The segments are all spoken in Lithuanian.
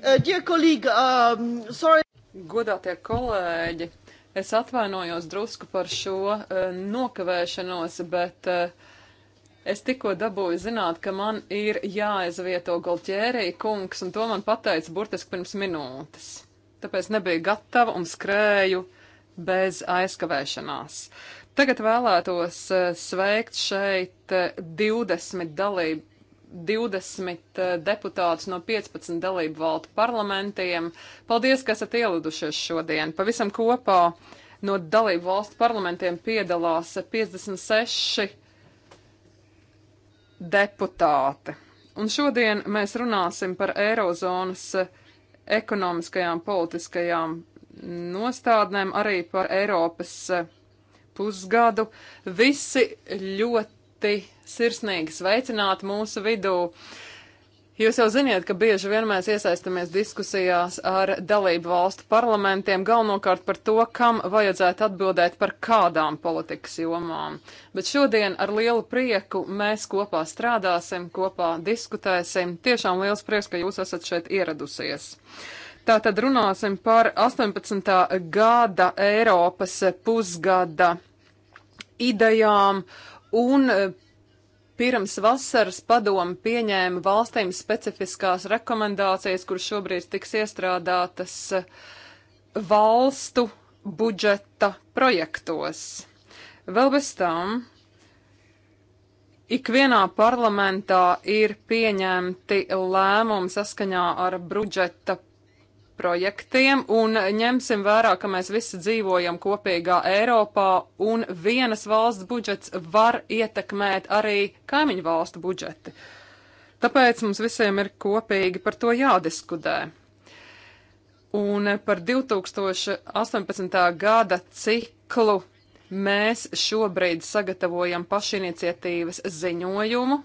Uh, um, Godātie kolēģi, es atvainojos drusku par šo uh, nokavēšanos, bet uh, es tikko dabūju zināt, ka man ir jāizvieto Golķērī kungs, un to man pateica burtiski pirms minūtes. Tāpēc nebija gatava un skrēju bez aizkavēšanās. Tagad vēlētos uh, sveikt šeit 20 uh, dalību 20 eh, deputātus no 15 dalību valstu parlamentiem. Paldies, ka esat ielidušies šodien. Pavisam kopā no dalību valstu parlamentiem piedalās 56 deputāti. Un šodien mēs runāsim par Eirozonas ekonomiskajām, politiskajām nostādnēm, arī par Eiropas eh, pusgadu. Visi ļoti ļoti sirsnīgi sveicināt mūsu vidū. Jūs jau ziniet, ka bieži vien mēs iesaistamies diskusijās ar dalību valstu parlamentiem, galvenokārt par to, kam vajadzētu atbildēt par kādām politikas jomām. Bet šodien ar lielu prieku mēs kopā strādāsim, kopā diskutēsim. Tiešām liels prieks, ka jūs esat šeit ieradusies. Tātad runāsim par 18. gada Eiropas pusgada idejām. Uh, Un e, pirms vasaras padomu pieņēma valstīm specifiskās rekomendācijas, kur šobrīd tiks iestrādātas e, valstu budžeta projektos. Vēl bez tam ikvienā parlamentā ir pieņemti lēmumi saskaņā ar budžeta projektiem un ņemsim vērā, ka mēs visi dzīvojam kopīgā Eiropā un vienas valsts budžets var ietekmēt arī kaimiņu valstu budžeti. Tāpēc mums visiem ir kopīgi par to jādiskutē. Un par 2018. gada ciklu mēs šobrīd sagatavojam pašiniciatīvas ziņojumu,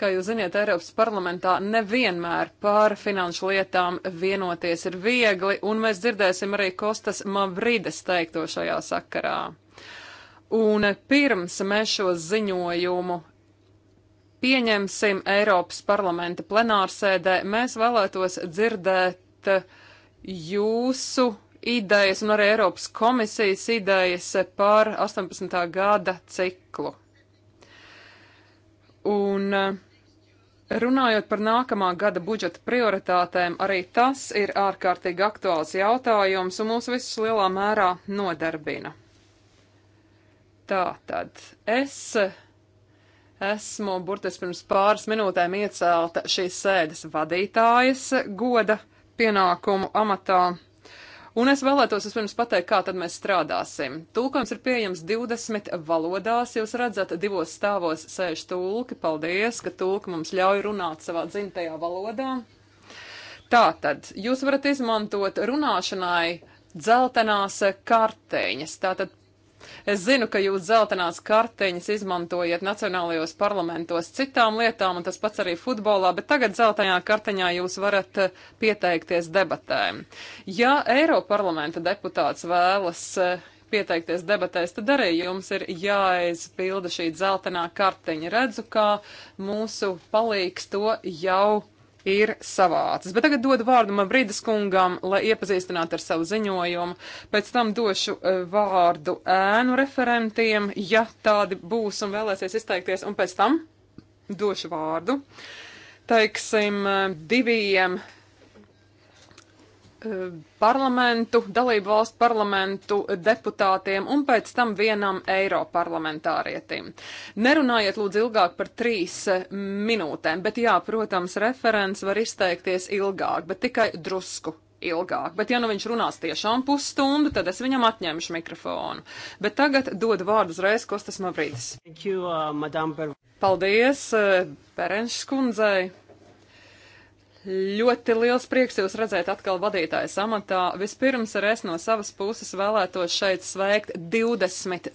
Kā jūs zināt, Eiropas parlamentā nevienmēr par finanšu lietām vienoties ir viegli, un mēs dzirdēsim arī Kostas Mavrides teikto šajā sakarā. Un pirms mēs šo ziņojumu pieņemsim Eiropas parlamenta plenārsēdē, mēs vēlētos dzirdēt jūsu idejas un arī Eiropas komisijas idejas par 18. gada ciklu. Un uh, Runājot par nākamā gada budžeta prioritātēm, arī tas ir ārkārtīgi aktuāls jautājums un mūs visus lielā mērā nodarbina. Tātad es esmu burtiski pirms pāris minūtēm iecelta šīs sēdes vadītājas goda pienākumu amatā. Un es vēlētos vispirms pateikt, kā tad mēs strādāsim. Tulkojums ir pieejams 20 valodās. Jūs redzat, divos stāvos sēž tulki. Paldies, ka tulki mums ļauj runāt savā dzimtajā valodā. Tātad jūs varat izmantot runāšanai dzeltenās karteņas. Tātad Es zinu, ka jūs dzeltenās karteņas izmantojat nacionālajos parlamentos citām lietām, un tas pats arī futbolā, bet tagad dzeltenā karteņā jūs varat eh, pieteikties debatēm. Ja Eiroparlamenta deputāts vēlas eh, pieteikties debatēs, tad arī jums ir jāizpilda šī dzeltenā karteņa. Redzu, kā mūsu palīgs to jau ir savācas. Bet tagad dodu vārdu Mavridas kungam, lai iepazīstinātu ar savu ziņojumu. Pēc tam došu eh, vārdu ēnu referentiem, ja tādi būs un vēlēsies izteikties, un pēc tam došu vārdu, teiksim, eh, diviem Eh, parlamentu, dalību valstu parlamentu deputātiem un pēc tam vienam eiroparlamentārietim. Nerunājiet lūdzu ilgāk par trīs eh, minūtēm, bet jā, protams, referents var izteikties ilgāk, bet tikai drusku. Ilgāk, bet ja nu viņš runās tiešām pusstundu, tad es viņam atņemšu mikrofonu. Bet tagad dodu vārdu uzreiz Kostas Mavridis. Uh, Paldies, Perenšs eh, kundzei! Ļoti liels prieks jūs redzēt atkal vadītājas amatā. Vispirms arī es no savas puses vēlētos šeit sveikt 20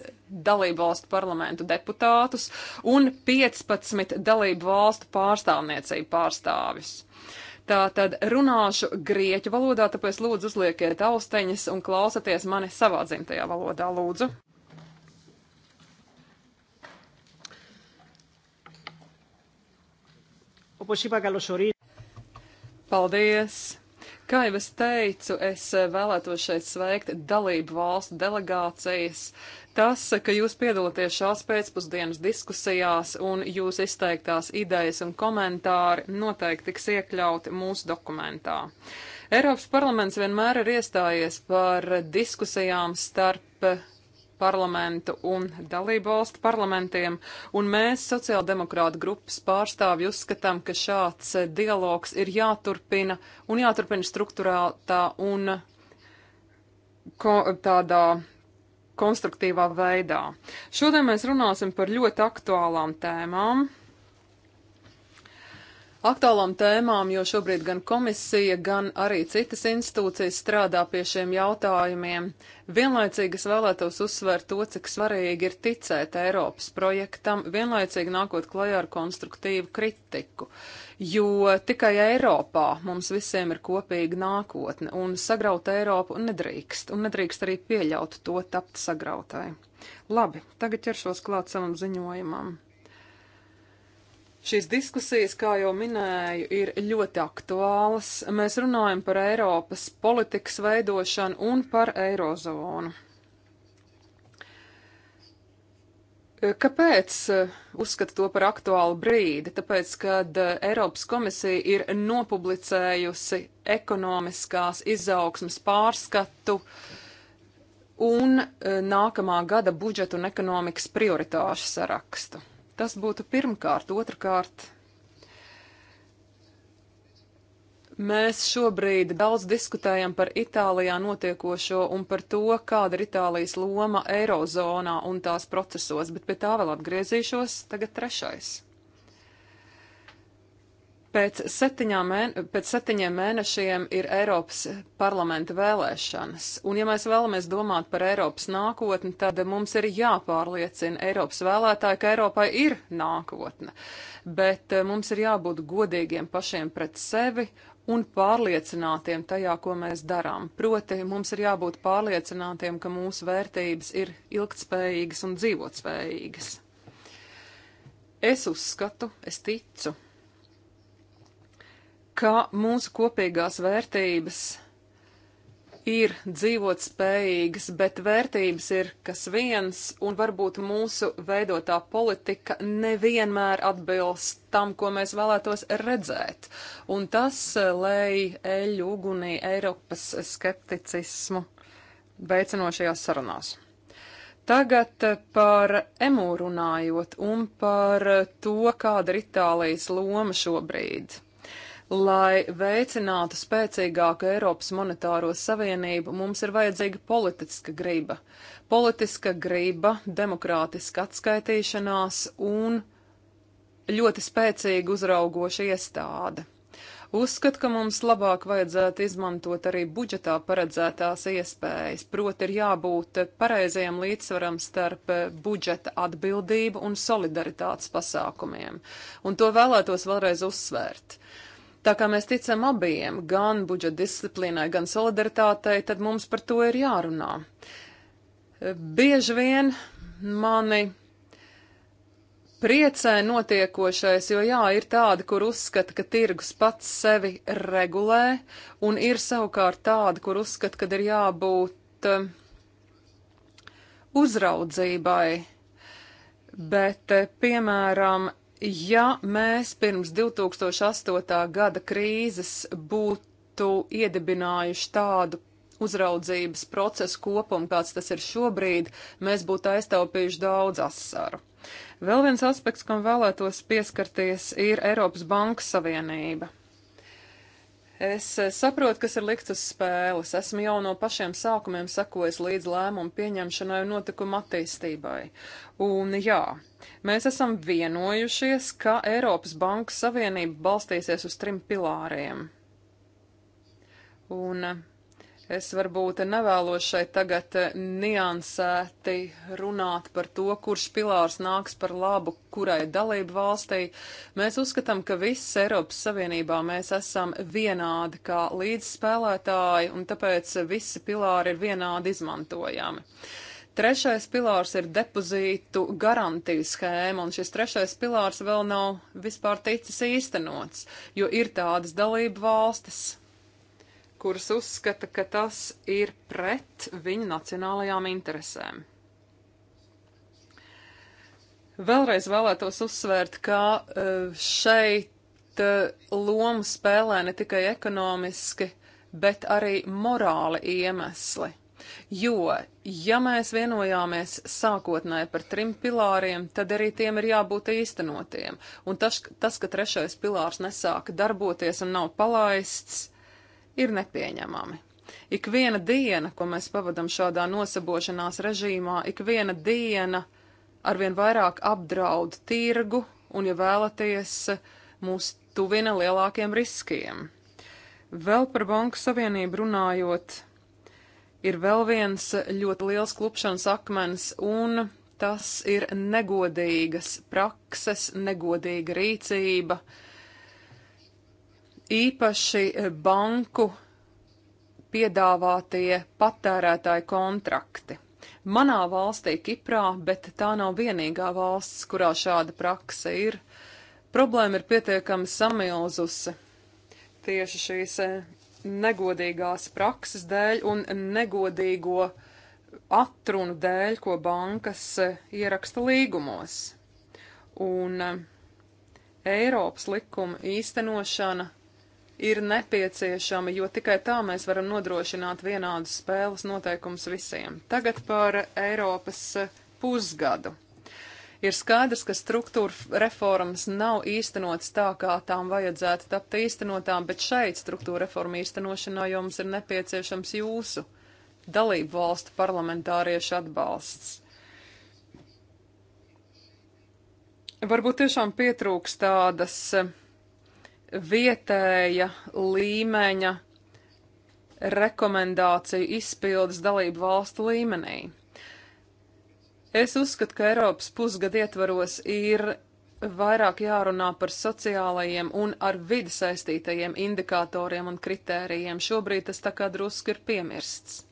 dalību valstu parlamentu deputātus un 15 dalību valstu pārstāvniecību pārstāvis. Tātad runāšu grieķu valodā, tāpēc lūdzu uzliekiet austeņas un klausieties mani savā dzimtajā valodā, lūdzu. Όπως είπα, καλώς ορίζω. Paldies! Kā jau es teicu, es vēlētos šeit sveikt dalību valstu delegācijas. Tas, ka jūs piedalāties šās pēcpusdienas diskusijās un jūs izteiktās idejas un komentāri noteikti tiks iekļauti mūsu dokumentā. Eiropas parlaments vienmēr ir iestājies par diskusijām starp parlamentu un dalību valstu parlamentiem, un mēs, sociāldemokrāta grupas pārstāvji, uzskatām, ka šāds eh, dialogs ir jāturpina un jāturpina struktūrētā un ko, tādā konstruktīvā veidā. Šodien mēs runāsim par ļoti aktuālām tēmām aktuālām tēmām, jo šobrīd gan komisija, gan arī citas institūcijas strādā pie šiem jautājumiem. Vienlaicīgi es vēlētos uzsvērt to, cik svarīgi ir ticēt Eiropas projektam, vienlaicīgi nākot klajā ar konstruktīvu kritiku, jo tikai Eiropā mums visiem ir kopīga nākotne, un sagraut Eiropu nedrīkst, un nedrīkst arī pieļaut to tapt sagrautai. Labi, tagad ķeršos klāt savam ziņojumam. Šīs diskusijas, kā jau minēju, ir ļoti aktuālas. Mēs runājam par Eiropas politikas veidošanu un par Eirozonu. Kāpēc eh, uzskata to par aktuālu brīdi? Tāpēc, kad eh, Eiropas komisija ir nopublicējusi ekonomiskās izaugsmas pārskatu un eh, nākamā gada budžetu un ekonomikas prioritāšu sarakstu. Tas būtu pirmkārt. Otrkārt, Mēs šobrīd daudz diskutējam par Itālijā notiekošo un par to, kāda ir Itālijas loma Eirozonā un tās procesos, bet pie tā vēl atgriezīšos. Tagad trešais. Pēc, mēn, pēc septiņiem mēnešiem ir Eiropas parlamenta vēlēšanas, un ja mēs vēlamies domāt par Eiropas nākotni, tad mums ir jāpārliecina Eiropas vēlētāji, ka Eiropai ir nākotne, bet eh, mums ir jābūt godīgiem pašiem pret sevi un pārliecinātiem tajā, ko mēs darām. Proti, mums ir jābūt pārliecinātiem, ka mūsu vērtības ir ilgtspējīgas un dzīvotspējīgas. Es uzskatu, es ticu ka mūsu kopīgās vērtības ir dzīvot spējīgas, bet vērtības ir kas viens, un varbūt mūsu veidotā politika nevienmēr atbilst tam, ko mēs vēlētos redzēt. Un tas eh, lej eļu ugunī Eiropas skepticismu veicinošajās sarunās. Tagad eh, par emu runājot un par to, kāda ir Itālijas loma šobrīd. Lai veicinātu spēcīgāku Eiropas monetāro savienību, mums ir vajadzīga politiska griba. Politiska griba, demokrātiska atskaitīšanās un ļoti spēcīga uzraugoša iestāde. Uzskatu, ka mums labāk vajadzētu izmantot arī budžetā paredzētās iespējas, proti ir jābūt pareizajam līdzsvaram starp budžeta atbildību un solidaritātes pasākumiem. Un to vēlētos vēlreiz uzsvērt. Tā kā mēs ticam abiem, gan budžeta disciplīnai, gan solidaritātei, tad mums par to ir jārunā. Bieži vien mani priecē notiekošais, jo jā, ir tādi, kur uzskata, ka tirgus pats sevi regulē, un ir savukārt tādi, kur uzskata, ka ir jābūt eh, uzraudzībai. Bet, eh, piemēram, Ja mēs pirms 2008. gada krīzes būtu iedibinājuši tādu uzraudzības procesu kopumu, kāds tas ir šobrīd, mēs būtu aiztaupījuši daudz asaru. Vēl viens aspekts, kam vēlētos pieskarties, ir Eiropas Bankas Savienība. Es eh, saprotu, kas ir likts uz spēles. Esmu jau no pašiem sākumiem sekojis līdz lēmumu pieņemšanai un notikuma attīstībai. Un jā, mēs esam vienojušies, ka Eiropas Banku Savienība balstīsies uz trim pilāriem. Un Es varbūt nevēlos šeit tagad eh, niansēti runāt par to, kurš pilārs nāks par labu kurai dalību valstī. Mēs uzskatām, ka viss Eiropas Savienībā mēs esam vienādi kā līdzspēlētāji, un tāpēc visi pilāri ir vienādi izmantojami. Trešais pilārs ir depozītu garantiju schēma, un šis trešais pilārs vēl nav vispār ticis īstenots, jo ir tādas dalību valstis, kuras uzskata, ka tas ir pret viņu nacionālajām interesēm. Vēlreiz vēlētos uzsvērt, ka eh, šeit eh, lomu spēlē ne tikai ekonomiski, bet arī morāli iemesli. Jo, ja mēs vienojāmies sākotnēji par trim pilāriem, tad arī tiem ir jābūt īstenotiem. Un tas, tas ka trešais pilārs nesāka darboties un nav palaists, ir nepieņemami. Ik viena diena, ko mēs pavadam šādā nosabošanās režīmā, ik viena diena arvien vairāk apdraud tirgu un, ja vēlaties, mūs tuvina lielākiem riskiem. Vēl par Banku Savienību runājot, ir vēl viens ļoti liels klupšanas akmens, un tas ir negodīgas prakses, negodīga rīcība, uh, īpaši e, banku piedāvātie patērētāju kontrakti. Manā valstī, Kiprā, bet tā nav vienīgā valsts, kurā šāda praksa ir, problēma ir pietiekami samilzusi tieši šīs e, negodīgās prakses dēļ un negodīgo atrunu dēļ, ko bankas e, ieraksta līgumos. Un Eiropas likuma īstenošana ir nepieciešama, jo tikai tā mēs varam nodrošināt vienādas spēles noteikums visiem. Tagad par Eiropas e, pusgadu. Ir skaidrs, ka struktūra reformas nav īstenotas tā, kā tām vajadzētu tapt īstenotām, bet šeit struktūra reforma īstenošanā jums ir nepieciešams jūsu dalību valstu parlamentāriešu atbalsts. Varbūt tiešām pietrūks tādas e, vietēja līmeņa rekomendāciju izpildes dalību valstu līmenī. Es uzskatu, ka Eiropas pusgada ietvaros ir vairāk jārunā par sociālajiem un ar vidi saistītajiem indikatoriem un kritērijiem. Šobrīd tas tā kā drusku ir piemirsts.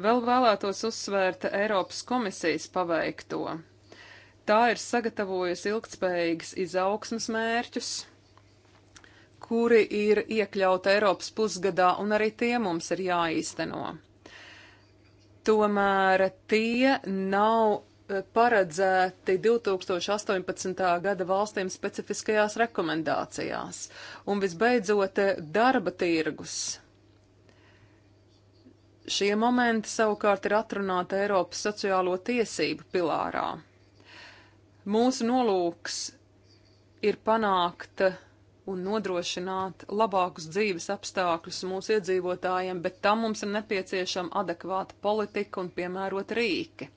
Vēl vēlētos uzsvērt Eiropas komisijas paveikto. Tā ir sagatavojusi ilgtspējīgas izaugsmas mērķus, kuri ir iekļauta Eiropas pusgadā, un arī tie mums ir jāīsteno. Tomēr tie nav eh, paredzēti 2018. gada valstīm specifiskajās rekomendācijās. Un visbeidzot, eh, darba tirgus. Šie momenti savukārt ir atrunāti Eiropas sociālo tiesību pilārā. Mūsu nolūks ir panākt un nodrošināt labākus dzīves apstākļus mūsu iedzīvotājiem, bet tam mums ir nepieciešama adekvāta politika un piemērot rīki.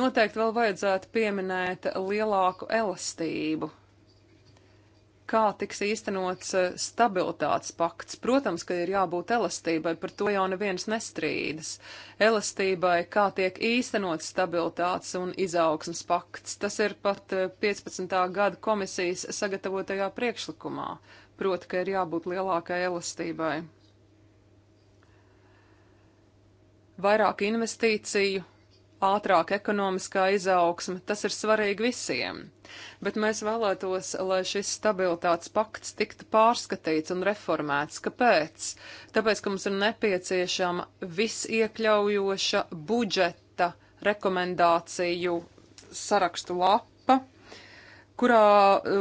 Noteikti vēl vajadzētu pieminēt lielāku elastību kā tiks īstenots eh, stabilitātes pakts. Protams, ka ir jābūt elastībai, par to jau neviens nestrīdas. Elastībai, kā tiek īstenots stabilitātes un izaugsmas pakts, tas ir pat 15. Eh, gada komisijas sagatavotajā priekšlikumā. Proti, ka ir jābūt lielākai elastībai. Vairāk investīciju, ātrāka ekonomiskā izaugsme, tas ir svarīgi visiem. Bet mēs vēlētos, lai šis stabilitātes pakts tiktu pārskatīts un reformēts. Kāpēc? Tāpēc, ka mums ir nepieciešama visiekļaujoša budžeta rekomendāciju sarakstu lapa, kurā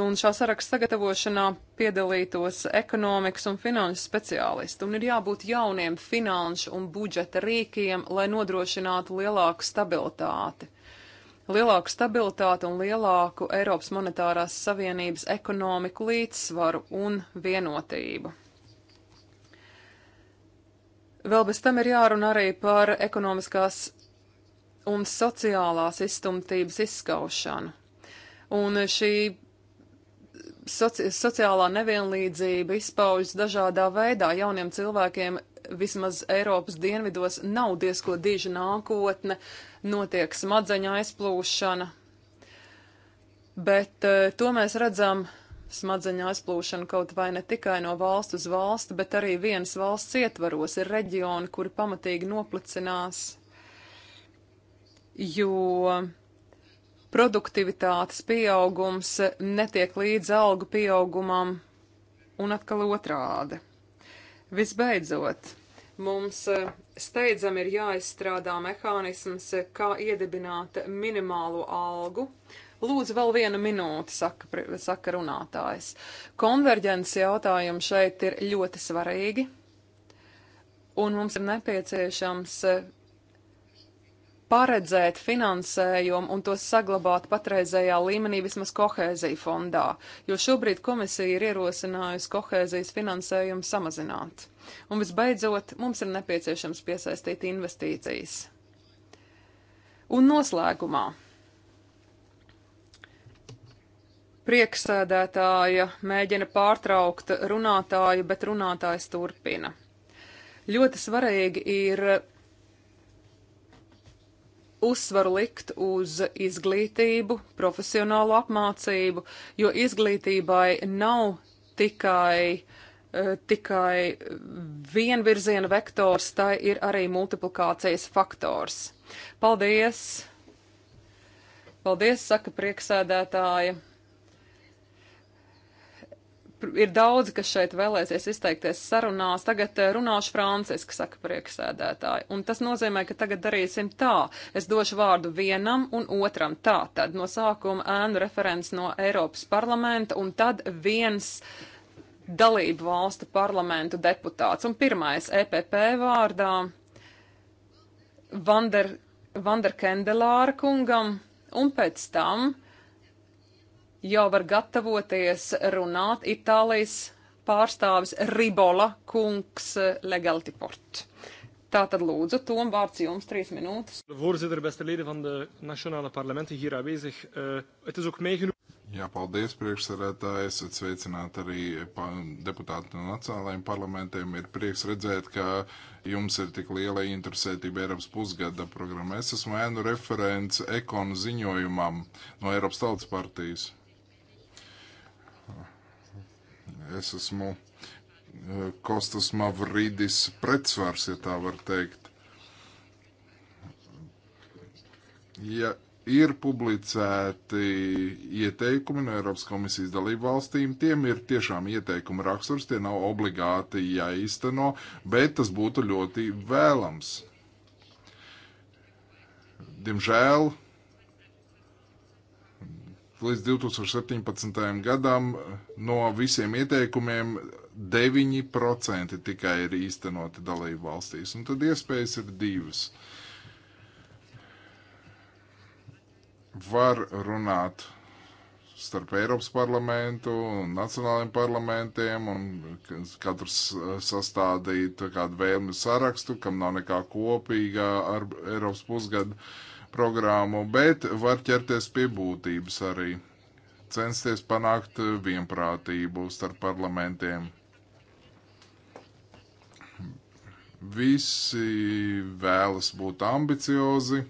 un šā saraksta sagatavošanā piedalītos ekonomikas un finanses speciālisti, un ir jābūt jauniem finanšu un budžeta rīkiem, lai nodrošinātu lielāku stabilitāti. Lielāku stabilitāti un lielāku Eiropas monetārās savienības ekonomiku līdzsvaru un vienotību. Vēl bez tam ir jārunā arī par ekonomiskās un sociālās izstumtības izskaušanu. Un šī soci sociālā nevienlīdzība izpaužas dažādā veidā. Jauniem cilvēkiem vismaz Eiropas dienvidos nav diezko diža nākotne, notiek smadzeņa aizplūšana, bet eh, to mēs redzam smadzeņa aizplūšana kaut vai ne tikai no valsts uz valsti, bet arī vienas valsts ietvaros ir reģioni, kuri pamatīgi noplicinās, jo produktivitātes pieaugums netiek līdz algu pieaugumam un atkal otrādi. Visbeidzot, mums e, steidzam ir jāizstrādā mehānisms, e, kā iedibināt minimālo algu. Lūdzu, vēl viena minūte, saka, saka runātājs. Konverģences jautājumi šeit ir ļoti svarīgi, un mums ir nepieciešams e, paredzēt finansējumu un to saglabāt patreizējā līmenī vismaz kohēzija fondā, jo šobrīd komisija ir ierosinājusi kohēzijas finansējumu samazināt. Un visbeidzot, mums ir nepieciešams piesaistīt investīcijas. Un noslēgumā. Prieksēdētāja mēģina pārtraukt runātāju, bet runātājs turpina. Ļoti svarīgi ir uzsvaru likt uz izglītību, profesionālu apmācību, jo izglītībai nav tikai, uh, tikai vienvirziena vektors, tai ir arī multiplikācijas faktors. Paldies! Paldies, saka prieksēdētāja! ir daudzi, kas šeit vēlēsies izteikties sarunās. Tagad eh, runāšu franciski, saka prieksēdētāji. Un tas nozīmē, ka tagad darīsim tā. Es došu vārdu vienam un otram. Tā tad no sākuma ēnu referents no Eiropas parlamenta un tad viens dalību valstu parlamentu deputāts. Un pirmais EPP vārdā Vander, Vander Kendelāra kungam un pēc tam jau var gatavoties runāt Itālijas pārstāvis Ribola kungs eh, Legaltiport. Tātad lūdzu, Tom, vārds jums trīs minūtes. Voorzitter, beste leden van de nationale parlementen hier aanwezig. Uh, het is ook meegenomen. Jā, paldies priekšsarētāji, esat sveicināti arī eh, pa, deputāti no nacionālajiem parlamentiem. Ir prieks redzēt, ka jums ir tik liela interesētība Eiropas pusgada programma. Es esmu ēnu referents ekonu ziņojumam no Eiropas tautas partijas. Es esmu e, Kostas Mavridis pretsvars, ja tā var teikt. Ja ir publicēti ieteikumi no Eiropas komisijas dalību valstīm. Tiem ir tiešām ieteikuma raksturs, tie nav obligāti jāizteno, bet tas būtu ļoti vēlams. Diemžēl līdz 2017. gadam no visiem ieteikumiem 9% tikai ir īstenoti dalību valstīs, un tad iespējas ir divas. Var runāt starp Eiropas parlamentu un nacionālajiem parlamentiem, un katrs eh, sastādīt kādu vēlmi sarakstu, kam nav nekā kopīga ar Eiropas pusgadu. Uh, programmu, bet var ķerties pie būtības arī, censties panākt vienprātību starp parlamentiem. Visi vēlas būt ambiciozi.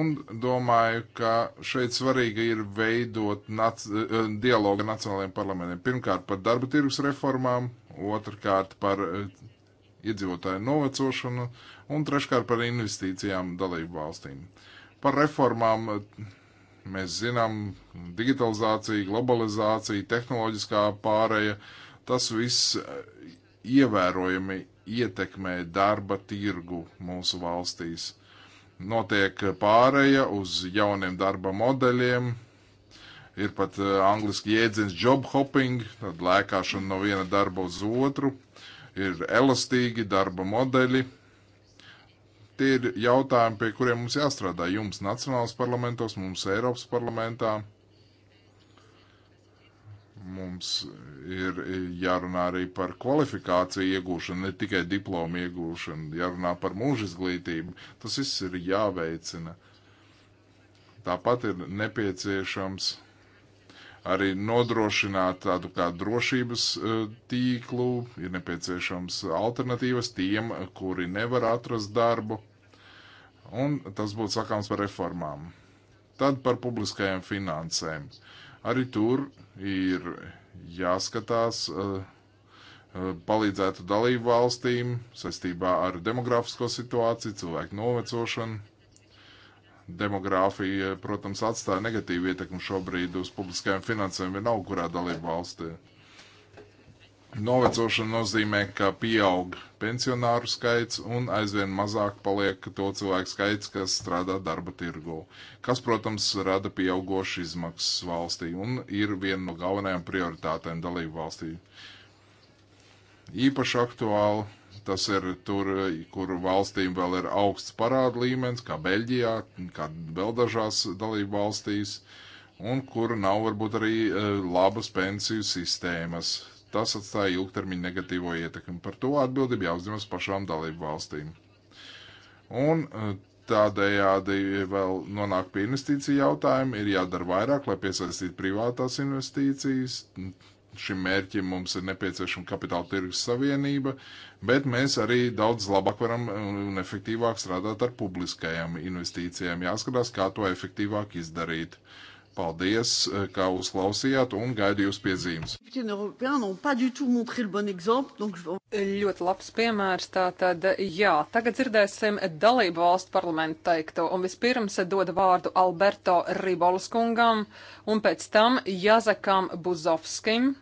Un domāju, ka šeit svarīgi ir veidot nac eh, dialogu ar nacionālajiem parlamentiem. Pirmkārt par darba tirgus reformām, otrkārt par eh, iedzīvotāju novecošanu, uh, un treškārt par investīcijām dalību valstīm. Par reformām eh, mēs zinām digitalizācija, globalizācija, tehnoloģiskā pāreja, tas viss eh, ievērojami ietekmē darba tirgu mūsu valstīs. Notiek pāreja uz jauniem darba modeļiem, ir pat uh, angliski jēdziens job hopping, tad lēkāšana no viena darba uz otru, ir elastīgi darba modeļi, Tie ir jautājumi, pie kuriem mums jāstrādā. Jums nacionālas parlamentos, mums Eiropas parlamentā. Mums ir jārunā arī par kvalifikāciju iegūšanu, ne tikai diplomu iegūšanu, jārunā par mūža izglītību. Tas viss ir jāveicina. Tāpat ir nepieciešams arī nodrošināt tādu kā drošības e, tīklu, ir nepieciešams alternatīvas tiem, kuri nevar atrast darbu, un tas būtu sakāms par reformām. Tad par publiskajām finansēm. Arī tur ir jāskatās, e, e, palīdzētu dalību valstīm saistībā ar demografisko situāciju, cilvēku novecošanu demogrāfija, protams, atstāja negatīvu ietekmi šobrīd uz publiskajām finansēm vienalga, kurā dalība valstī. Novecošana nozīmē, ka pieaug pensionāru skaits un aizvien mazāk paliek to cilvēku skaits, kas strādā darba tirgu, kas, protams, rada pieaugošu izmaksas valstī un ir viena no galvenajām prioritātēm dalību valstī. Īpaši aktuāli Tas ir tur, kur valstīm vēl ir augsts parāda līmenis, kā Beļģijā, kā vēl dažās dalību valstīs, un kur nav varbūt arī e, labas pensiju sistēmas. Tas atstāja ilgtermiņa negatīvo ietekmi. Par to atbildību jāuzņemas pašām dalību valstīm. Un e, tādējādi vēl nonāk pie investīciju jautājuma, ir jādara vairāk, lai piesaistītu privātās investīcijas šim mērķim mums ir nepieciešama kapitāla tirgus savienība, bet mēs arī daudz labāk varam um, un efektīvāk strādāt ar publiskajām investīcijām. Jāskatās, kā to efektīvāk izdarīt. Paldies, eh, kā uzklausījāt un gaidu jūs piezīmes. Ļoti labs piemērs. Tātad, jā, tagad dzirdēsim dalību valstu parlamentu teikto. Un vispirms doda vārdu Alberto Ribolas kungam un pēc tam Jazekam Buzovskim.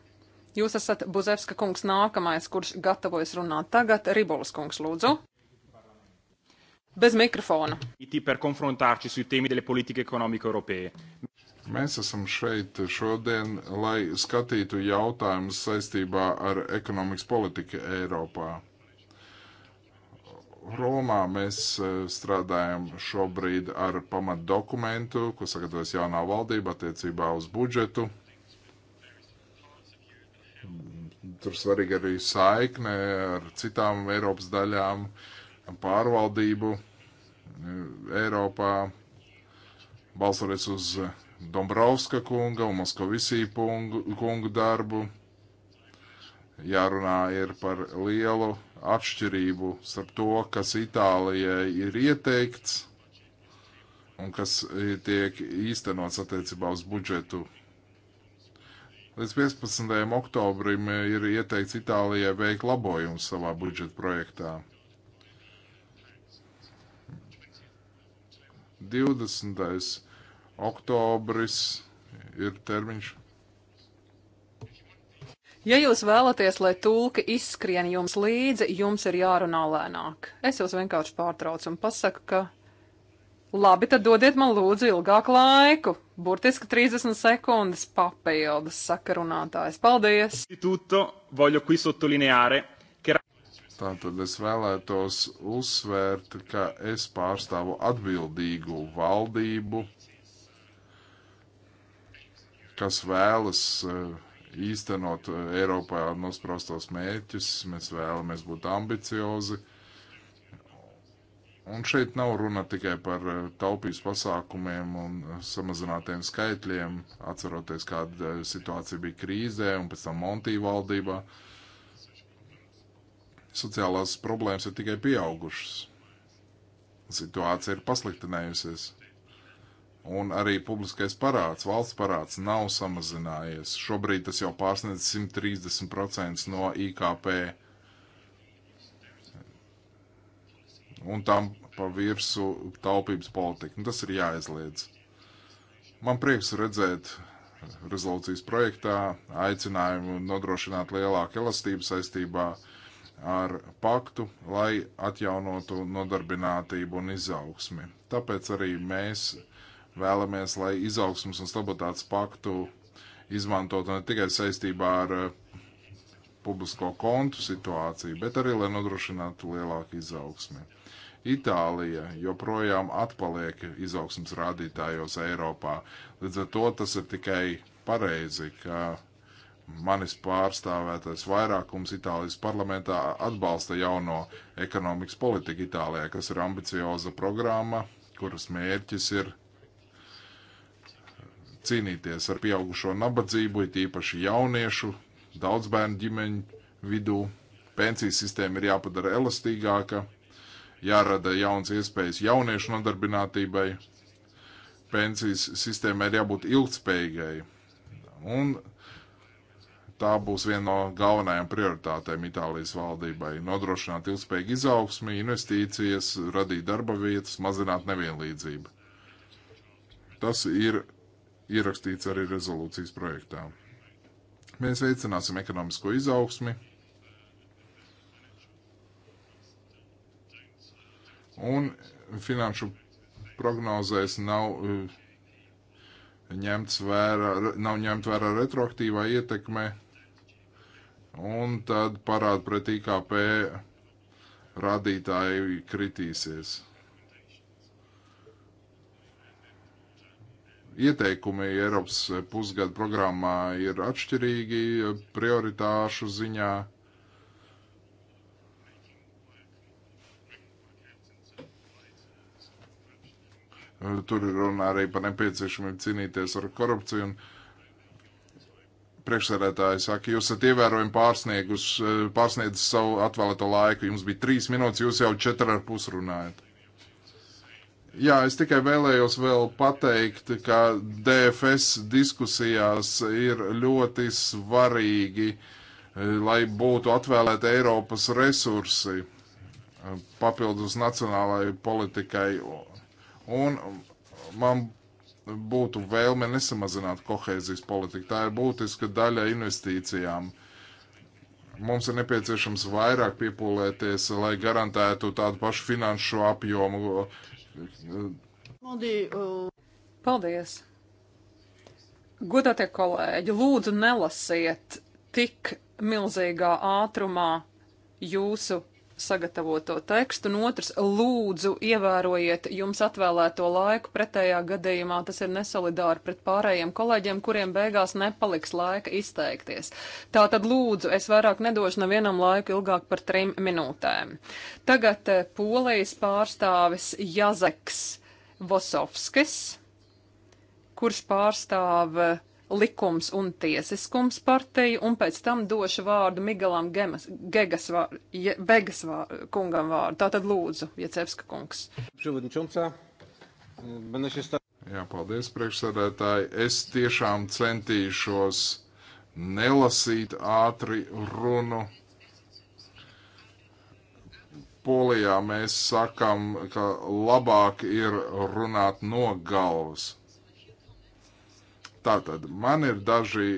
Jūs esat Buzevska kungs nākamais, kurš gatavojas runāt. Tagad Ribolas kungs, lūdzu. Bez mikrofona. Mēs esam šeit šodien, lai skatītu jautājumus saistībā ar ekonomikas politiku Eiropā. Romā mēs eh, strādājam šobrīd ar pamatdokumentu, ko sagatavos jaunā valdība attiecībā uz budžetu. Tur svarīga arī saikne ar citām Eiropas daļām, pārvaldību eh, Eiropā, balsoties uz eh, Dombrovska kunga un Moskovisī kungu darbu. Jārunā ir par lielu atšķirību starp to, kas Itālijai ir ieteikts un kas eh, tiek īstenots attiecībā uz budžetu Līdz 15. oktobrim ir ieteikts Itālijai veikt labojumus savā budžeta projektā. 20. oktobris ir termiņš. Ja jūs vēlaties, lai tulki izskrien jums līdzi, jums ir jārunā lēnāk. Es jūs vienkārši pārtraucu un pasaku, ka Labi, tad dodiet man lūdzu ilgāku laiku. Burtiski 30 sekundes papildus sakarunātājs. Paldies! Tātad es vēlētos uzsvērt, ka es pārstāvu atbildīgu valdību, kas vēlas eh, īstenot eh, Eiropā nosprostos mērķus. Mēs vēlamies būt ambiciozi Un šeit nav runa tikai par eh, taupības pasākumiem un samazinātiem skaitļiem, atceroties, kāda eh, situācija bija krīzē un pēc tam Montī valdībā. Sociālās problēmas ir tikai pieaugušas. Situācija ir pasliktinājusies. Un arī publiskais parāds, valsts parāds nav samazinājies. Šobrīd tas jau pārsniedz 130% no IKP un tam pa virsu taupības politika. Un nu, tas ir jāizliedz. Man prieks redzēt rezolūcijas projektā aicinājumu nodrošināt lielāku elastību saistībā ar paktu, lai atjaunotu nodarbinātību un izaugsmi. Tāpēc arī mēs vēlamies, lai izaugsmas un stabilitātes paktu izmantot ne tikai saistībā ar eh, publisko kontu situāciju, bet arī, lai nodrošinātu lielāku izaugsmi. Itālija joprojām atpaliek izaugsmas rādītājos Eiropā. Līdz ar to tas ir tikai pareizi, ka manis pārstāvētais vairākums Itālijas parlamentā atbalsta jauno ekonomikas politiku Itālijā, kas ir ambicioza programma, kuras mērķis ir cīnīties ar pieaugušo nabadzību, it īpaši jauniešu, daudzbērnu ģimeņu vidū. Pensijas sistēma ir jāpadara elastīgāka, jārada jauns iespējas jauniešu nodarbinātībai, pensijas sistēmai ir jābūt ilgspējīgai. Un tā būs viena no galvenajām prioritātēm Itālijas valdībai - nodrošināt ilgspējīgu izaugsmi, investīcijas, radīt darba vietas, mazināt nevienlīdzību. Tas ir ierakstīts arī rezolūcijas projektā. Mēs veicināsim ekonomisko izaugsmi, un finanšu prognozēs nav eh, ņemts vērā, nav ņemt vērā retroaktīvā ietekme, un tad parāda pret IKP radītāji kritīsies. Ieteikumi Eiropas pusgada programmā ir atšķirīgi prioritāšu ziņā Tur ir runa arī par nepieciešamību cīnīties ar korupciju. Priekšsēdētāji saka, jūs esat ievērojami eh, pārsniedzis savu atvēlēto laiku. Jums bija trīs minūtes, jūs jau četri ar pus runājat. Jā, es tikai vēlējos vēl pateikt, ka DFS diskusijās ir ļoti svarīgi, eh, lai būtu atvēlēti Eiropas resursi eh, papildus nacionālajai politikai Un man būtu vēlme nesamazināt kohēzijas politiku. Tā ir būtiska daļa investīcijām. Mums ir nepieciešams vairāk piepūlēties, lai garantētu tādu pašu finanšu apjomu. Uh, Paldies! Godātie kolēģi, lūdzu nelasiet tik milzīgā ātrumā jūsu sagatavoto tekstu, un otrs, lūdzu, ievērojiet jums atvēlēto laiku, pretējā gadījumā tas ir nesolidāri pret pārējiem kolēģiem, kuriem beigās nepaliks laika izteikties. Tātad, lūdzu, es vairāk nedošu nevienam laiku ilgāk par trim minūtēm. Tagad eh, polijas pārstāvis Jazeks Vosovskis, kurš pārstāv uh, likums un tiesiskums partiju, un pēc tam došu vārdu Migalam Gemas, Gegas vār, Je, Begas vār, kungam vārdu. Tātad lūdzu, Jecevska kungs. Jā, paldies, priekšsēdētāji. Es tiešām centīšos nelasīt ātri runu. Polijā mēs sakam, ka labāk ir runāt no galvas. Tātad man ir daži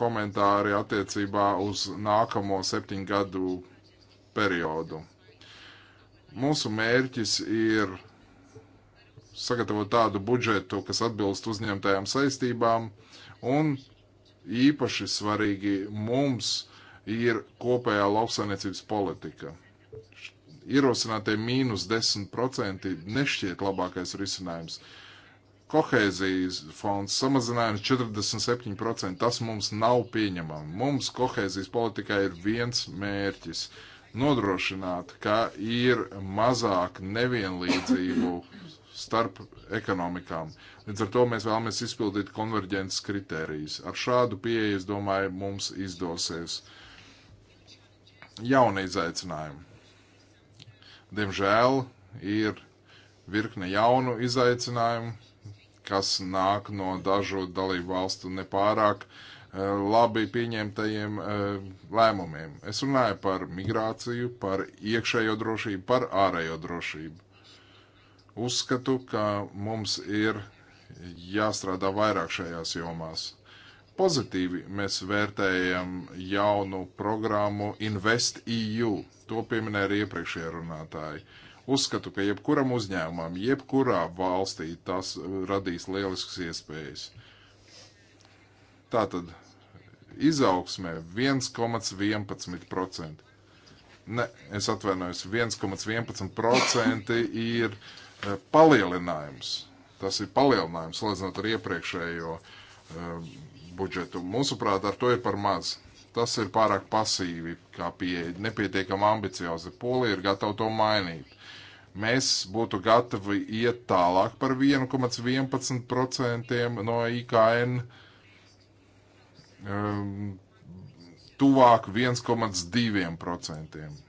komentāri attiecībā uz nākamo septiņu gadu periodu. Mūsu mērķis ir sagatavot tādu budžetu, kas atbilst uzņemtajām saistībām, un īpaši svarīgi mums ir kopējā lauksainiecības politika. Ierosinātie mīnus 10% nešķiet labākais risinājums. Uh, kohēzijas fonds samazinājums 47%. Tas mums nav pieņemami. Mums kohēzijas politikā ir viens mērķis - nodrošināt, ka ir mazāk nevienlīdzību starp ekonomikām. Līdz ar to mēs vēlamies izpildīt konverģences kritērijas. Ar šādu pieeju, es domāju, mums izdosies jauni izaicinājumi. Diemžēl ir virkne jaunu izaicinājumu kas nāk no dažu dalību valstu nepārāk eh, labi pieņemtajiem eh, lēmumiem. Es runāju par migrāciju, par iekšējo drošību, par ārējo drošību. Uzskatu, ka mums ir jāstrādā vairāk šajās jomās. Pozitīvi mēs vērtējam jaunu programmu Invest EU. To pieminēja arī iepriekšējie runātāji. Uh, Uzskatu, ka jebkuram uzņēmumam, jebkurā valstī tas radīs lielisks iespējas. Tātad izaugsmē 1,11%. Ne, es atvainojos, 1,11% ir eh, palielinājums. Tas ir palielinājums, salīdzinot ar iepriekšējo uh, budžetu. Mūsuprāt, ar to ir par maz. Tas ir pārāk pasīvi, kā pieeja, nepietiekami ambiciozi. Polija ir gatava to mainīt mēs būtu gatavi iet tālāk par 1,11% no IKN, um, ehm, tuvāk 1,2%.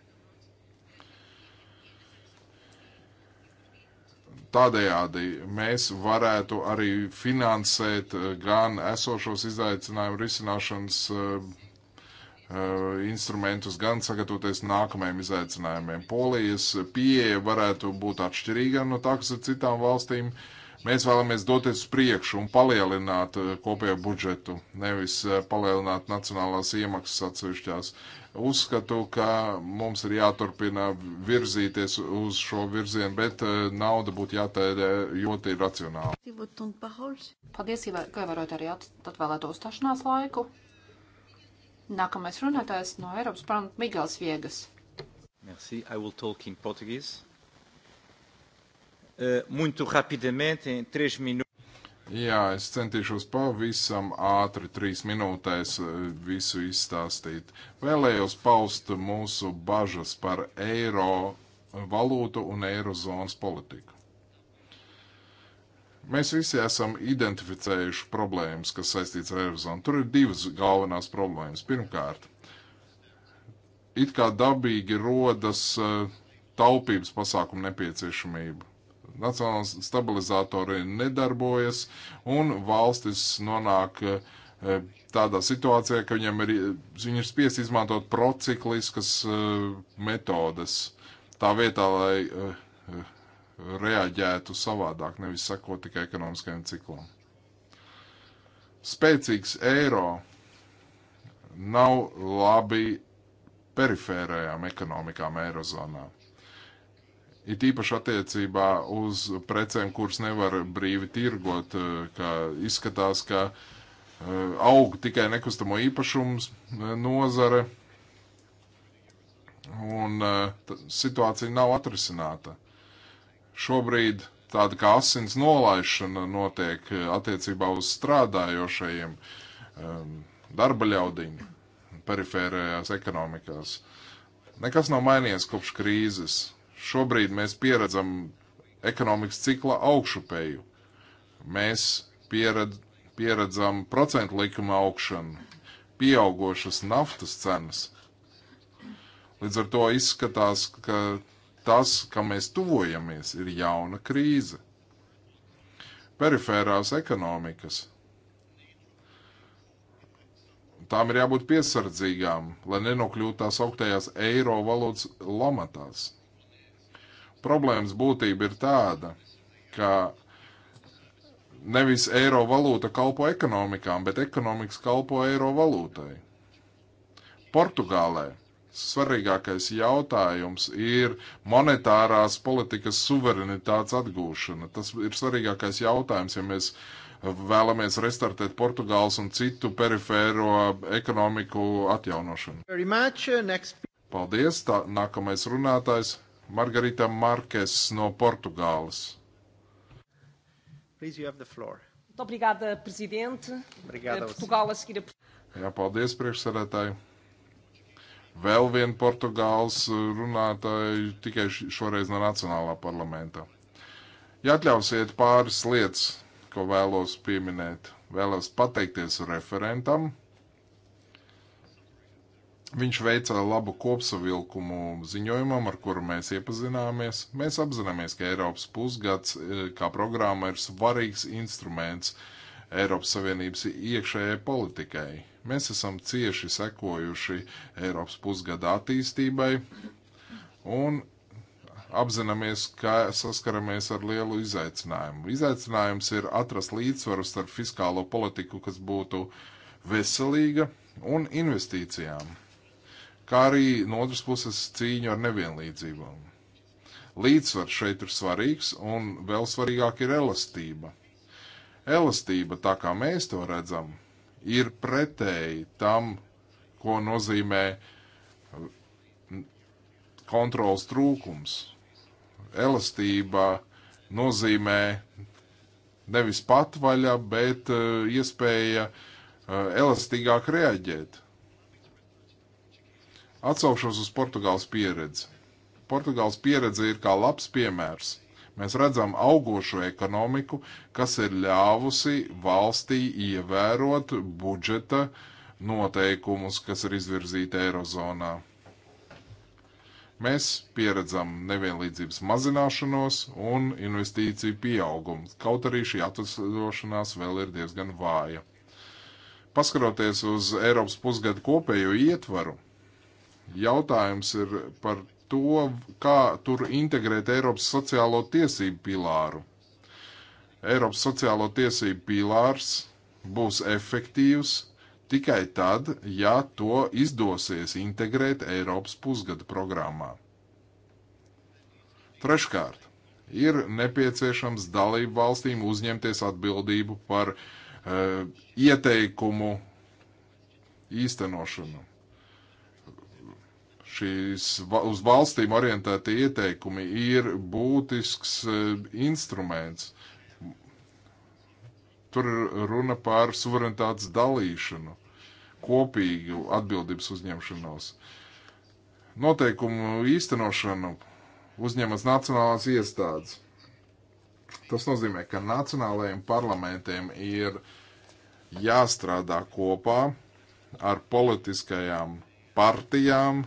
Tādējādi mēs varētu arī finansēt eh, gan esošos izaicinājumu risināšanas uh, Eh, instrumentus, gan sagatavoties nākamajiem izaicinājumiem. Polijas pieeja varētu būt atšķirīga no tā, kas ir citām valstīm. Mēs vēlamies doties uz priekšu un palielināt eh, kopējo budžetu, nevis eh, palielināt nacionālās iemaksas atsevišķās. Uzskatu, ka mums ir jāturpina virzīties uz šo virzienu, bet nauda būtu jātērē ļoti racionāli. Paldies, ka ievērojat arī atvēlēto uzstāšanās laiku. Nākamais runātājs no Eiropas parlamenta Migels Viegas. Merci. I will talk in Portuguese. Uh, muito rapidamente, em três minutos. Jā, es centīšos pavisam ātri, trīs minūtēs eh, visu izstāstīt. Vēlējos paust mūsu bažas par eiro valūtu un eirozonas politiku. Mēs visi esam identificējuši problēmas, kas saistīts ar Eirozonu. Tur ir divas galvenās problēmas. Pirmkārt, it kā dabīgi rodas eh, taupības pasākumu nepieciešamība. Nacionālais stabilizatori nedarbojas, un valstis nonāk eh, tādā situācijā, ka viņam ir, viņi ir spiest izmantot procikliskas eh, metodas. Tā vietā, lai reaģētu savādāk, nevis sakot tikai ekonomiskajam ciklam. Spēcīgs eiro nav labi perifērējām ekonomikām Eirozonā. It īpaši attiecībā uz precēm, kuras nevar brīvi tirgot, eh, ka izskatās, ka eh, aug tikai nekustamo īpašumu eh, nozare, un situācija nav atrisināta. Šobrīd tāda kā asins nolaišana notiek eh, attiecībā uz strādājošajiem ehm, darba ļaudīm perifērējās ekonomikās. Nekas nav mainījies kopš krīzes. Šobrīd mēs pieredzam ekonomikas cikla augšupēju. Mēs pieredz, pieredzam procentu likuma augšanu, pieaugošas naftas cenas. Līdz ar to izskatās, ka tas, kam mēs tuvojamies, ir jauna krīze. Perifērās ekonomikas. Tām ir jābūt piesardzīgām, lai nenokļūtu tās augtajās eiro valodas lamatās. Problēmas būtība ir tāda, ka nevis eiro valūta kalpo ekonomikām, bet ekonomikas kalpo eiro valūtai. Portugālē svarīgākais jautājums ir monetārās politikas suverenitātes atgūšana. Tas ir svarīgākais jautājums, ja mēs vēlamies restartēt Portugāles un citu perifēro ekonomiku atjaunošanu. Next... Paldies, tā nākamais runātājs Margarita Markes no Portugāles. Please, you have the floor. Muito obrigada, Presidente. Obrigada, eh, Portugal a seguir a... Jā, paldies, priekšsēdētāji. Vēl viena Portugāles eh, runātāja tikai šoreiz no Nacionālā parlamenta. Ja atļausiet pāris lietas, ko vēlos pieminēt, vēlos pateikties referentam. Viņš veica labu kopsavilkumu ziņojumam, ar kuru mēs iepazināmies. Mēs apzināmies, ka Eiropas pusgads eh, kā programma ir svarīgs instruments Eiropas Savienības iekšējai politikai. Mēs esam cieši sekojuši Eiropas pusgada attīstībai un apzināmies, ka saskaramies ar lielu izaicinājumu. Izaicinājums ir atrast līdzsvaru starp fiskālo politiku, kas būtu veselīga, un investīcijām, kā arī no otras puses cīņu ar nevienlīdzībām līdzsvars šeit ir svarīgs, un vēl svarīgāk ir elastība. Elastība, tā kā mēs to redzam, ir pretēji tam, ko nozīmē mm, kontrols trūkums. Elastība nozīmē nevis patvaļa, bet eh, iespēja eh, elastīgāk reaģēt. Atsaukšos uz Portugāles pieredzi. Portugāles pieredze ir kā labs piemērs Mēs redzam augošu ekonomiku, kas ir ļāvusi valstī ievērot budžeta noteikumus, kas ir izvirzīti Eirozonā. Mēs pieredzam nevienlīdzības mazināšanos un investīciju pieaugumu, kaut arī šī atvesļošanās vēl ir diezgan vāja paskaroties uz Eiropas pusgada kopējo ietvaru, jautājums ir par to, kā tur integrēt Eiropas sociālo tiesību pilāru. Eiropas sociālo tiesību pilārs būs efektīvs tikai tad, ja to izdosies integrēt Eiropas pusgada programmā. Treškārt, ir nepieciešams dalību valstīm uzņemties atbildību par uh, ieteikumu īstenošanu šīs uz valstīm orientēti ieteikumi ir būtisks e, instruments. Tur runa par suverenitātes dalīšanu, kopīgu atbildības uzņemšanos. Noteikumu īstenošanu uzņemas nacionālās iestādes. Tas nozīmē, ka nacionālajiem parlamentiem ir jāstrādā kopā ar politiskajām partijām,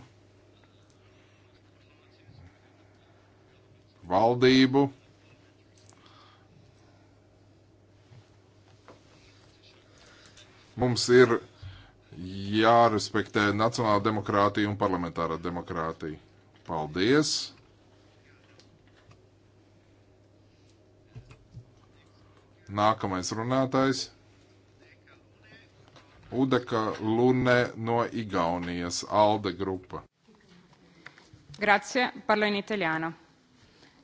valdību. Mums ir jārespektē nacionāla demokrātija un parlamentārā demokrātija. Paldies! Nākamais runātājs - Udeka Lune no Igaunijas, Alde grupa. Grazie, parlo in italiano.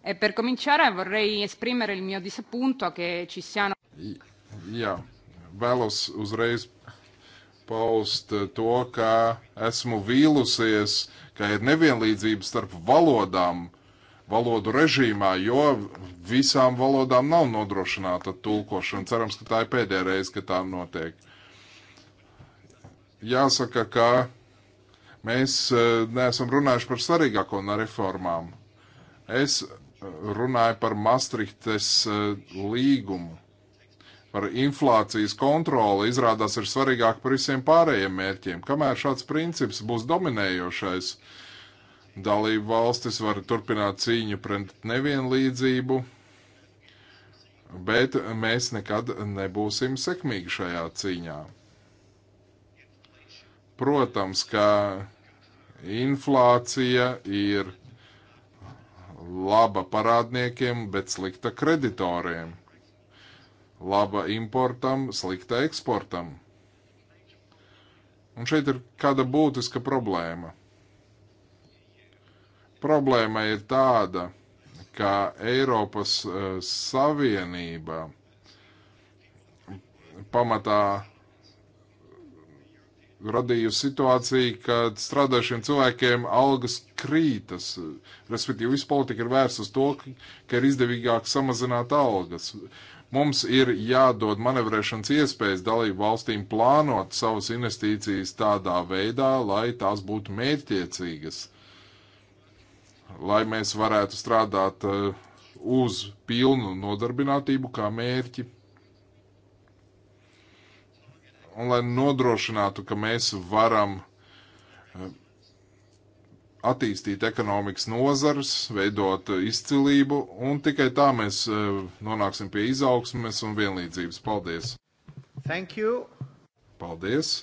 E per cominciare vorrei esprimere il mio disappunto che ci siano. Jā, vēlos uzreiz paust to, ka esmu vīlusies, ka ir nevienlīdzības starp valodām, valodu režīmā, jo visām valodām nav nodrošināta tulkošana. Cerams, ka tā ir pēdējā reize, kad tā notiek. Jāsaka, ka mēs eh, neesam runājuši par svarīgāko no reformām. Es runāja par Maastrichtes e, līgumu, par inflācijas kontroli, izrādās ir svarīgāk par visiem pārējiem mērķiem. Kamēr šāds princips būs dominējošais, dalību valstis var turpināt cīņu pret nevienlīdzību, bet mēs nekad nebūsim sekmīgi šajā cīņā. Protams, ka inflācija ir laba parādniekiem, bet slikta kreditoriem, laba importam, slikta eksportam. Un šeit ir kāda būtiska problēma. Problēma ir tāda, ka Eiropas uh, Savienība pamatā radīja situāciju, kad strādājušiem cilvēkiem algas krītas. Respektīvi, visu politiku ir vērsts uz to, ka ir izdevīgāk samazināt algas. Mums ir jādod manevrēšanas iespējas dalību valstīm plānot savas investīcijas tādā veidā, lai tās būtu mērķtiecīgas, lai mēs varētu strādāt uh, uz pilnu nodarbinātību kā mērķi un lai nodrošinātu, ka mēs varam eh, attīstīt ekonomikas nozars, veidot eh, izcilību, un tikai tā mēs eh, nonāksim pie izaugsmes un vienlīdzības. Paldies! Thank you! Paldies!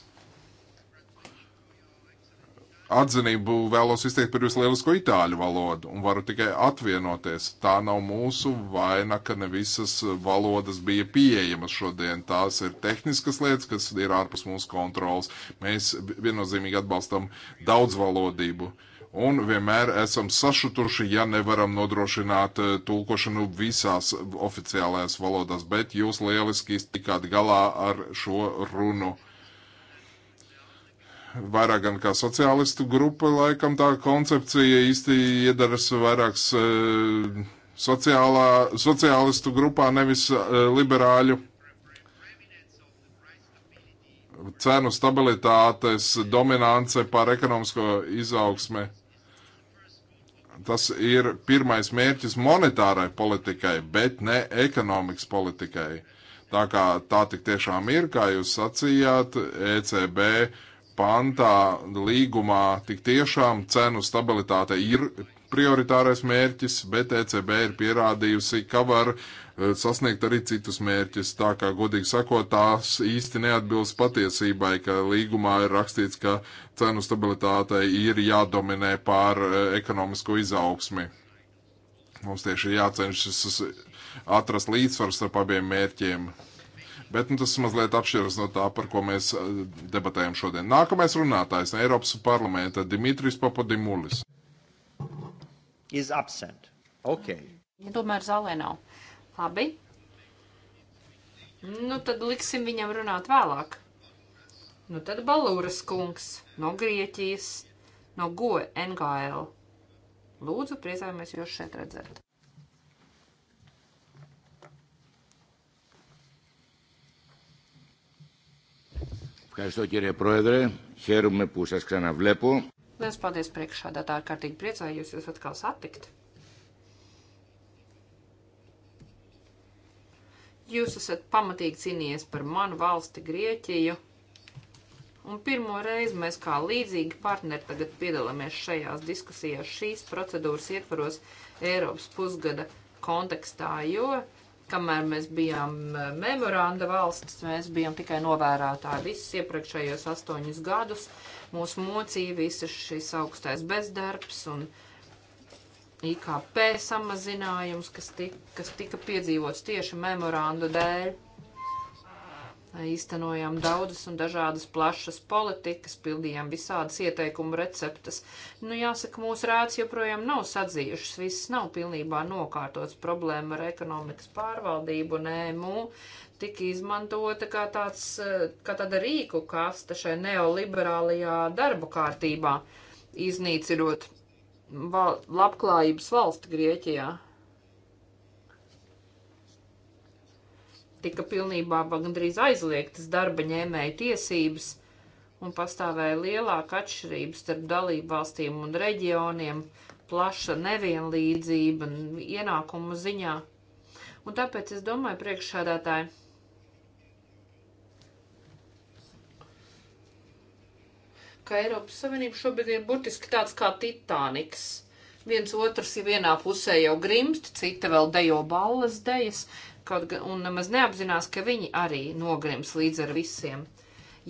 atzinību vēlos izteikt par jūsu lielisko itāļu valodu un varu tikai atvienoties. Tā nav mūsu vaina, ka ne visas valodas bija pieejamas šodien. Tās ir tehniskas lietas, kas ir ārpus mūsu kontrolas. Mēs viennozīmīgi atbalstam daudzvalodību. Un vienmēr esam sašutuši, ja nevaram nodrošināt eh, tulkošanu visās oficiālajās valodās, bet jūs lieliski tikāt galā ar šo runu vairāk gan kā sociālistu grupa, laikam tā koncepcija īsti iedaras vairāk e, sociālā, sociālistu grupā, nevis e, liberāļu. Cēnu stabilitātes dominance pār ekonomisko izaugsmi. Tas ir pirmais mērķis monetārai politikai, bet ne ekonomikas politikai. Tā kā tā tik tiešām ir, kā jūs sacījāt, ECB uh, pantā līgumā tik tiešām cenu stabilitāte ir prioritārais mērķis, bet ECB ir pierādījusi, ka var e, sasniegt arī citus mērķus. Tā kā, godīgi sakot, tās īsti neatbilst patiesībai, ka līgumā ir rakstīts, ka cenu stabilitātei ir jādominē pār e, ekonomisko izaugsmi. Mums tieši ir jācenšas atrast līdzsvaru starp abiem mērķiem. Bet nu, tas mazliet atšķiras no tā, par ko mēs uh, debatējam šodien. Nākamais runātājs no Eiropas parlamenta Dimitris Papadimulis. Is absent. Ok. Ja tomēr zālē nav. Labi. Nu, tad liksim viņam runāt vēlāk. Nu, tad Balūras kungs no Grieķijas, no GOE NGL. Lūdzu, priecājamies jūs šeit redzēt. Ευχαριστώ κύριε Πρόεδρε. Χαίρομαι που σας ξαναβλέπω. Mēs paldies priekšādā tā ārkārtīgi priecājos jūs atkal satikt. Jūs esat pamatīgi cīnījies par manu valsti Grieķiju. Un pirmo reizi mēs kā līdzīgi partneri tagad piedalāmies šajās diskusijās šīs procedūras ietvaros Eiropas pusgada kontekstā, jo Kamēr mēs bijām e, memoranda valsts, mēs bijām tikai novērātāji visus iepriekšējos astoņus gadus. Mūsu mocīja visas šis augstais bezdarbs un IKP samazinājums, kas tika, kas tika piedzīvots tieši memorandu dēļ. Īstenojām daudzas un dažādas plašas politikas, pildījām visādas ieteikumu receptes. Nu, jāsaka, mūsu rēts joprojām nav sadzījušas, viss nav pilnībā nokārtots. Problēma ar ekonomikas pārvaldību un EMU tika izmantota kā, tāds, kā tāda rīku kasta šai neoliberālajā darba kārtībā, iznīcinot val labklājības valsti Grieķijā. tika pilnībā vai gandrīz aizliegtas darba ņēmēja tiesības, un pastāvēja lielāka atšķirība starp dalību valstīm un reģioniem, plaša nevienlīdzība ienākumu ziņā. Un tāpēc es domāju, priekšsādātāji, ka Eiropas Savienība šobrīd ir burtiski tāds kā Titaniks. Viens otrs ir vienā pusē jau grimst, cita vēl dejo balles dejas, kaut, un nemaz neapzinās, ka viņi arī nogrims līdz ar visiem,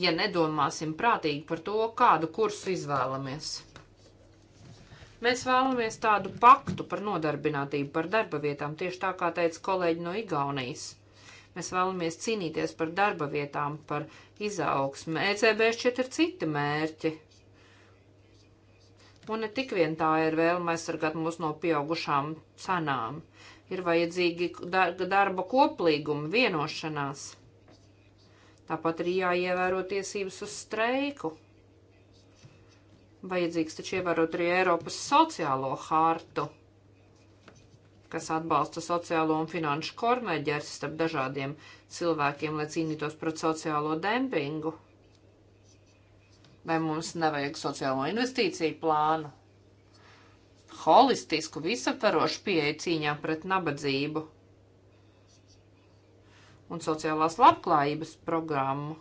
ja nedomāsim prātīgi par to, kādu kursu izvēlamies. Mēs vēlamies tādu paktu par nodarbinātību, par darba vietām, tieši tā kā teica kolēģi no Igaunijas. Mēs vēlamies cīnīties par darba vietām, par izaugsmu. ECB šķiet ir citi mērķi. Un ne tik vien tā ir vēlme aizsargāt mūs no pieaugušām cenām ir vajadzīgi darba koplīguma vienošanās. Tāpat arī jāievēro tiesības uz streiku. Vajadzīgs taču ievērot arī Eiropas sociālo hartu, kas atbalsta sociālo un finanšu korneģers starp dažādiem cilvēkiem, lai cīnītos pret sociālo dempingu. Vai mums nevajag sociālo investīciju plānu? holistisku, visaparošu pieeju cīņā pret nabadzību un sociālās labklājības programmu.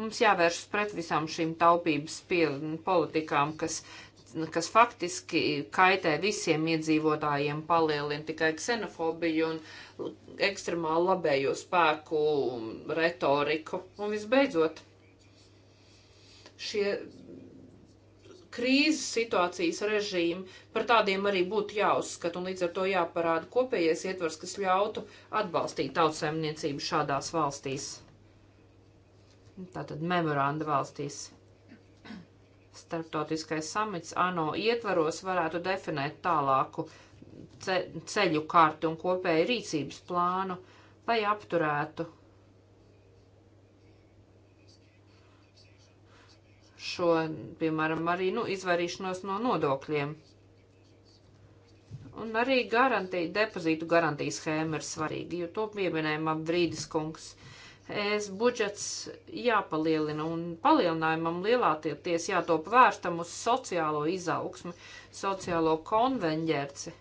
Mums jāvēršas pret visām šīm taupības pie, politikām, kas, kas faktiski kaitē visiem iedzīvotājiem, palielina tikai ksenofobiju un ekstremālu labējo spēku retoriku. Un visbeidzot, šie krīzes situācijas režīmu. Par tādiem arī būtu jāuzskata un līdz ar to jāparāda kopējais ietvers, kas ļautu atbalstīt tautsēmniecību šādās valstīs. Tātad memoranda valstīs. Startautiskais samits ANO ietvaros varētu definēt tālāku ce ceļu kartu un kopēju rīcības plānu, lai apturētu šo, piemēram, arī nu, izvairīšanos no nodokļiem. Un arī garantī, depozītu garantijas schēma ir svarīga, jo to pieminējumā brīdis kungs. Es budžets jāpalielina un palielinājumam lielāties jātop vērstam uz sociālo izaugsmi, sociālo konvenģerci.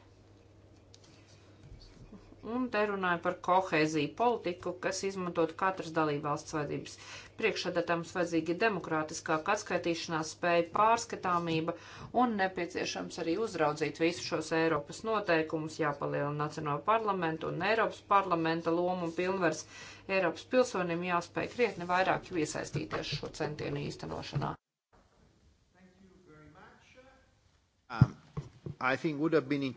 Un te runāju par kohēziju politiku, kas izmantot katras dalībvalsts vajadzības. Priekšsēdētājiem vajadzīga demokrātiskāka atskaitīšanās spēja, pārskatāmība un nepieciešams arī uzraudzīt visus šos Eiropas noteikumus, jāpalielina Nacionālo parlamentu un Eiropas parlamenta lomu un pilnvers Eiropas pilsonim jāspēj krietni vairāk iesaistīties šo centienu īstenošanā. Um,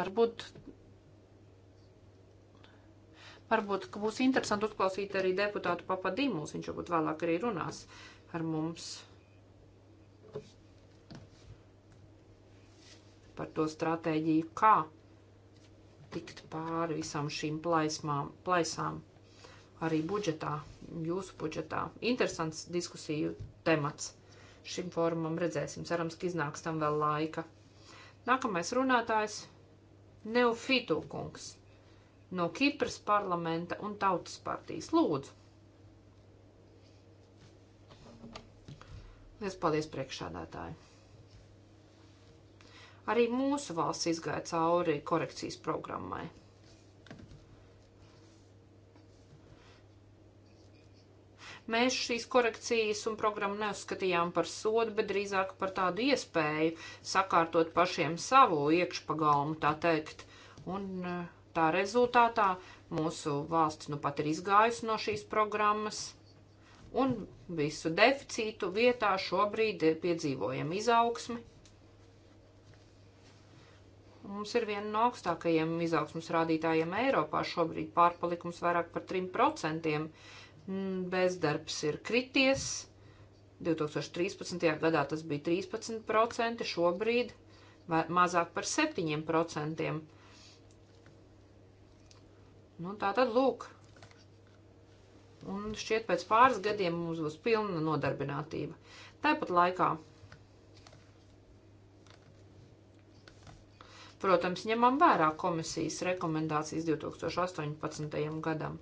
varbūt Varbūt būs interesanti uzklausīt arī deputātu papadīmus, viņš varbūt vēlāk arī runās ar mums par to stratēģiju, kā tikt pāri visām šīm plaismām, plaisām arī budžetā, jūsu budžetā. Interesants diskusiju temats šim formam redzēsim. Cerams, ka iznāks tam vēl laika. Nākamais runātājs Neofitu kungs no Kipras parlamenta un Tautas partijas. Lūdzu! Lies paldies priekšādātāji! Arī mūsu valsts izgāja cauri korekcijas programmai. mēs šīs korekcijas un programmu neuzskatījām par sodu, bet drīzāk par tādu iespēju sakārtot pašiem savu iekšpagalmu, tā teikt. Un uh, Tā rezultātā mūsu valsts nu pat ir izgājusi no šīs programmas, un visu deficītu vietā šobrīd piedzīvojam izaugsmi. Mums ir viena no augstākajiem izaugsmas rādītājiem Eiropā. Šobrīd pārpalikums vairāk par 3%. Mm, bezdarbs ir krities. 2013. gadā tas bija 13%, šobrīd mazāk par 7%. Nu, tā tad lūk. Un šķiet, pēc pāris gadiem mums būs pilna nodarbinātība. Tāpat laikā, protams, ņemam vērā komisijas rekomendācijas 2018. gadam.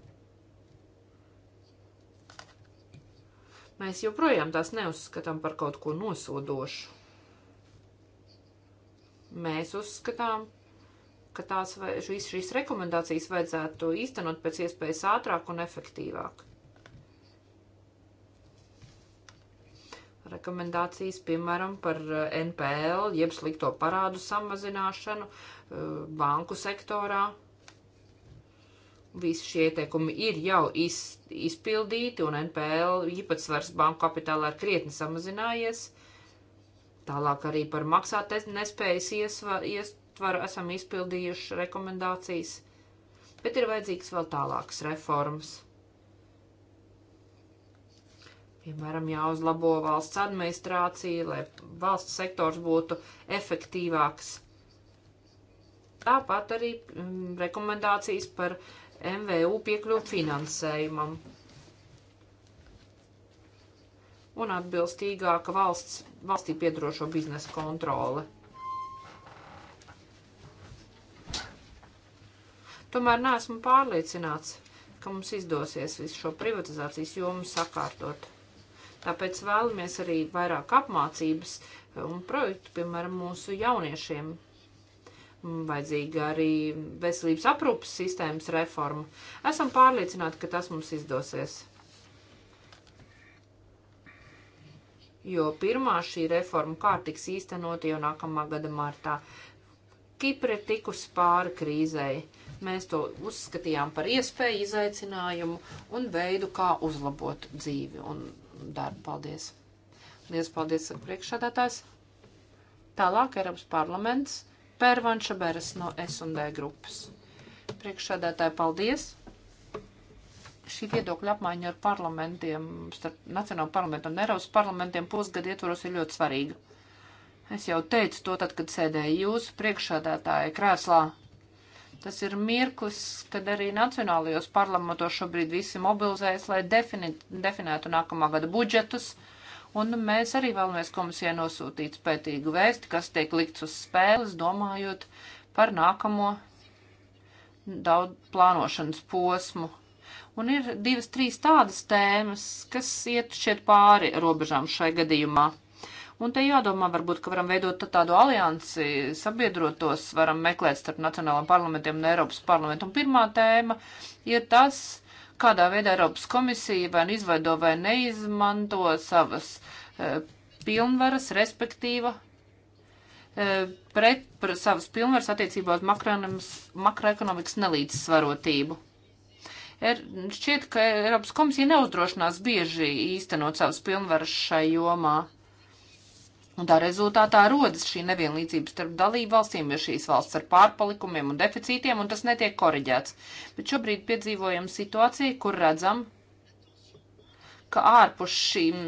Mēs joprojām tās neuzskatām par kaut ko nosodošu. Mēs uzskatām, ka tās, šīs, šīs rekomendācijas vajadzētu īstenot pēc iespējas ātrāk un efektīvāk. Rekomendācijas, piemēram, par eh, NPL, jeb slikto parādu samazināšanu eh, banku sektorā. Visi šie ieteikumi ir jau iz, izpildīti, un NPL īpatsvars banku kapitālā ir krietni samazinājies. Tālāk arī par maksāt nespējas iesva, ies, ietvaru esam izpildījuši rekomendācijas, bet ir vajadzīgs vēl tālākas reformas. Piemēram, jāuzlabo valsts administrācija, lai valsts sektors būtu efektīvāks. Tāpat arī mm, rekomendācijas par MVU piekļuvu finansējumam un atbilstīgāka valsts, valstī piedrošo biznesa kontrole. Tomēr neesmu pārliecināts, ka mums izdosies visu šo privatizācijas jomu sakārtot. Tāpēc vēlamies arī vairāk apmācības un projektu, piemēram, mūsu jauniešiem. Vajadzīga arī veselības aprūpas sistēmas reforma. Esam pārliecināti, ka tas mums izdosies. Jo pirmā šī reforma kā tiks īstenot jau nākamā gada martā. Kipra ir tikus pāri krīzei Mēs to uzskatījām par iespēju, izaicinājumu un veidu, kā uzlabot dzīvi un darbu. Paldies! Lielas paldies, priekšsādātājs! Tālāk Eiropas parlaments Pērvanša Beres no S&D grupas. Priekšsādātāji, paldies! šī viedokļa apmaiņa ar parlamentiem, starp Nacionālo parlamentu un Eiropas parlamentiem pusgadu ietvaros ir ļoti svarīga. Es jau teicu to tad, kad sēdēju jūsu priekšādātāja krēslā. Tas ir mirklis, kad arī nacionālajos parlamentos šobrīd visi mobilizējas, lai defini, definētu nākamā gada budžetus. Un mēs arī vēlamies komisijai nosūtīt spētīgu vēsti, kas tiek likts uz spēles, domājot par nākamo daudz plānošanas posmu. Un ir divas, trīs tādas tēmas, kas iet šeit pāri robežām šai gadījumā. Un te jādomā, varbūt, ka varam veidot tādu aliansi, sabiedrotos, varam meklēt starp nacionālajiem parlamentiem un Eiropas parlamentu. Un pirmā tēma ir tas, kādā veidā Eiropas komisija vai nu izveido vai neizmanto savas e, pilnvaras, respektīva e, pret, pret savas pilnvaras attiecībā uz makroekonomikas nelīdzsvarotību. Er, šķiet, ka Eiropas komisija neuzdrošinās bieži īstenot savas pilnvaras šai jomā. Un tā rezultātā rodas šī nevienlīdzība starp dalību valstīm, ir šīs valsts ar pārpalikumiem un deficītiem, un tas netiek koreģēts. Bet šobrīd piedzīvojam situāciju, kur redzam, ka ārpus šīm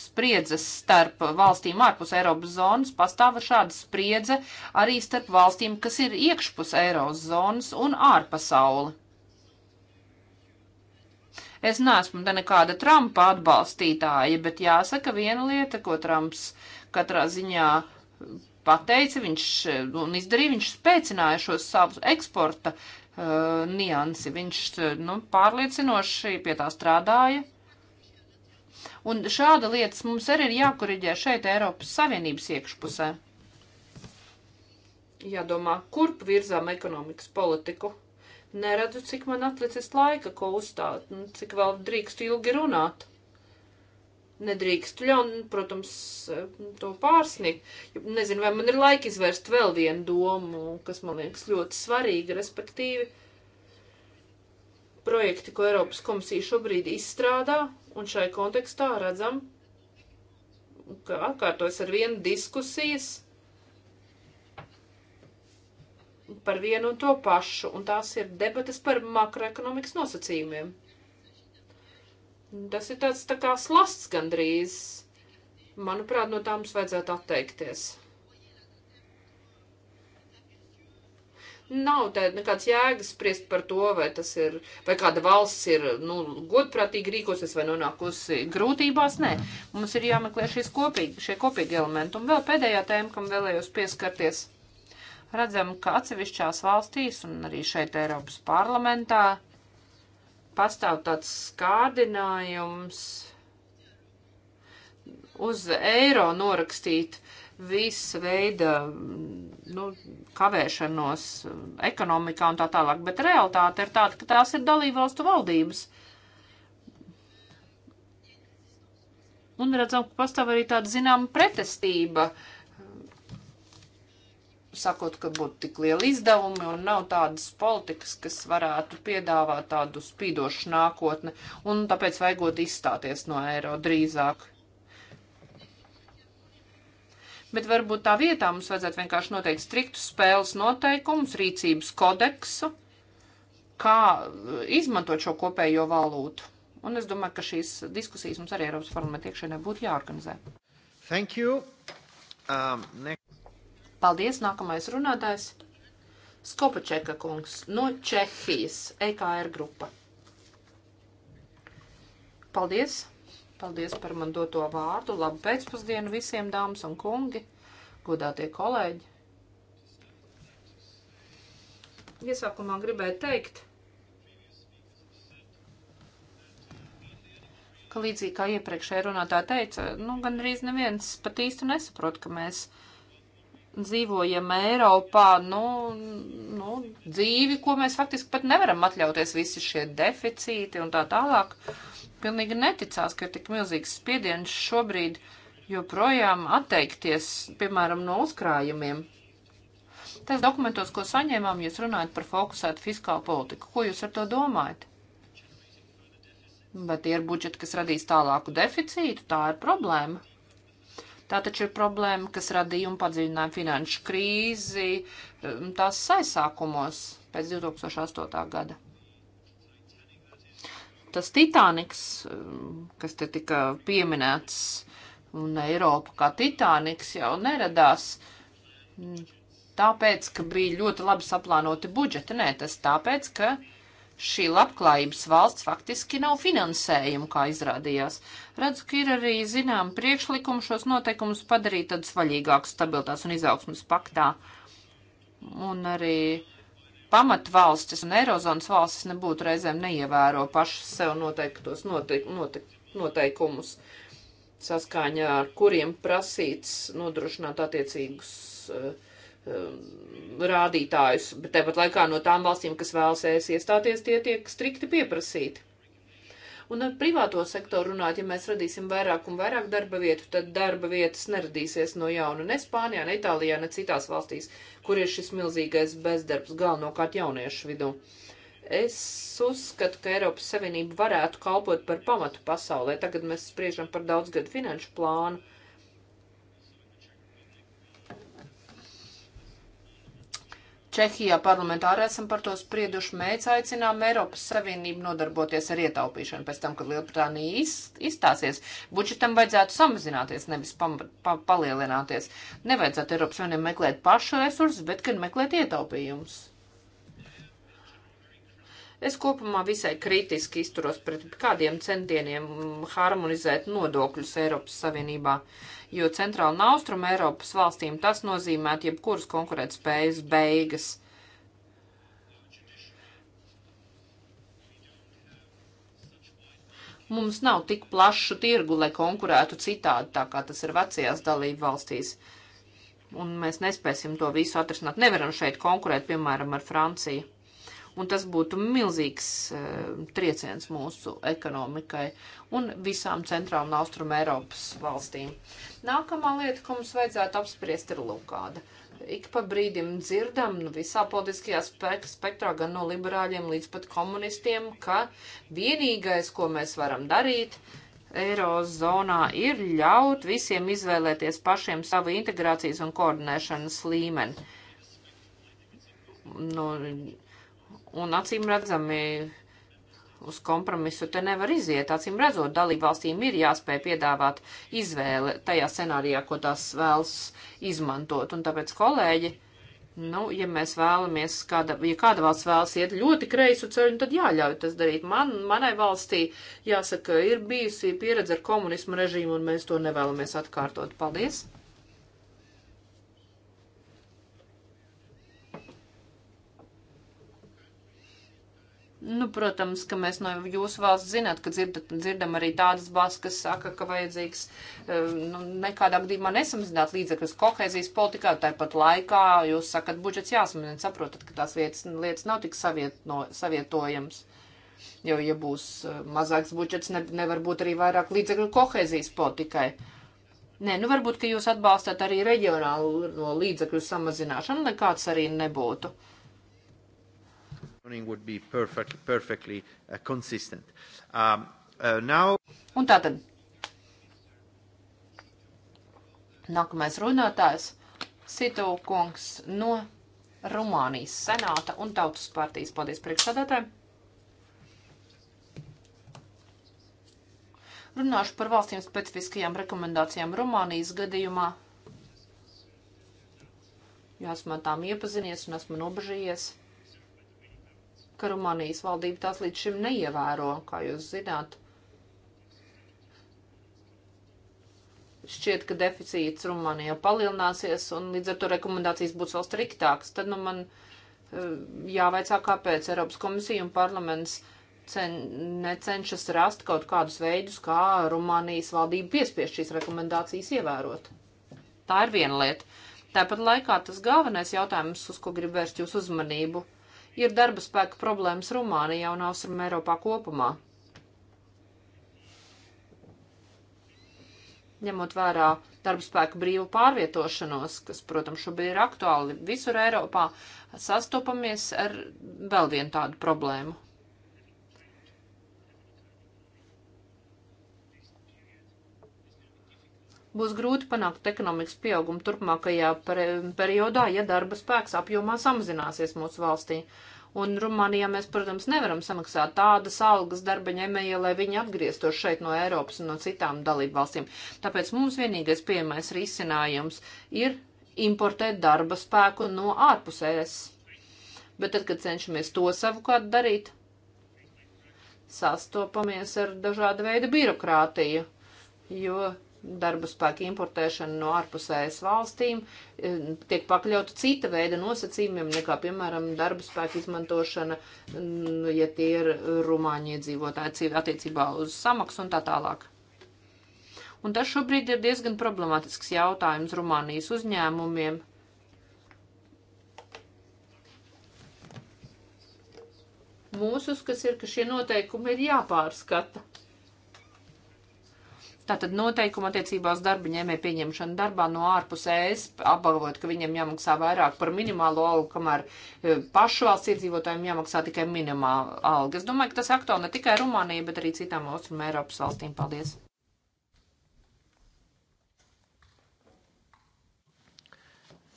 spriedzes starp valstīm ārpus Eiropas zonas pastāv šāda spriedze arī starp valstīm, kas ir iekšpus Eiropas zonas un ārpasauli. Es neesmu te nekāda Trumpa atbalstītāja, bet jāsaka viena lieta, ko Trumps uh, katrā ziņā pateica, viņš un izdarīja, viņš spēcināja šo savu eksporta uh, niansi. Viņš uh, nu, pārliecinoši pie tā strādāja. Un šāda lietas mums arī ir jākoriģē šeit Eiropas Savienības iekšpusē. Jādomā, kurp virzām ekonomikas politiku. Neredzu, cik man atlicis laika, ko uzstāt, un nu, cik vēl drīkst ilgi runāt nedrīkst ļaun, protams, to pārsniegt. Nezinu, vai man ir laika izvērst vēl vienu domu, kas man liekas ļoti svarīga, respektīvi projekti, ko Eiropas komisija šobrīd izstrādā, un šai kontekstā redzam, ka atkārtojas ar vienu diskusijas par vienu un to pašu, un tās ir debatas par makroekonomikas nosacījumiem. Tas ir tāds tā kā slasts gandrīz. Manuprāt, no tā mums vajadzētu atteikties. Nav tāda nekāds jēgas spriest par to, vai tas ir, vai kāda valsts ir, nu, godprātīgi rīkosies vai nonākusi grūtībās. Nē, mums ir jāmeklē šīs kopīgi, šie kopīgi elementi. Un vēl pēdējā tēma, kam vēlējos pieskarties. Redzam, ka atsevišķās valstīs un arī šeit Eiropas parlamentā pastāv tāds skādinājums uz eiro norakstīt visu veidu nu, kavēšanos ekonomikā un tā tālāk, bet realitāte ir tāda, ka tās ir dalībvalstu valdības. Un redzam, ka pastāv arī tāda zināma pretestība uh, sakot, ka būtu tik lieli izdevumi un nav tādas politikas, kas varētu piedāvāt tādu spīdošu nākotni, un tāpēc vajagot izstāties no eiro drīzāk. Bet varbūt tā vietā mums vajadzētu vienkārši noteikt striktus spēles noteikumus, rīcības kodeksu, kā izmantot šo kopējo valūtu. Un es domāju, ka šīs diskusijas mums arī Eiropas parlamentā iekšēnē būtu jāorganizē. Thank you. Um, next... Paldies, nākamais runātājs. Skopačeka kungs no Čehijas, EKR grupa. Paldies! Paldies par man doto vārdu. Labu pēcpusdienu visiem dāmas un kungi, godātie kolēģi. Iesākumā gribēju teikt, ka līdzīgi kā iepriekšēja runātā teica, nu gan arī neviens pat īsti nesaprot, ka mēs uh, dzīvojam Eiropā, nu, nu, dzīvi, ko mēs faktiski pat nevaram atļauties, visi šie deficīti un tā tālāk. Pilnīgi neticās, ka ir tik milzīgs spiediens šobrīd joprojām atteikties, piemēram, no uzkrājumiem. Tas dokumentos, ko saņēmām, jūs runājat par fokusētu fiskālu politiku. Ko jūs ar to domājat? Bet tie ir budžeti, kas radīs tālāku deficītu, tā ir problēma. Tā taču ir problēma, kas radīja un padziļināja finanšu krīzi tās aizsākumos pēc 2008. gada. Tas Titaniks, kas te tika pieminēts, un Eiropa kā Titaniks jau neradās. Tāpēc, ka bija ļoti labi saplānoti budžeti. Nē, tas tāpēc, ka uh, šī labklājības valsts faktiski nav finansējuma, kā izrādījās. Redzu, ka ir arī, zinām, priekšlikumu šos noteikumus padarīt tādus vaļīgākus stabilitātes un izaugsmas paktā. Un arī pamatvalstis un eirozonas valstis nebūtu reizēm neievēro pašas sev noteiktos noteik, noteik, noteikumus, saskaņā ar kuriem prasīts nodrošināt attiecīgus uh, Um, rādītājus, bet tāpat laikā no tām valstīm, kas vēlas ēst iestāties, tie tiek strikti pieprasīti. Un ar privāto sektoru runāt, ja mēs radīsim vairāk un vairāk darba vietu, tad darba vietas neradīsies no jauna ne Spānijā, ne Itālijā, ne citās valstīs, kur ir šis milzīgais bezdarbs galvenokārt jauniešu vidū. Es uzskatu, ka Eiropas Savienība varētu kalpot par pamatu pasaulē. Tagad mēs spriežam par daudzgadu finanšu plānu Čehijā parlamentārā esam par to sprieduši. Mēs aicinām Eiropas Savienību nodarboties ar ietaupīšanu. Pēc tam, kad Lielbritānija iz, izstāsies, budžetam vajadzētu samazināties, nevis pam, pa, palielināties. Nevajadzētu Eiropas Savienībai meklēt pašu resursus, bet gan meklēt ietaupījumus. Es kopumā visai kritiski izturos pret kādiem centieniem harmonizēt nodokļus Eiropas Savienībā. Uh, jo centrāla un austruma Eiropas valstīm tas nozīmētu jebkuras konkurētspējas beigas. Mums nav tik plašu tirgu, lai konkurētu citādi, tā kā tas ir vecajās dalību valstīs. Un mēs nespēsim to visu atrisināt. Nevaram šeit konkurēt, piemēram, ar Franciju un tas būtu milzīgs e, trieciens mūsu ekonomikai un visām centrāla un austruma Eiropas valstīm. Nākamā lieta, ko mums vajadzētu apspriest, ir lūkāda ik pa brīdim dzirdam nu, visā politiskajā spektrā, gan no liberāļiem līdz pat komunistiem, ka vienīgais, ko mēs varam darīt Eirozonā, ir ļaut visiem izvēlēties pašiem savu integrācijas un koordinēšanas līmeni. Nu, Un acīm redzami uz kompromisu te nevar iziet. Acīm redzot, dalībvalstīm ir jāspēj piedāvāt izvēle tajā scenārijā, ko tās vēlas izmantot. Un tāpēc, kolēģi, nu, ja mēs vēlamies, kāda, ja kāda valsts vēlas iet ļoti kreisu ceļu, tad jāļauj tas darīt. Man, manai valstī, jāsaka, ir bijusi pieredze ar komunismu režīmu, un mēs to nevēlamies atkārtot. Paldies! Nu, protams, ka mēs no jūsu valsts zināt, ka dzirdat, dzirdam arī tādas balss, kas saka, ka vajadzīgs eh, nu, nekādā gadījumā nesamazināt līdzekļus kohēzijas politikā, tāpat laikā jūs sakat, budžets jāsamazina, saprotat, ka tās vietas, lietas nav tik saviet, no, savietojams. Jo, ja būs eh, mazāks budžets, ne, nevar būt arī vairāk līdzekļu kohēzijas politikai. Nē, nu varbūt, ka jūs atbalstāt arī reģionālo līdzekļu samazināšanu, nekāds arī nebūtu would be perfect, perfectly uh, consistent. Um, uh, now... Un tātad. Nākamais runātājs Sito kungs no Rumānijas senāta un tautas partijas. Paldies priekšsādātājiem. Runāšu par valstīm specifiskajām rekomendācijām Rumānijas gadījumā. Jo esmu tām iepazinies un esmu nobežījies ka Rumānijas valdība tās līdz šim neievēro, kā jūs zināt. Šķiet, ka deficīts Rumānijā palielināsies un līdz ar to rekomendācijas būs vēl striktākas. Tad nu man eh, jāvaicā, kāpēc Eiropas komisija un parlaments cen, necenšas rast kaut kādus veidus, kā Rumānijas valdība piespiest šīs rekomendācijas ievērot. Tā ir viena lieta. Tāpat laikā tas galvenais jautājums, uz ko grib vērst jūsu uzmanību, ir darba spēka problēmas Rumānijā un Austrum Eiropā kopumā. Ņemot vērā darba spēka brīvu pārvietošanos, kas, protams, šobrīd ir aktuāli visur Eiropā, sastopamies ar vēl vienu tādu problēmu. būs grūti panākt ekonomikas pieaugumu turpmākajā periodā, ja darba spēks apjomā samazināsies mūsu valstī. Un Rumānijā mēs, protams, nevaram samaksāt tādas algas darba ņēmēja, lai viņi atgrieztos šeit no Eiropas un no citām dalību valstīm. Tāpēc mums vienīgais pieejamais risinājums ir importēt darba spēku no ārpusēs. Bet tad, kad cenšamies to savukārt darīt, sastopamies ar dažādu veidu birokrātiju, jo darba spēka importēšana no ārpusējas valstīm e, tiek pakļauta cita veida nosacījumiem nekā, piemēram, darba spēka izmantošana, nu, ja tie ir rumāņi iedzīvotāji attiecībā uz samaksu un tā tālāk. Un tas šobrīd ir diezgan problemātisks jautājums Rumānijas uzņēmumiem. Mūsu uzskats ir, ka šie noteikumi ir jāpārskata. Tātad noteikuma attiecībā uz darba ņēmēju pieņemšanu darbā no ārpus ES, apbalvot, ka viņiem jāmaksā vairāk par minimālo algu, kamēr e, pašu valsts iedzīvotājiem jāmaksā tikai minimāla alga. Es domāju, ka tas aktuāli ne tikai Rumānija, bet arī citām Austrum Eiropas valstīm. Paldies!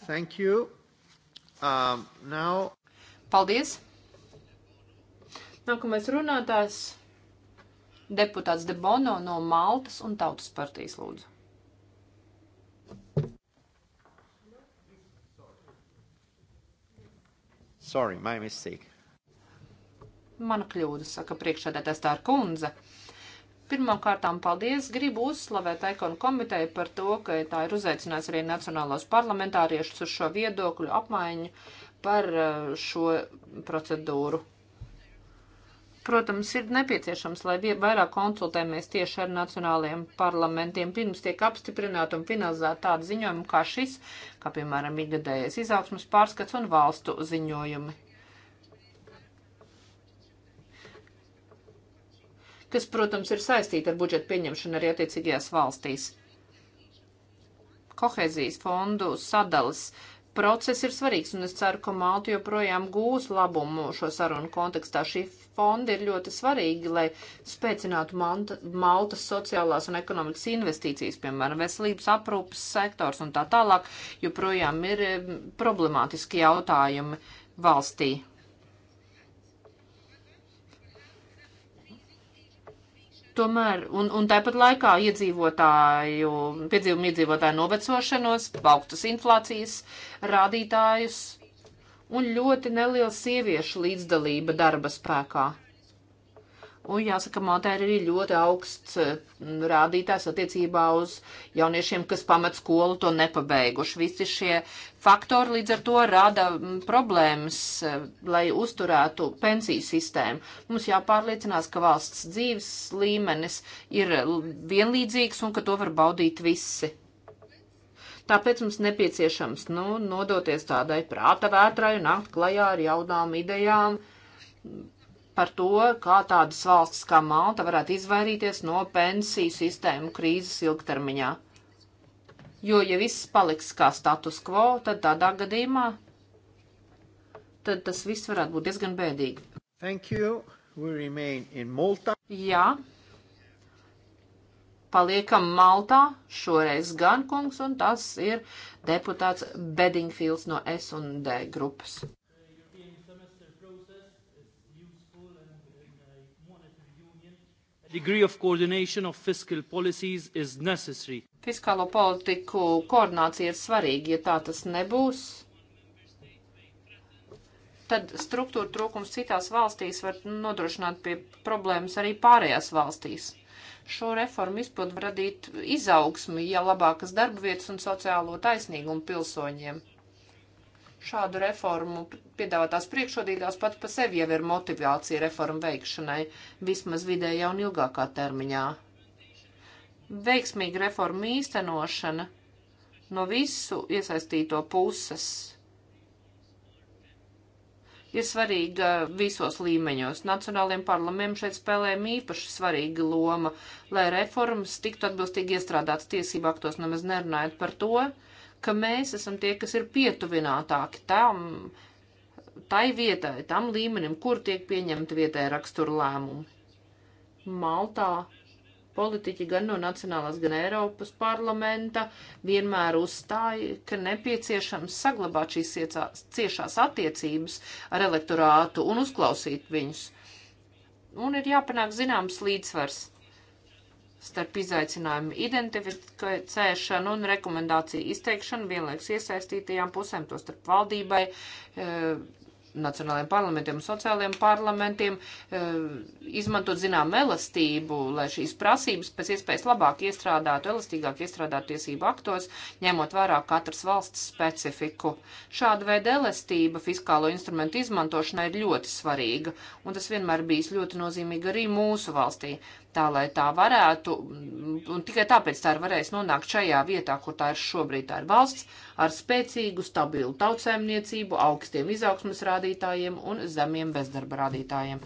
Thank you. Um, now... Paldies! Nākamais runātājs. Deputāts De Bono no Maltas un Tautas partijas lūdzu. Sorry, my mistake. Mana kļūda, saka priekšsēdētājs tā ir kundze. Pirmkārtām, paldies! Gribu uzslavēt Aikonu komiteju par to, ka tā ir uzaicinājusi arī nacionālos parlamentāriešus uz šo viedokļu apmaiņu par eh, šo procedūru. Protams, ir nepieciešams, lai vairāk konsultējamies tieši ar nacionālajiem parlamentiem, pirms tiek apstiprināta un finalizēta tāda ziņojuma kā šis, kā piemēram ikgadējais izaugsmas pārskats un valstu ziņojumi. kas, protams, ir saistīta ar budžetu pieņemšanu arī attiecīgajās valstīs kohēzijas fondu sadalas process ir svarīgs, un es ceru, ka Malta joprojām gūs labumu šo sarunu kontekstā. Šī fonda ir ļoti svarīga, lai spēcinātu Malta, Maltas sociālās un ekonomikas investīcijas, piemēram, veselības aprūpas sektors un tā tālāk, joprojām ir eh, problemātiski jautājumi valstī. Tomēr, un, un tāpat laikā iedzīvotāju, piedzīvumu iedzīvotāju novecošanos, augstus inflācijas rādītājus un ļoti neliela sieviešu līdzdalība darba spēkā. Un jāsaka, mātē ir arī ļoti augsts rādītājs attiecībā uz jauniešiem, kas pamet skolu to nepabeiguši. Visi šie faktori līdz ar to rada problēmas, e, lai uzturētu pensiju sistēmu. Mums jāpārliecinās, ka valsts dzīves līmenis ir vienlīdzīgs un ka to var baudīt visi. Tāpēc mums nepieciešams nu, nodoties tādai prāta vētrai un nākt klajā ar jaunām idejām par to, kā tādas valsts kā Malta varētu izvairīties no pensiju sistēmu krīzes ilgtermiņā. Jo, ja viss paliks kā status quo, tad tādā gadījumā tad tas viss varētu būt diezgan bēdīgi. Thank you. We remain in Malta. Jā. Paliekam Maltā, šoreiz gan kungs, un tas ir deputāts Bedingfields no S&D grupas. degree of coordination of fiscal policies is necessary. Fiskālo politiku koordinācija ir svarīga, ja tā tas nebūs. Tad struktūra trūkums citās valstīs var nodrošināt pie problēmas arī pārējās valstīs. Šo reformu izpildu var radīt izaugsmi, ja labākas darba vietas un sociālo taisnīgumu pilsoņiem. Šādu reformu piedāvātās priekšrodītās pats pa sevi jau ir motivācija reformu veikšanai, vismaz vidējā un ilgākā termiņā. Veiksmīga reforma īstenošana no visu iesaistīto puses ir svarīga visos līmeņos. Nacionāliem parlamiem šeit spēlējama īpaši svarīga loma, lai reformas tiktu atbilstīgi iestrādātas tiesību aktos, nemaz nerunājot par to, ka mēs esam tie, kas ir pietuvinātāki tam, tai vietai, tam līmenim, kur tiek pieņemta vietēja rakstura lēmumi. Maltā politiķi gan no Nacionālās, gan Eiropas parlamenta vienmēr uzstāja, ka nepieciešams saglabāt šīs ciecās, ciešās attiecības ar elektorātu un uzklausīt viņus. Un ir jāpanāk zināms līdzsvars starp izaicinājumu identificēšanu un rekomendāciju izteikšanu vienlaiks iesaistītajām pusēm, to starp valdībai, eh, nacionālajiem parlamentiem un sociālajiem parlamentiem, eh, izmantot zinām elastību, lai šīs prasības pēc iespējas labāk iestrādātu, elastīgāk iestrādātu tiesību aktos, ņemot vērā katras valsts specifiku. Šāda veida elastība fiskālo instrumentu izmantošanai ir ļoti svarīga, un tas vienmēr bijis ļoti nozīmīgi arī mūsu valstī tā lai tā varētu, un tikai tāpēc tā ir varējusi nonākt šajā vietā, kur tā ir šobrīd. Tā ir valsts ar spēcīgu, stabilu tautsēmniecību, augstiem izaugsmas rādītājiem un zemiem bezdarba rādītājiem.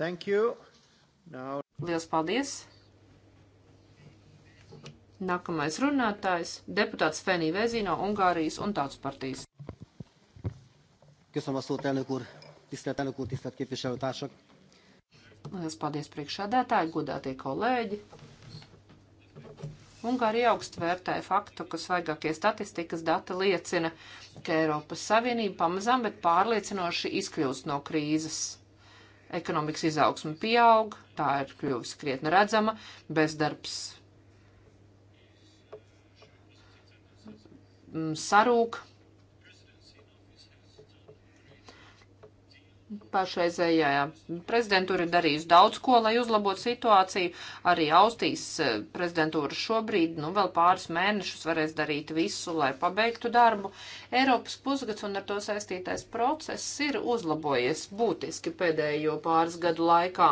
Thank you. Now... Liels paldies! Nākamais runātājs - deputāts Fenī Vēzino, Ungārijas un Tautas partijas. Köszönöm a szót, elnök úr, tisztelt elnök úr, tisztelt képviselőtársak! Lielas paldies priekšādētāji, godātie kolēģi. Ungārija augstu vērtēja faktu, ka svaigākie statistikas dati liecina, ka Eiropas Savienība pamazām, bet pārliecinoši izkļūst no krīzes. Ekonomikas izaugsme pieaug, tā ir kļuvusi krietni redzama, bezdarbs mm, sarūk, pašreizējā prezidentūra ir darījusi daudz ko, lai uzlabotu situāciju. Arī Austrijas e, prezidentūra šobrīd, nu, vēl pāris mēnešus varēs darīt visu, lai pabeigtu darbu. Eiropas pusgads un ar to saistītais process ir uzlabojies būtiski pēdējo pāris gadu laikā.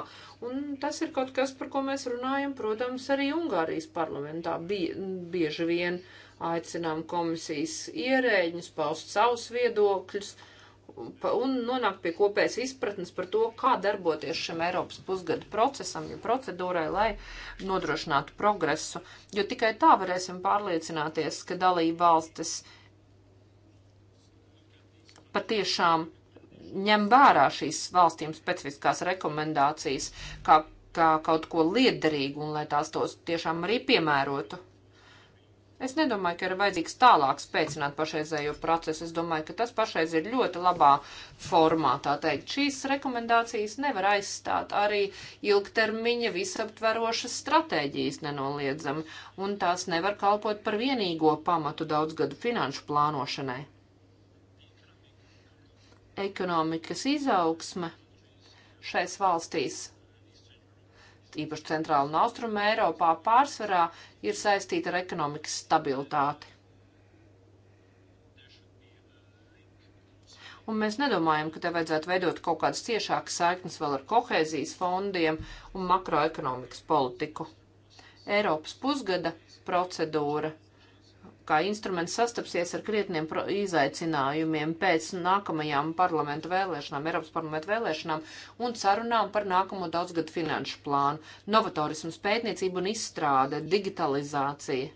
Un tas ir kaut kas, par ko mēs runājam, protams, arī Ungārijas parlamentā bie, bieži vien aicinām komisijas ierēģus paust savus viedokļus un nonākt pie kopējas izpratnes par to, kā darboties šim Eiropas pusgada procesam, ja procedūrai, lai nodrošinātu progresu, jo tikai tā varēsim pārliecināties, ka dalība valstis patiešām ņem vērā šīs valstīm specifiskās rekomendācijas kā, kā kaut ko liederīgu un lai tās tos tiešām arī piemērotu. Es nedomāju, ka ir vajadzīgs tālāk spēcināt pašreizējo procesu. Es domāju, ka tas pašreiz ir ļoti labā formā, tā teikt. Šīs rekomendācijas nevar aizstāt arī ilgtermiņa visaptverošas stratēģijas nenoliedzami, un tās nevar kalpot par vienīgo pamatu daudzgadu finanšu plānošanai. Ekonomikas izaugsme šais valstīs īpaši centrāla un austruma Eiropā, pārsvarā ir saistīta ar ekonomikas stabilitāti. un mēs nedomājam, ka te vajadzētu veidot kaut kādas ciešākas saiknes vēl ar kohēzijas fondiem un makroekonomikas politiku. Eiropas pusgada procedūra kā instruments sastapsies ar krietniem izaicinājumiem pēc nākamajām parlamentu vēlēšanām, Eiropas parlamentu vēlēšanām un sarunām par nākamo daudzgadu finanšu plānu. Novatorisms, pētniecība un izstrāde, digitalizācija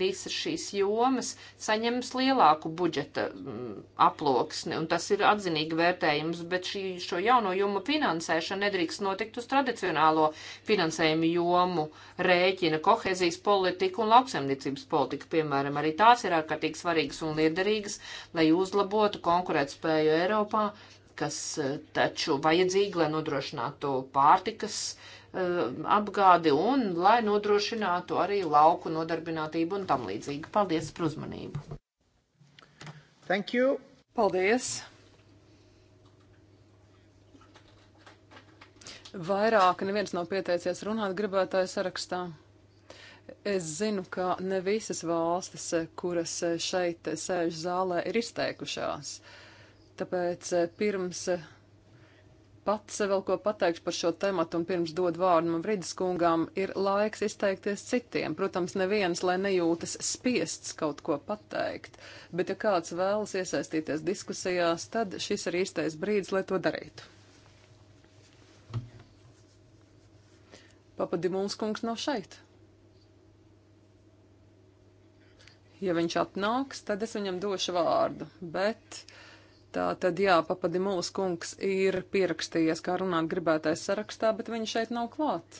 visas šīs jomas saņems lielāku budžeta mm, aploksni, un tas ir atzinīgi vērtējums, bet šī, šo jauno jomu finansēšana nedrīkst notikt uz tradicionālo finansējumu jomu rēķina, kohezijas politika un lauksemniecības politika, piemēram, arī tās ir ārkārtīgi svarīgas un liederīgas, lai uzlabotu konkurētspēju Eiropā kas taču vajadzīgi, lai nodrošinātu pārtikas e, apgādi un lai nodrošinātu arī lauku nodarbinātību un tam līdzīgi. Paldies par uzmanību! Thank you! Paldies! Vairāk neviens nav pieteicies runāt gribētāju sarakstā. Es zinu, ka ne visas valstis, kuras šeit sēž zālē, ir izteikušās. Uh, Tāpēc eh, pirms eh, pats eh, vēl ko pateikšu par šo tematu un pirms dod vārdu man Vridas kungām, ir laiks izteikties citiem. Protams, neviens, lai nejūtas spiests kaut ko pateikt, bet ja kāds vēlas iesaistīties diskusijās, tad šis ir īstais brīdis, lai to darītu. Papadimuls kungs nav šeit. Ja viņš atnāks, tad es viņam došu vārdu, bet. Uh, Tā tad jā, papadimuls kungs ir pierakstījies, kā runāt gribētais sarakstā, bet viņš šeit nav klāt.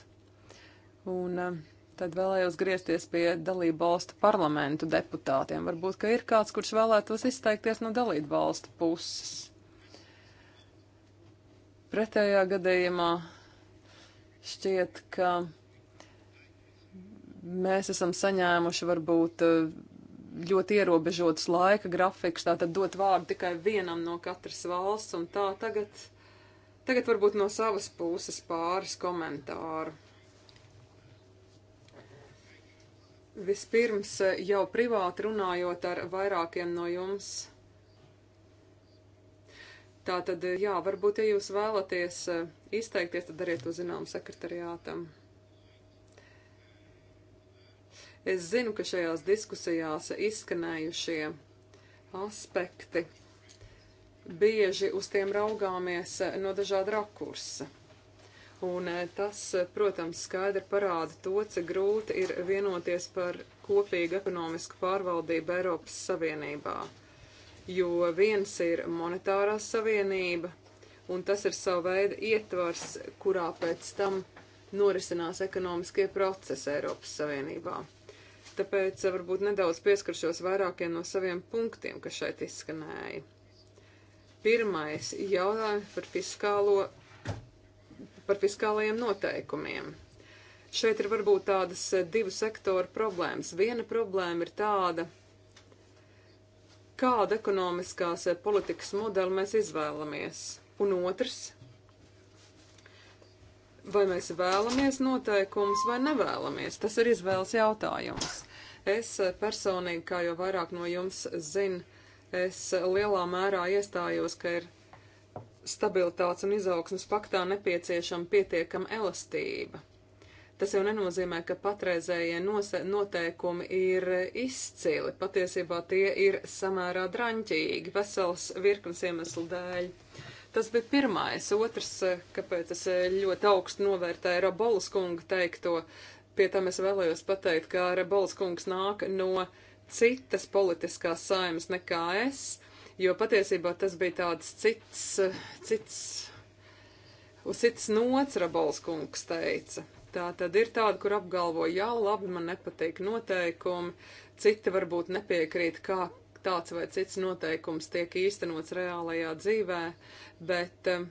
Un eh, tad vēlējos griezties pie dalību valstu parlamentu deputātiem. Varbūt, ka ir kāds, kurš vēlētos izteikties no dalību valstu puses. Pretējā gadījumā šķiet, ka mēs esam saņēmuši varbūt eh, ļoti ierobežots laika grafiks, tātad dot vārdu tikai vienam no katras valsts, un tā tagad, tagad varbūt no savas puses pāris komentāru. Vispirms jau privāti runājot ar vairākiem no jums. Tātad, jā, varbūt, ja jūs vēlaties eh, izteikties, tad dariet to zinām sekretariātam. Es zinu, ka šajās diskusijās izskanējušie aspekti bieži uz tiem raugāmies eh, no dažāda rakursa. Un eh, tas, eh, protams, skaidri parāda to, cik grūti ir vienoties par kopīgu ekonomisku pārvaldību Eiropas Savienībā. Jo viens ir monetārā savienība, un tas ir sava veida ietvars, kurā pēc tam norisinās ekonomiskie procesi Eiropas Savienībā tāpēc varbūt nedaudz pieskaršos vairākiem no saviem punktiem, kas šeit izskanēja. Pirmais jautājums par, fiskālo, par fiskālajiem noteikumiem. Šeit ir varbūt tādas eh, divu sektoru problēmas. Viena problēma ir tāda, kāda ekonomiskās eh, politikas modeli mēs izvēlamies, un otrs vai mēs vēlamies noteikumus vai nevēlamies. Tas ir izvēles jautājums. Es eh, personīgi, kā jau vairāk no jums zinu, es lielā mērā iestājos, ka ir stabilitātes un izaugsmas paktā nepieciešama pietiekama elastība. Tas jau nenozīmē, ka patreizējie noteikumi ir izcili. Patiesībā tie ir samērā draņķīgi, vesels virknes iemeslu dēļ. Uh, Tas bija pirmais. Otrs, eh, kāpēc es eh, ļoti augstu novērtēju Rabolas kungu teikto, pie tam es vēlējos pateikt, ka Rabolas kungs nāk no citas politiskās saimas nekā es, jo patiesībā tas bija tāds cits, eh, cits, uz cits nots Rabolas kungs teica. Tā tad ir tāda, kur apgalvo, jā, labi, man nepatīk noteikumi, citi varbūt nepiekrīt, kā tāds vai cits noteikums tiek īstenots reālajā dzīvē, bet um,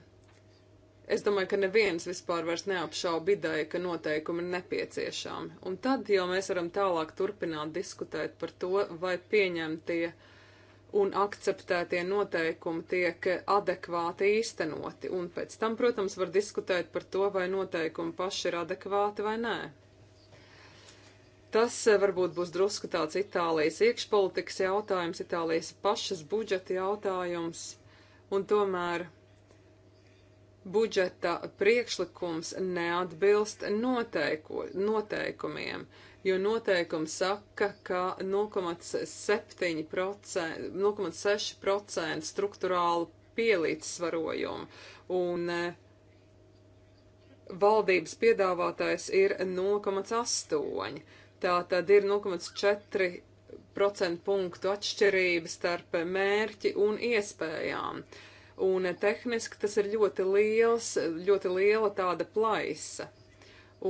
es domāju, ka neviens vispār vairs neapšauba ideju, ka noteikumi ir nepieciešami. Un tad jau mēs varam tālāk turpināt diskutēt par to, vai pieņemtie un akceptētie noteikumi tiek adekvāti īstenoti. Un pēc tam, protams, var diskutēt par to, vai noteikumi paši ir adekvāti vai nē. Tas eh, varbūt būs drusku tāds Itālijas iekšpolitikas jautājums, Itālijas pašas budžeta jautājums, un tomēr budžeta priekšlikums neatbilst noteiko, noteikumiem, jo noteikums saka, ka 0,6% struktūrālu pielīdzsvarojumu, un eh, valdības piedāvātais ir 0,8%. Tā tad ir 0,4 procentu punktu atšķirība starp mērķi un iespējām. Un tehniski tas ir ļoti liels, ļoti liela tāda plaisa.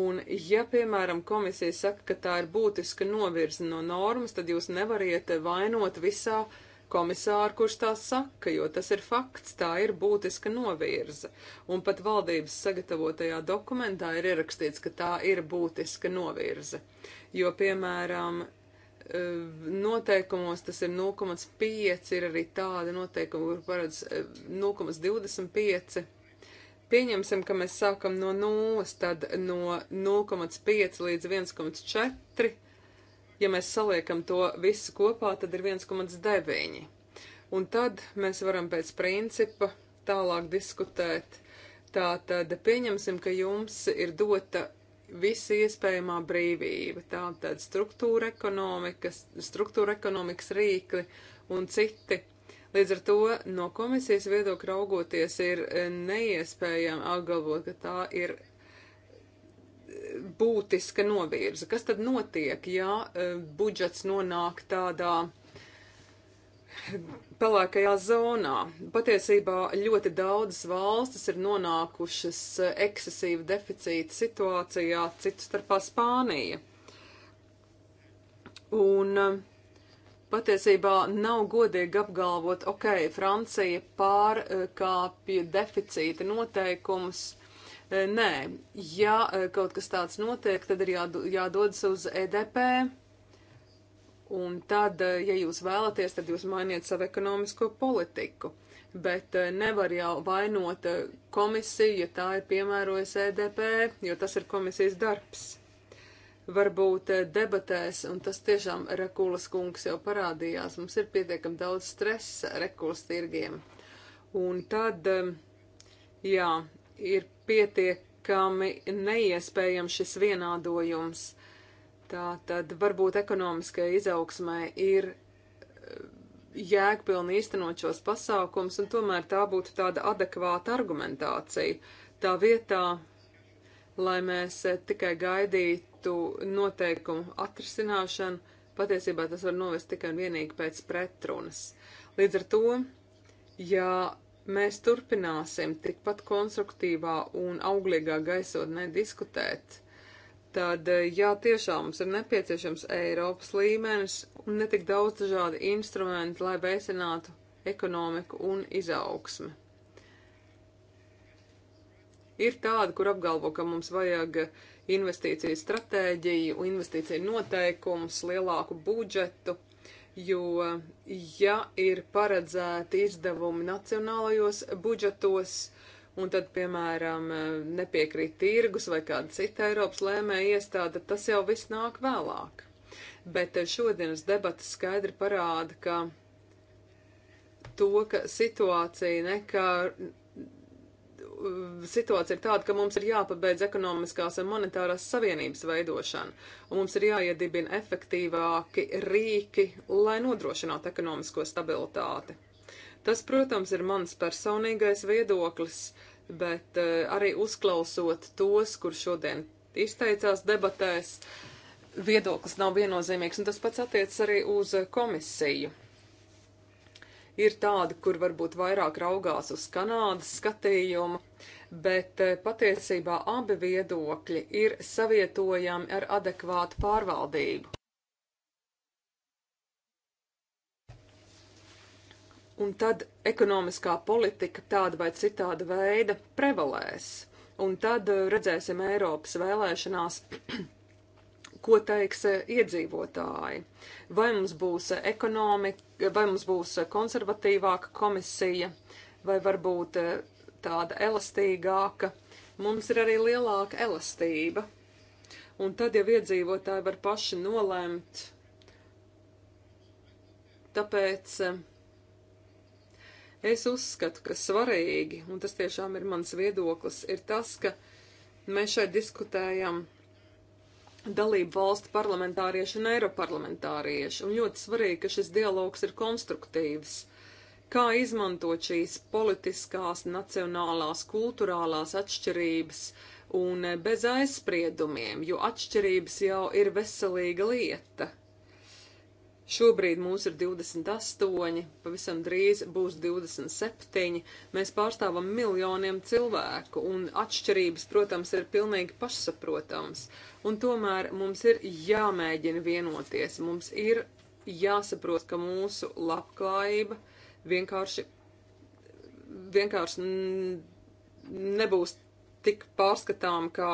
Un, ja, piemēram, komisija saka, ka tā ir būtiska novirze no normas, tad jūs nevariet vainot visā uh, komisāru, kurš tā saka, jo tas ir fakts, tā ir būtiska novirze. Un pat valdības sagatavotajā dokumentā ir ierakstīts, ka tā ir būtiska novirze. Jo, piemēram, eh, noteikumos tas ir 0,5, ir arī tāda noteikuma, kur paredz 0,25. Eh, Pieņemsim, ka mēs sākam no nulles, tad no 0,5 līdz 1,4 Ja mēs saliekam to visu kopā, tad ir 1,9. Un tad mēs varam pēc principa tālāk diskutēt. Tātad pieņemsim, ka jums ir dota visa iespējamā brīvība, tātad struktūra ekonomikas, struktūra ekonomikas rīkli un citi. Līdz ar to no komisijas viedokļa raugoties ir neiespējami apgalvot, ka tā ir būtiska novirze. Kas tad notiek, ja e, budžets nonāk tādā pelēkajā zonā. Patiesībā ļoti daudzas valstis ir nonākušas e, ekscesīva deficīta situācijā, citu starpā Spānija. Un e, patiesībā nav godīgi apgalvot, ok, Francija pārkāpja deficīta noteikumus, uh, E, nē, ja e, kaut kas tāds notiek, tad ir jādodas uz EDP. Un tad, e, ja jūs vēlaties, tad jūs mainiet savu ekonomisko politiku. Bet nevar jau vainot komisiju, ja tā ir piemērojusi EDP, jo tas ir komisijas darbs varbūt debatēs, un tas tiešām Rekulas kungs jau parādījās, mums ir pietiekami daudz stresa Rekulas tirgiem. Un tad, jā, ir pietiekami neiespējams šis vienādojums. Tā tad varbūt ekonomiskai izaugsmai ir eh, jēgpilni īstenot šos pasākums, un tomēr tā būtu tāda adekvāta argumentācija. Tā vietā, lai mēs eh, tikai gaidītu noteikumu atrisināšanu, patiesībā tas var novest tikai un vienīgi pēc pretrunas. Līdz ar to, ja Mēs turpināsim tikpat konstruktīvā un auglīgā gaisotnē diskutēt. Tad, eh, jā, tiešām mums ir nepieciešams Eiropas līmenis un netik daudz dažādi instrumenti, lai veicinātu ekonomiku un izaugsmi. Ir tāda, kur apgalvo, ka mums vajag investīciju stratēģiju, investīciju noteikumus, lielāku budžetu, jo, ja ir paredzēti izdevumi nacionālajos budžetos, un tad, piemēram, nepiekrīt tirgus vai kāda cita Eiropas lēmēja iestāde, tas jau viss nāk vēlāk. Bet šodienas debatas skaidri parāda, ka to, ka situācija nekā Eh, situācija ir tāda, ka mums ir jāpabeidz ekonomiskās un monetārās savienības veidošana, un mums ir jāiedibina efektīvāki rīki, lai nodrošinātu ekonomisko stabilitāti. Tas, protams, ir mans personīgais viedoklis, bet uh, arī uzklausot tos, kur šodien izteicās debatēs, viedoklis nav viennozīmīgs, un tas pats attiecas arī uz komisiju ir tādi, kur varbūt vairāk raugās uz Kanādas skatījumu, bet eh, patiesībā abi viedokļi ir savietojami ar adekvātu pārvaldību. Un tad ekonomiskā politika tāda vai citāda veida prevalēs. Un tad eh, redzēsim Eiropas vēlēšanās, ko teiks eh, iedzīvotāji. Vai mums būs ekonomika, vai mums būs konservatīvāka komisija, vai varbūt tāda elastīgāka, mums ir arī lielāka elastība. Un tad jau iedzīvotāji var paši nolemt. Tāpēc es uzskatu, ka svarīgi, un tas tiešām ir mans viedoklis, ir tas, ka mēs šeit diskutējam dalību valstu parlamentārieši un eiroparlamentārieši, un ļoti svarīgi, ka šis dialogs ir konstruktīvs kā izmantot šīs politiskās, nacionālās, kultūrālās atšķirības un bez aizspriedumiem, jo atšķirības jau ir veselīga lieta. Šobrīd mūs ir 28, pavisam drīz būs 27. Mēs pārstāvam miljoniem cilvēku, un atšķirības, protams, ir pilnīgi pašsaprotams. Un tomēr mums ir jāmēģina vienoties, mums ir jāsaprot, ka mūsu labklājība ir vienkārši, vienkārši nebūs tik pārskatām, kā,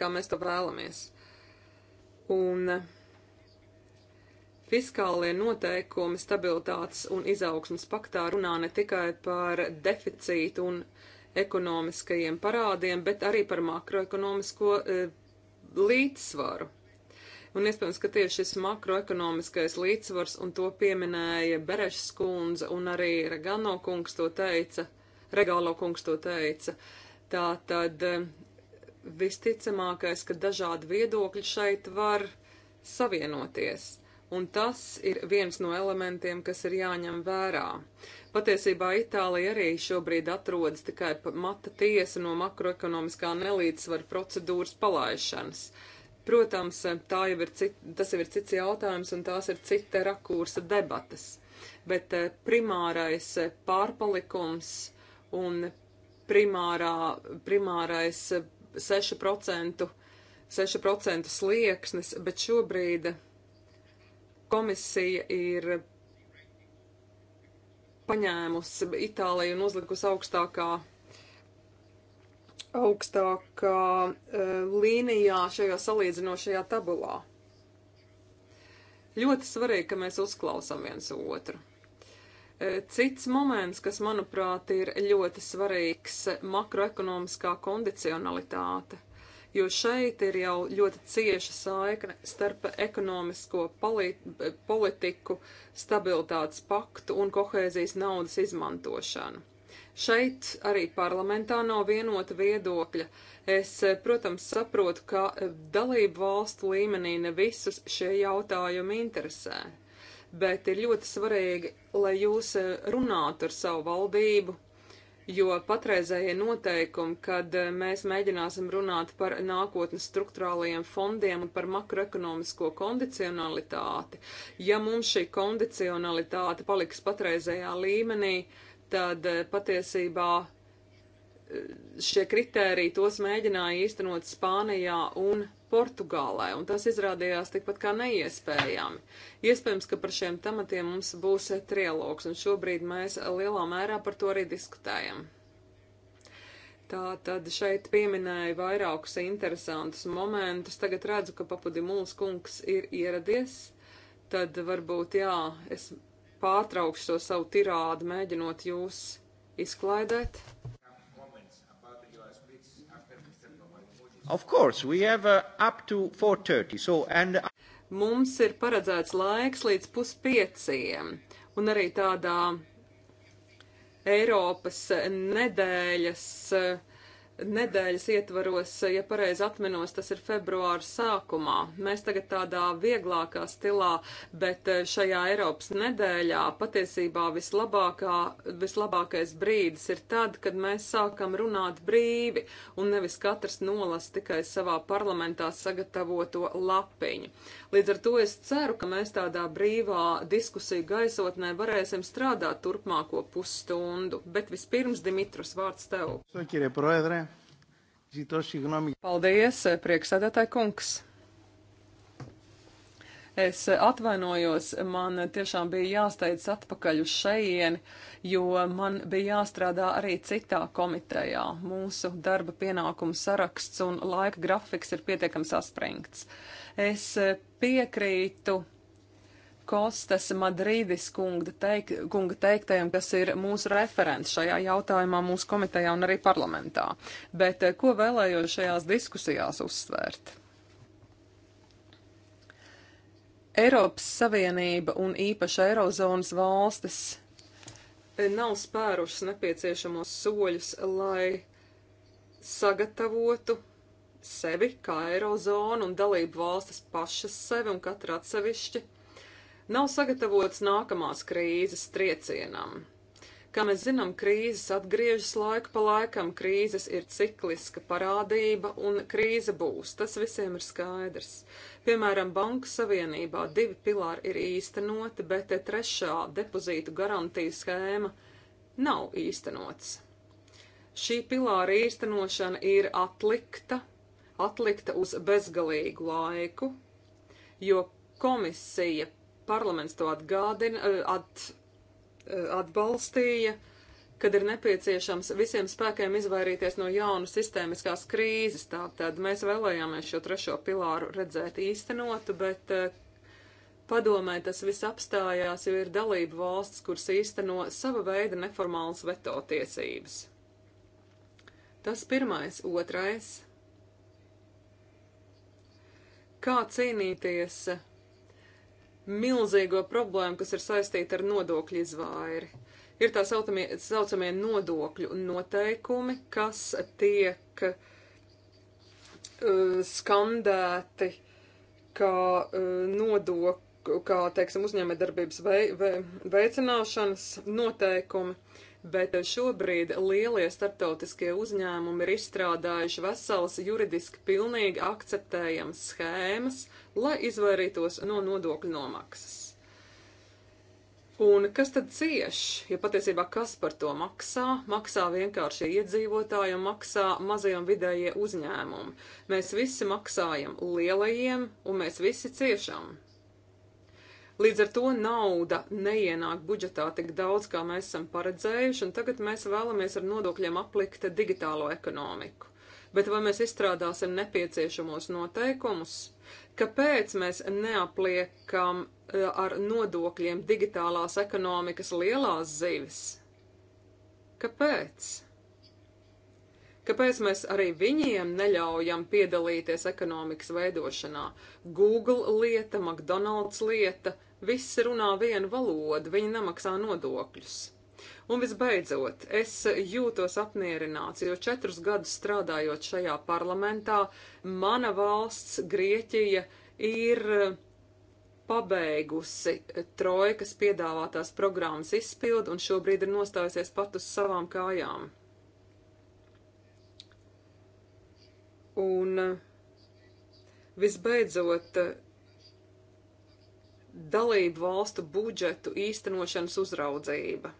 kā mēs to vēlamies. Un fiskālie noteikumi stabilitātes un izaugsmas paktā runā ne tikai par deficītu un ekonomiskajiem parādiem, bet arī par makroekonomisko e, līdzsvaru. Un iespējams, ka tieši šis makroekonomiskais līdzsvars, un to pieminēja Berešs kundze, un arī Regano kungs to teica, Regalo kungs to teica. Tā tad eh, visticamākais, ka dažādi viedokļi šeit var savienoties. Un tas ir viens no elementiem, kas ir jāņem vērā. Patiesībā Itālija arī šobrīd atrodas tikai mata tiesa no makroekonomiskā nelīdzsvara procedūras palaišanas. Uh, Protams, tā jau ir cit, tas jau ir cits jautājums un tās ir cita rakursa debatas, bet eh, primārais eh, pārpalikums un primārā, primārais 6%, eh, 6% slieksnis, bet šobrīd komisija ir paņēmusi Itāliju un uzlikusi augstākā augstākā e, līnijā šajā salīdzinošajā tabulā. Ļoti svarīgi, ka mēs uzklausām viens otru. E, cits moments, kas manuprāt ir ļoti svarīgs, makroekonomiskā kondicionalitāte, jo šeit ir jau ļoti cieša saikne starp ekonomisko politiku, stabilitātes paktu un kohēzijas naudas izmantošanu. Šeit arī parlamentā nav vienota viedokļa. Es, protams, saprotu, ka dalību valstu līmenī ne visus šie jautājumi interesē, bet ir ļoti svarīgi, lai jūs runātu ar savu valdību, jo patreizējie noteikumi, kad mēs mēģināsim runāt par nākotnes struktūrālajiem fondiem un par makroekonomisko kondicionalitāti, ja mums šī kondicionalitāte paliks patreizējā līmenī, uh, tad eh, patiesībā eh, šie kritēriji tos mēģināja īstenot Spānijā un Portugālē, un tas izrādījās tikpat kā neiespējami. Iespējams, ka par šiem tematiem mums būs trialogs, un šobrīd mēs lielā mērā par to arī diskutējam. Tā tad šeit pieminēja vairākus interesantus momentus. Tagad redzu, ka papudi mūsu kungs ir ieradies. Tad varbūt, jā, es pārtraukšu to savu tirādu, mēģinot jūs izklaidēt. Of course, we have uh, up to 4.30, so and... Mums ir paredzēts laiks līdz puspieciem, un arī tādā Eiropas nedēļas uh, nedēļas ietvaros, ja pareizi atminos, tas ir februāra sākumā. Mēs tagad tādā vieglākā stilā, bet eh, šajā Eiropas nedēļā patiesībā vislabākā, vislabākais brīdis ir tad, kad mēs sākam runāt brīvi un nevis katrs nolas tikai savā parlamentā sagatavoto lapiņu. Līdz ar to es ceru, ka mēs tādā brīvā diskusiju gaisotnē varēsim strādāt turpmāko pusstundu, bet vispirms Dimitrus vārds tev. Sveiki, Proedre. Paldies, priekšsēdētāji kungs! Es atvainojos, man tiešām bija jāsteidz atpakaļ uz šejieni, jo man bija jāstrādā arī citā komitejā. Mūsu darba pienākumu saraksts un laika grafiks ir pietiekams saspringts. Es piekrītu Kostas Madrīdis kunga, teik, kunga teiktajam, kas ir mūsu referents šajā jautājumā mūsu komitejā un arī parlamentā. Bet eh, ko vēlējos šajās diskusijās uzsvērt? Eiropas Savienība un īpaši Eirozonas valstis eh, nav spērušas nepieciešamos soļus, lai sagatavotu sevi kā Eirozonu un dalību valstis pašas sevi un katra atsevišķi nav sagatavots nākamās krīzes triecienam. Kā mēs zinām, krīzes atgriežas laiku pa laikam, krīzes ir cikliska parādība un krīze būs, tas visiem ir skaidrs. Piemēram, Banku Savienībā divi pilāri ir īstenoti, bet trešā depozītu garantijas schēma nav īstenots. Šī pilāra īstenošana ir atlikta, atlikta uz bezgalīgu laiku, jo komisija Parlaments to atgādina, eh, at, eh, atbalstīja, kad ir nepieciešams visiem spēkiem izvairīties no jaunu sistēmiskās krīzes. Tātad mēs vēlējāmies šo trešo pilāru redzēt īstenotu, bet eh, padomē tas viss apstājās, jo ir dalību valsts, kuras īsteno sava veida neformālas veto tiesības. Tas pirmais, otrais. Kā cīnīties milzīgo problēmu, kas ir saistīta ar nodokļu izvairi. Ir tā saucamie, saucamie nodokļu noteikumi, kas tiek uh, skandēti kā uh, nodokļu, kā, teiksim, uzņēmē darbības vei, vei, veicināšanas noteikumi. Uh, bet šobrīd lielie starptautiskie uzņēmumi ir izstrādājuši veselas juridiski pilnīgi akceptējamas schēmas, lai izvairītos no nodokļu nomaksas. Un kas tad cieš, ja patiesībā kas par to maksā? Maksā vienkāršie iedzīvotāji un maksā mazie un vidējie uzņēmumi. Mēs visi maksājam lielajiem un mēs visi ciešam. Līdz ar to nauda neienāk budžetā tik daudz, kā mēs esam paredzējuši, un tagad mēs vēlamies ar nodokļiem aplikt digitālo ekonomiku. Bet vai mēs izstrādāsim nepieciešamos noteikumus? Kāpēc mēs neapliekam eh, ar nodokļiem digitālās ekonomikas lielās zivis? Kāpēc? Kāpēc mēs arī viņiem neļaujam piedalīties ekonomikas veidošanā? Google lieta, McDonald's lieta, Visi runā vienu valodu, viņi nemaksā nodokļus. Un visbeidzot, es jūtos apmierināts, jo četrus gadus strādājot šajā parlamentā, mana valsts, Grieķija, ir pabeigusi trojkas piedāvātās programmas izpildu un šobrīd ir nostājusies pat uz savām kājām. Un eh, visbeidzot, dalību valstu budžetu īstenošanas uzraudzība,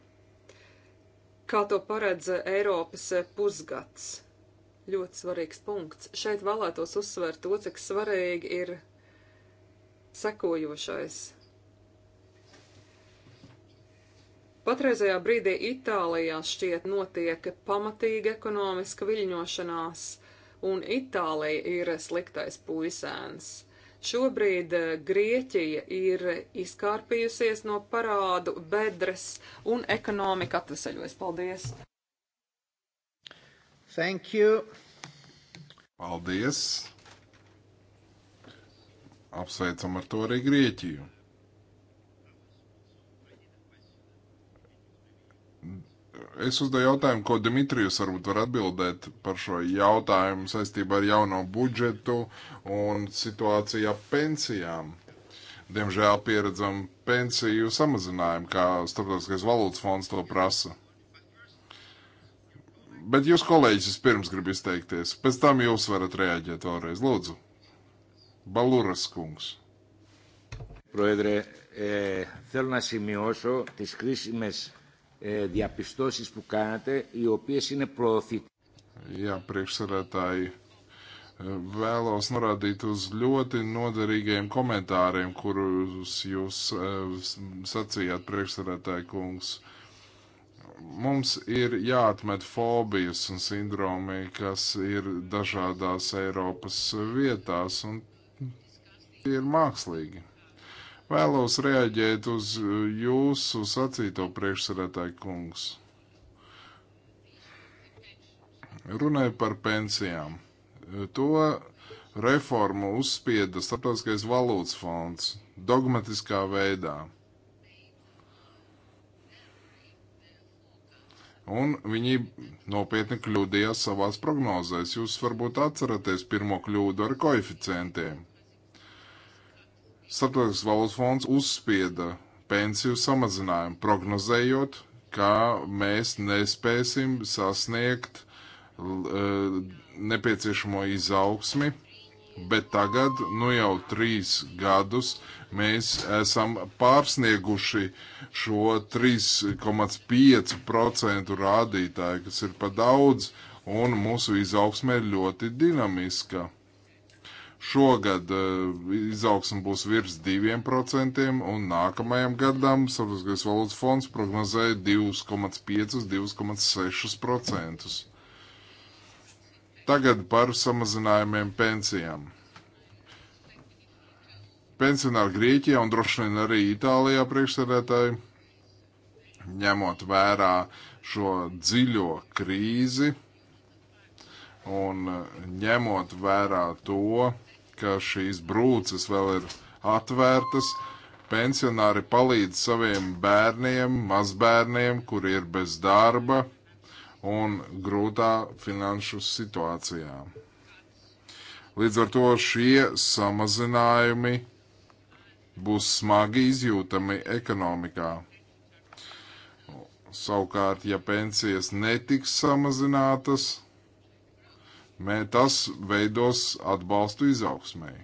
kā to paredz Eiropas pusgads. Ļoti svarīgs punkts. Šeit vēlētos uzsvērt to, cik svarīgi ir sekojošais. Patreizajā brīdī Itālijā šķiet notiek pamatīga ekonomiska viļņošanās, un Itālija ir sliktais puisēns. Šobrīd eh, Grieķija ir izkārpījusies no parādu bedres un ekonomika atvesaļojas. Paldies! Thank you! Paldies! Apsveicam ar to arī Grieķiju. Es uzdevu jautājumu, ko Dimitrijus varbūt var atbildēt par šo jautājumu saistībā ar jauno budžetu un situāciju ap pensijām. Diemžēl pieredzam pensiju samazinājumu, kā Starptautiskais valūtas fonds to prasa. Bet jūs, kolēģis, pirms grib izteikties, pēc tam jūs varat reaģēt vēlreiz. Lūdzu, Baluras kungs. Proedre, eh, θέλω να σημειώσω τις κρίσιμες διαπιστώσεις που κάνατε, οι οποίες είναι προωθητικές. Jā, priekšsarētāji, vēlos norādīt uz ļoti noderīgiem komentāriem, kurus jūs e, sacījāt, priekšsarētāji kungs. Mums ir jāatmet fobijas un sindromi, kas ir dažādās Eiropas vietās, un tie ir mākslīgi. Vēlos reaģēt uz e, jūsu sacīto priekšsarētāju kungs. Runāju par pensijām. E, to reformu uzspieda Startautiskais valūtas fonds dogmatiskā veidā. Un viņi nopietni kļūdījās savās prognozēs. Jūs varbūt atceraties pirmo kļūdu ar koeficientiem. Starptautiskais valodas fonds uzspieda pensiju samazinājumu, prognozējot, ka mēs nespēsim sasniegt uh, nepieciešamo izaugsmi, bet tagad, nu jau trīs gadus, mēs esam pārsnieguši šo 3,5% rādītāju, kas ir pa daudz, un mūsu izaugsme ir ļoti dinamiska. Šogad e, izaugsme būs virs 2%, un nākamajam gadam Savstarpējais valodas fonds prognozēja 2,5-2,6%. Tagad par samazinājumiem pensijām. Pensionāri Grieķijā un droši vien arī Itālijā priekšsēdētāji, ņemot vērā šo dziļo krīzi, Un eh, ņemot vērā to, ka šīs brūces vēl ir atvērtas, pensionāri palīdz saviem bērniem, mazbērniem, kuri ir bez darba un grūtā finanšu situācijā. Līdz ar to šie samazinājumi būs smagi izjūtami ekonomikā. Savukārt, ja pensijas netiks samazinātas, Mē, tas veidos atbalstu izaugsmēji.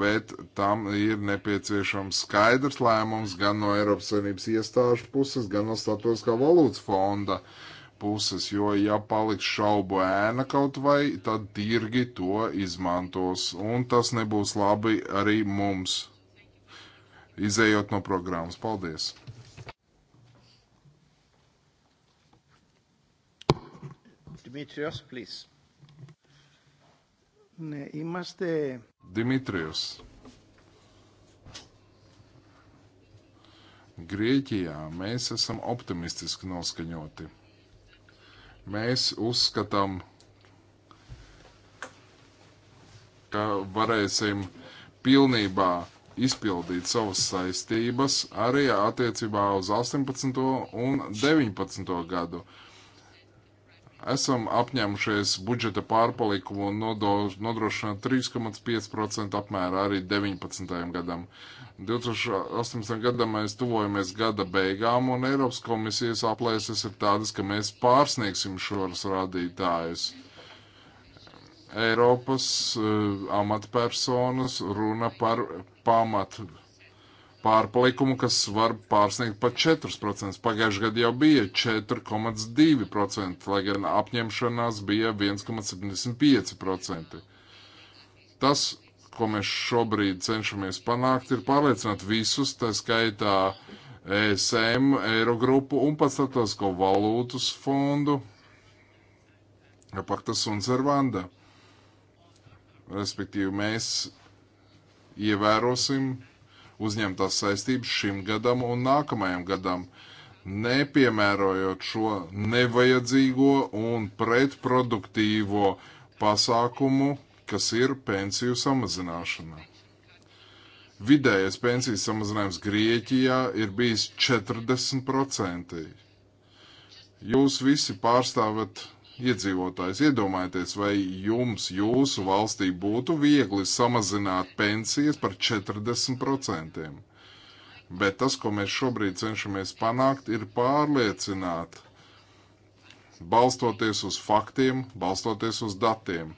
Bet tam ir nepieciešams skaidrs lēmums gan no Eiropas Savienības iestāžu puses, gan no Statotiskā valūtas fonda puses, jo ja paliks šaubu ēna kaut vai, tad tirgi to izmantos, un tas nebūs labi arī mums, izējot no programmas. Paldies! Dimitrios, please. Ναι, είμαστε... Δημήτριος. Grieķijā mēs esam optimistiski noskaņoti. Mēs uzskatām, ka varēsim pilnībā izpildīt savas saistības arī attiecībā uz 18. un 19. gadu. Uh, esam apņēmušies budžeta pārpalikumu nodrošināt 3,5% apmērā arī 19. gadam. 2018. gadam mēs tuvojamies gada beigām, un Eiropas komisijas aplēses ir tādas, ka mēs pārsniegsim šos rādītājus. Eiropas uh, amatpersonas runa par pamatu pārpalikumu, kas var pārsniegt pat 4%. Pagājušajā gadā jau bija 4,2%, lai gan apņemšanās bija 1,75%. Tas, ko mēs šobrīd cenšamies panākt, ir pārliecināt visus, tā skaitā ESM, Eirogrupu un pat starptautisko valūtas fondu, paktas un servanda. Respektīvi, mēs ievērosim uzņemtās saistības šim gadam un nākamajam gadam, nepiemērojot šo nevajadzīgo un pretproduktīvo pasākumu, kas ir pensiju samazināšana. Vidējais pensijas samazinājums Grieķijā ir bijis 40%. Jūs visi pārstāvat iedzīvotājs. Iedomājieties, vai jums, jūsu valstī būtu viegli samazināt pensijas par 40%. Bet tas, ko mēs šobrīd cenšamies panākt, ir pārliecināt, balstoties uz faktiem, balstoties uz datiem.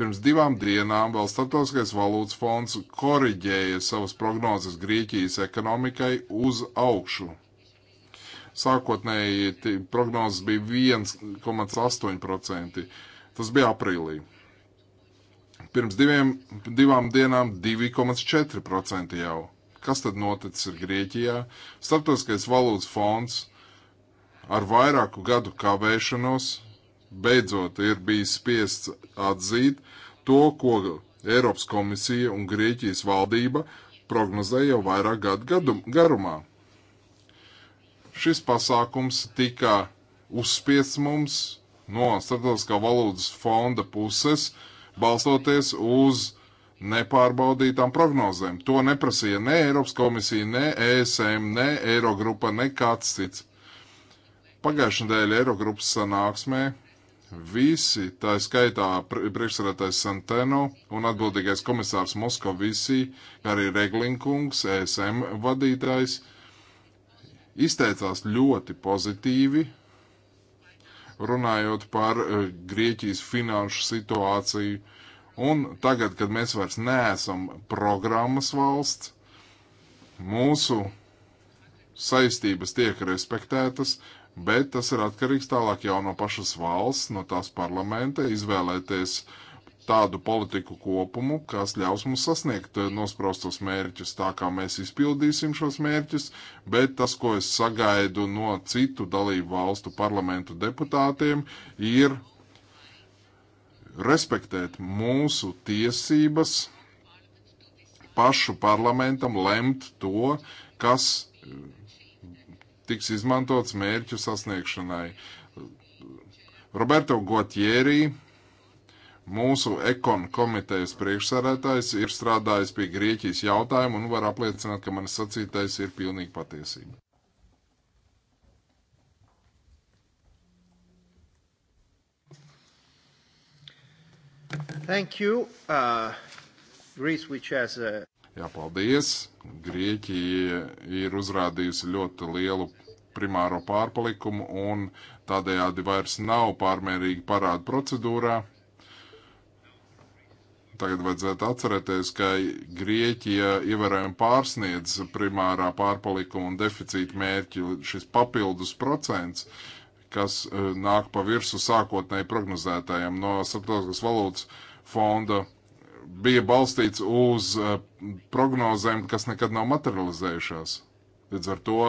Pirms divām dienām vēl Startautiskais valūtas fonds koriģēja savas prognozes Grieķijas ekonomikai uz augšu Sākotnēji tai prognozes bija 1,8%. Tas bija aprīlī. Pirms diviem, divām dienām 2,4% jau. Kas tad noticis ar Grieķijā? Startautiskais valūtas fonds ar vairāku gadu kavēšanos beidzot ir bijis spiests atzīt to, ko Eiropas komisija un Grieķijas valdība prognozēja jau vairāk gadu garumā. Šis pasākums tika uzspiests mums no Startautiskā valūtas fonda puses, balstoties uz nepārbaudītām prognozēm. To neprasīja ne Eiropas komisija, ne ESM, ne Eirogrupa, nekāds cits. Pagājušajā nedēļā Eirogrupas sanāksmē visi, tā skaitā priekšsēdētājs Santeno un atbildīgais komisārs Moskovisī, kā arī Reglinkungs, ESM vadītājs, uh, izteicās ļoti pozitīvi, runājot par e, Grieķijas finanšu situāciju. Un tagad, kad mēs vairs neesam programmas valsts, mūsu saistības tiek respektētas, bet tas ir atkarīgs tālāk jau no pašas valsts, no tās parlamenta, izvēlēties uh, tādu politiku kopumu, kas ļaus mums sasniegt eh, nospraustos mērķus, tā kā mēs izpildīsim šos mērķus, bet tas, ko es sagaidu no citu dalību valstu parlamentu deputātiem, ir respektēt mūsu tiesības pašu parlamentam lemt to, kas eh, tiks izmantots mērķu sasniegšanai. Roberto Gautieri Mūsu ekon komitejas priekšsarētājs ir strādājis pie Grieķijas jautājuma un var apliecināt, ka manis sacītais ir pilnīgi patiesība. Thank you. Uh, Greece, which has a... Jā, paldies. Grieķija ir uzrādījusi ļoti lielu primāro pārpalikumu un tādējādi vairs nav pārmērīgi parādu procedūrā tagad vajadzētu atcerēties, ka Grieķija ievērojami pārsniedz primārā pārpalikuma un deficīta mērķi šis papildus procents, kas e, nāk pa virsu sākotnēji prognozētājiem no Starptautiskās valūtas fonda bija balstīts uz e, prognozēm, kas nekad nav materializējušās. Līdz ar to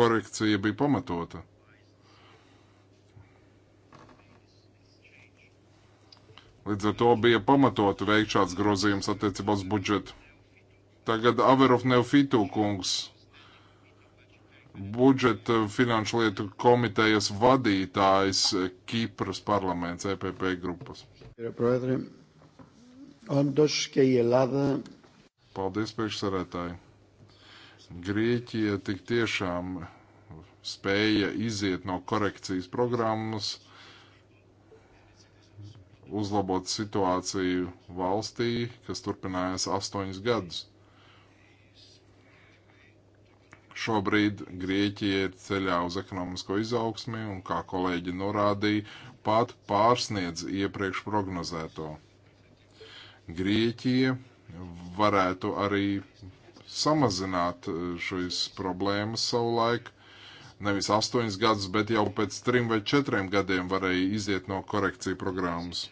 korekcija bija pamatota. Līdz ar to bija pamatoti veikt šāds grozījums attiecībā uz budžetu. Tagad Averov Neufitu kungs, budžeta finanšu lietu komitejas vadītājs Kipras parlaments EPP grupas. E Paldies, priekšsarētāji. Grieķija tik tiešām spēja iziet no korekcijas programmas uzlabot situāciju valstī, kas turpinājās astoņus gadus. Šobrīd Grieķija ir ceļā uz ekonomisko izaugsmi un, kā kolēģi norādīja, pat pārsniedz iepriekš prognozēto. Grieķija varētu arī samazināt eh, šīs problēmas savulaik. Nevis astoņas gadus, bet jau pēc trim vai četriem gadiem varēja iziet no korekciju programmas.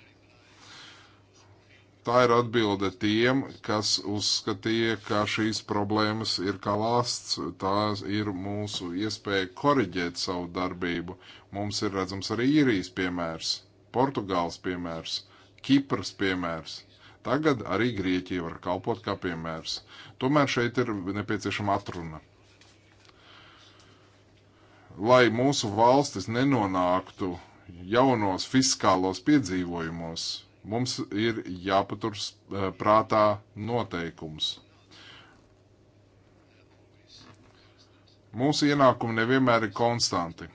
Tā ir atbilde tiem, kas uzskatīja, ka šīs problēmas ir kā lāsts. Tā ir mūsu iespēja koriģēt savu darbību. Mums ir redzams arī īrijas piemērs, Portugāles piemērs, Kipras piemērs. Tagad arī Grieķija var kalpot kā piemērs. Tomēr šeit ir nepieciešama atruna lai mūsu valstis nenonāktu jaunos fiskālos piedzīvojumos, Mums ir jāpatur e, prātā noteikums. Mūsu ienākumi nevienmēr ir konstanti,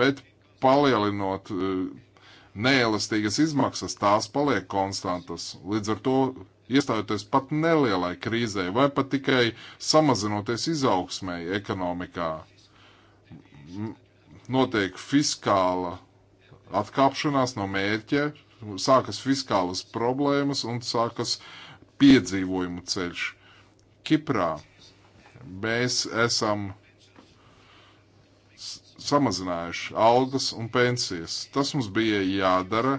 bet palielinot e, neelastīgas izmaksas, tās paliek konstantas. Līdz ar to iestājoties pat nelielai krīzē vai pat tikai samazinoties izaugsmēji ekonomikā, notiek fiskāla atkāpšanās no mērķa, sākas fiskālas problēmas un sākas piedzīvojumu ceļš. Kiprā mēs esam samazinājuši algas un pensijas. Tas mums bija jādara,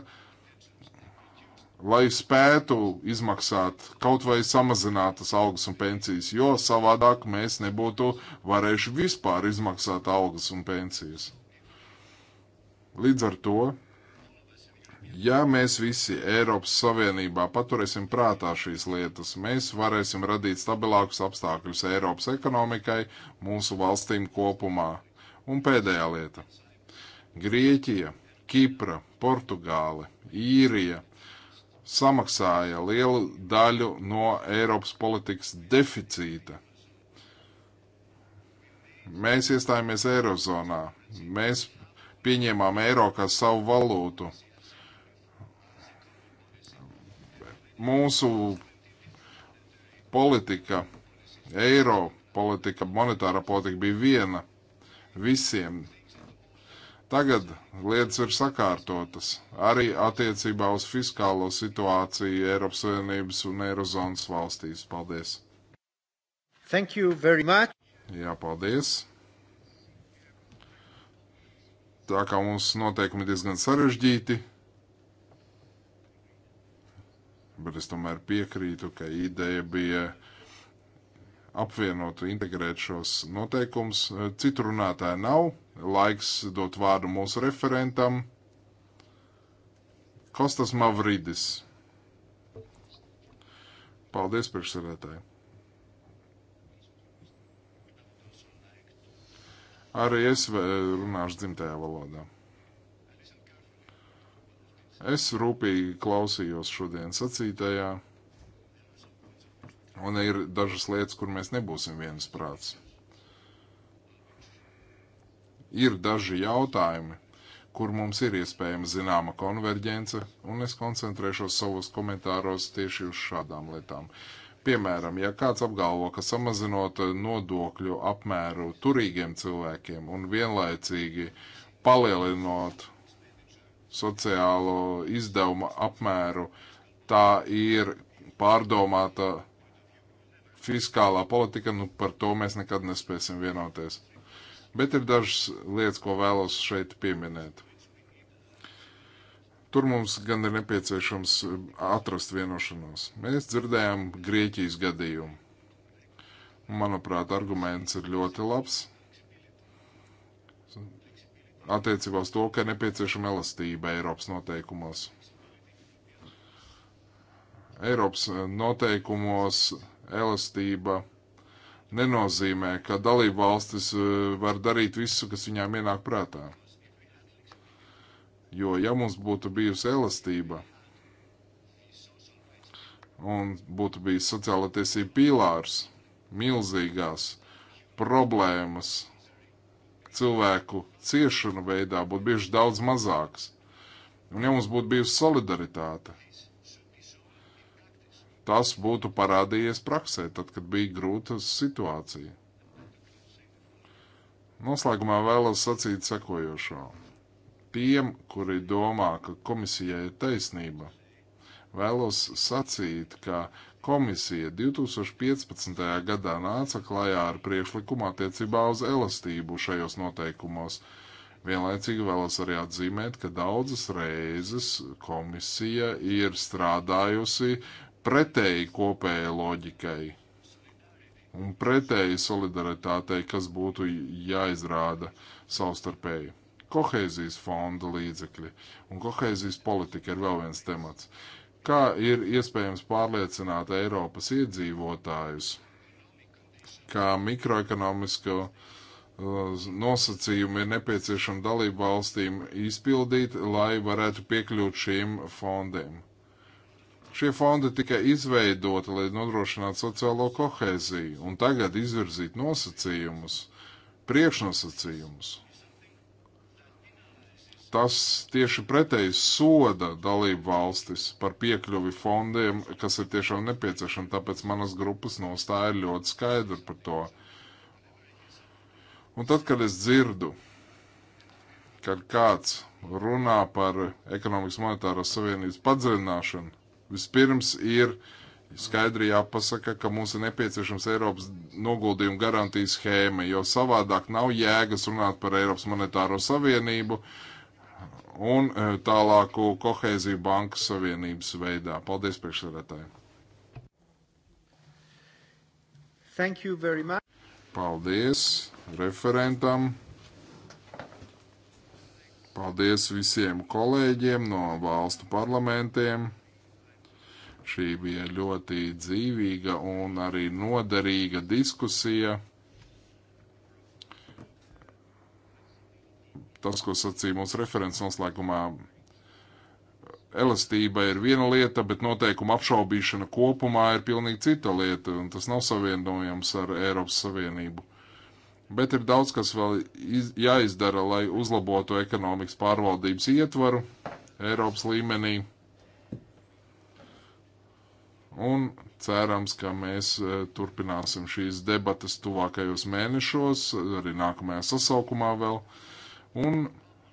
lai spētu izmaksāt kaut vai samazinātas algas un pensijas, jo savādāk mēs nebūtu varējuši vispār izmaksāt algas un pensijas. Līdz ar to Ja mēs visi Eiropas Savienībā paturēsim prātā šīs lietas, mēs varēsim radīt stabilākus apstākļus Eiropas ekonomikai, mūsu valstīm kopumā. Un pēdējā lieta. Grieķija, Kipra, Portugāle, Īrija samaksāja lielu daļu no Eiropas politikas deficīta. Mēs iestājāmies Eirozonā, mēs pieņēmām eiro kā savu valūtu, mūsu politika, eiro politika, monetāra politika bija viena visiem. Tagad lietas ir sakārtotas arī attiecībā uz fiskālo situāciju Eiropas Savienības un Eirozonas valstīs. Paldies! Thank you very much! Jā, paldies! Tā kā mums noteikumi diezgan sarežģīti bet es tomēr piekrītu, ka ideja bija apvienot, integrēt šos noteikumus. Citu runātāju nav, laiks dot vārdu mūsu referentam. Kostas Mavridis. Paldies, priekšsēdētāji. Arī es runāšu dzimtajā valodā. Es rūpīgi klausījos šodien sacītajā, un ir dažas lietas, kur mēs nebūsim viensprāts. Ir daži jautājumi, kur mums ir iespējama zināma konverģence, un es koncentrēšos savos komentāros tieši uz šādām lietām. Piemēram, ja kāds apgalvo, ka samazinot nodokļu apmēru turīgiem cilvēkiem un vienlaicīgi palielinot sociālo izdevumu apmēru. Tā ir pārdomāta fiskālā politika, nu par to mēs nekad nespēsim vienoties. Bet ir dažas lietas, ko vēlos šeit pieminēt. Tur mums gan ir nepieciešams atrast vienošanos. Mēs dzirdējām Grieķijas gadījumu. Manuprāt, arguments ir ļoti labs attiecībā uz to, ka nepieciešama elastība Eiropas noteikumos. Eiropas eh, noteikumos elastība nenozīmē, ka dalība valstis eh, var darīt visu, kas viņām ienāk prātā. Jo, ja mums būtu bijusi elastība un būtu bijis sociāla tiesība pīlārs, milzīgās problēmas, cilvēku ciešanu veidā būtu bijušas daudz mazākas. Un ja mums būtu bijusi solidaritāte, tas būtu parādījies praksē, tad, kad bija grūta situācija. Noslēgumā vēlos sacīt sekojošo. Tiem, kuri domā, ka komisijai ir taisnība, vēlos sacīt, ka Komisija 2015. gadā nāca klajā ar priekšlikumu attiecībā uz elastību šajos noteikumos. Vienlaicīgi vēlas arī atzīmēt, ka daudzas reizes komisija ir strādājusi pretēji kopējai loģikai un pretēji solidaritātei, kas būtu jāizrāda savstarpēji. Kohēzijas fonda līdzekļi un kohēzijas politika ir vēl viens temats. Kā ir iespējams pārliecināt Eiropas iedzīvotājus, ka mikroekonomisko uh, nosacījumi ir nepieciešami dalību valstīm izpildīt, lai varētu piekļūt šiem fondiem? Šie fondi tika izveidoti, lai nodrošinātu sociālo kohēziju, un tagad izvirzīt nosacījumus, priekšnosacījumus Tas tieši pretēji soda dalību valstis par piekļuvi fondiem, kas ir tiešām nepieciešama, tāpēc manas grupas nostāja ir ļoti skaidra par to. Un tad, kad es dzirdu, kad kāds runā par ekonomikas monetāras savienības padziļināšanu, vispirms ir skaidri jāpasaka, ka mums ir nepieciešams Eiropas noguldījuma garantijas schēma, jo savādāk nav jēgas runāt par Eiropas monetāro savienību, uh, un e, tālāku kohēziju bankas savienības veidā. Paldies, priekšsēdētāji! Thank you very much. Paldies referentam. Paldies visiem kolēģiem no valstu parlamentiem. Šī bija ļoti dzīvīga un arī noderīga diskusija. tas, ko sacīja mūsu referents noslēgumā. Elastība ir viena lieta, bet noteikuma apšaubīšana kopumā ir pilnīgi cita lieta, un tas nav savienojams ar Eiropas Savienību. Bet ir daudz, kas vēl iz, jāizdara, lai uzlabotu ekonomikas pārvaldības ietvaru Eiropas līmenī. Un cerams, ka mēs e, turpināsim šīs debatas tuvākajos mēnešos, arī nākamajā sasaukumā vēl. Uh, un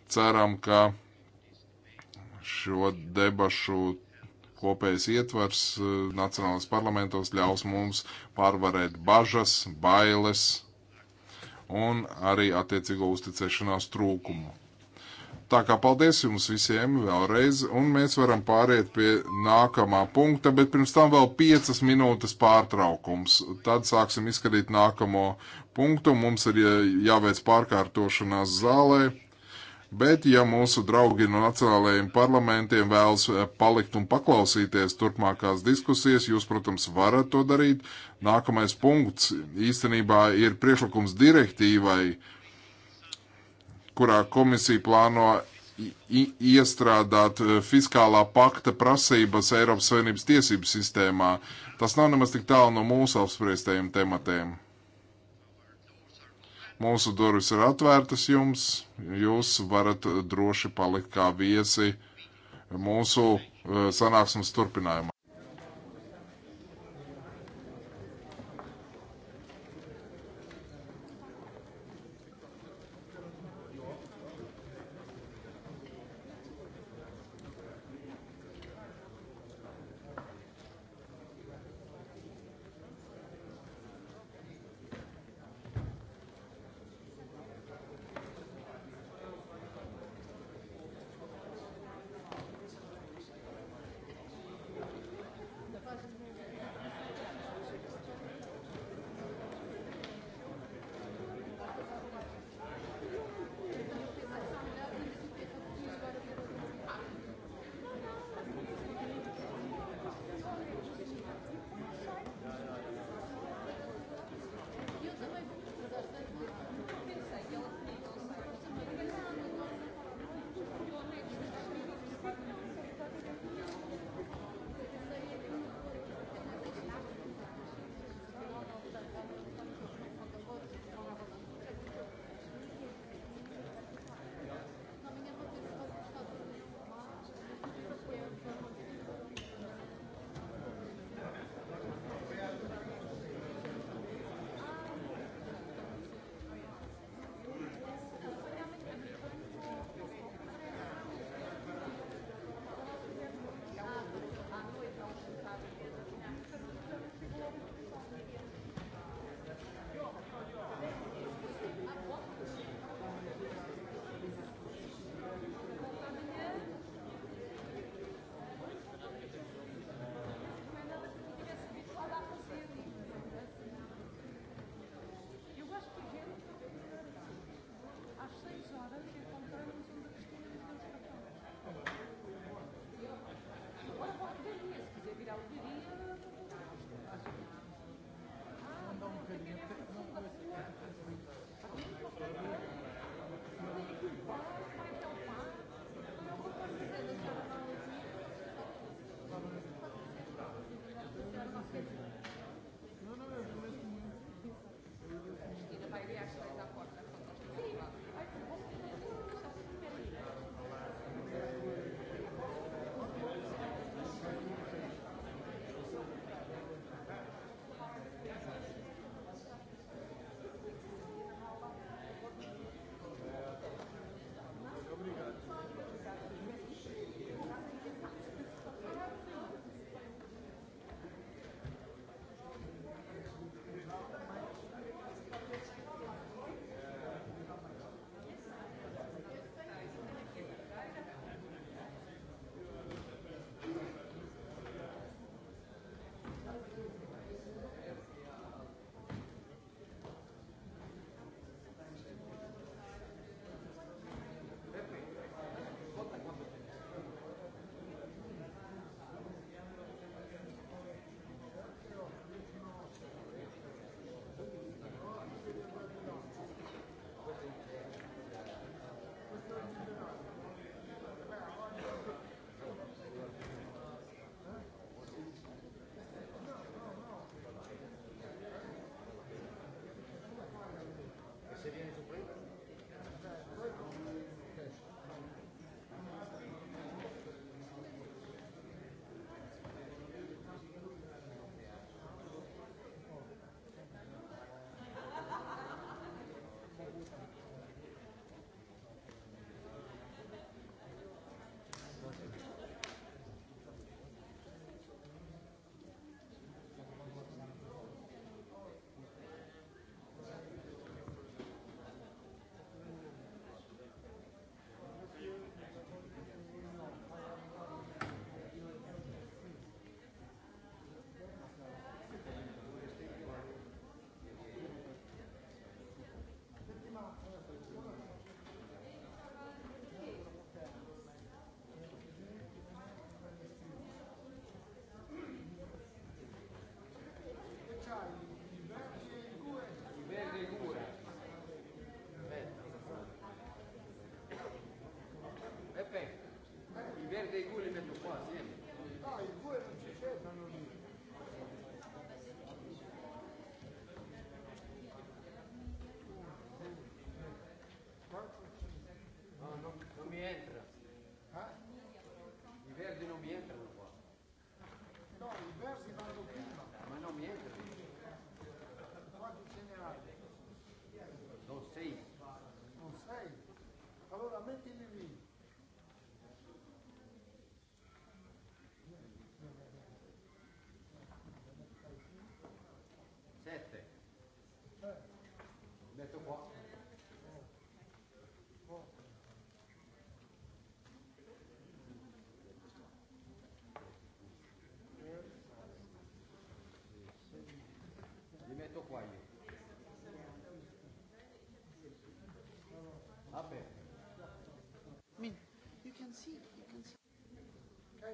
ceram, ka šo debašu kopējais ietvars eh, nacionālās parlamentos ļaus mums pārvarēt bažas, bailes un arī attiecīgo uzticēšanās trūkumu. Tā kā paldies jums visiem vēlreiz, un mēs varam pāriet pie nākamā punkta, bet pirms tam vēl piecas minūtes pārtraukums. Tad sāksim izskatīt nākamo punktu. Mums ir jāveic pārkārtošanās zālē, bet ja mūsu draugi no nacionālajiem parlamentiem vēlas eh, palikt un paklausīties turpmākās diskusijas, jūs, protams, varat to darīt. Nākamais punkts īstenībā ir priešlikums direktīvai kurā komisija plāno iestrādāt e, fiskālā pakta prasības Eiropas Savienības tiesību sistēmā. Tas nav nemaz tik tālu no mūsu apspriestajiem tematiem. Mūsu durvis ir atvērtas jums, jūs varat e, droši palikt kā viesi mūsu e, sanāksmes turpinājumā.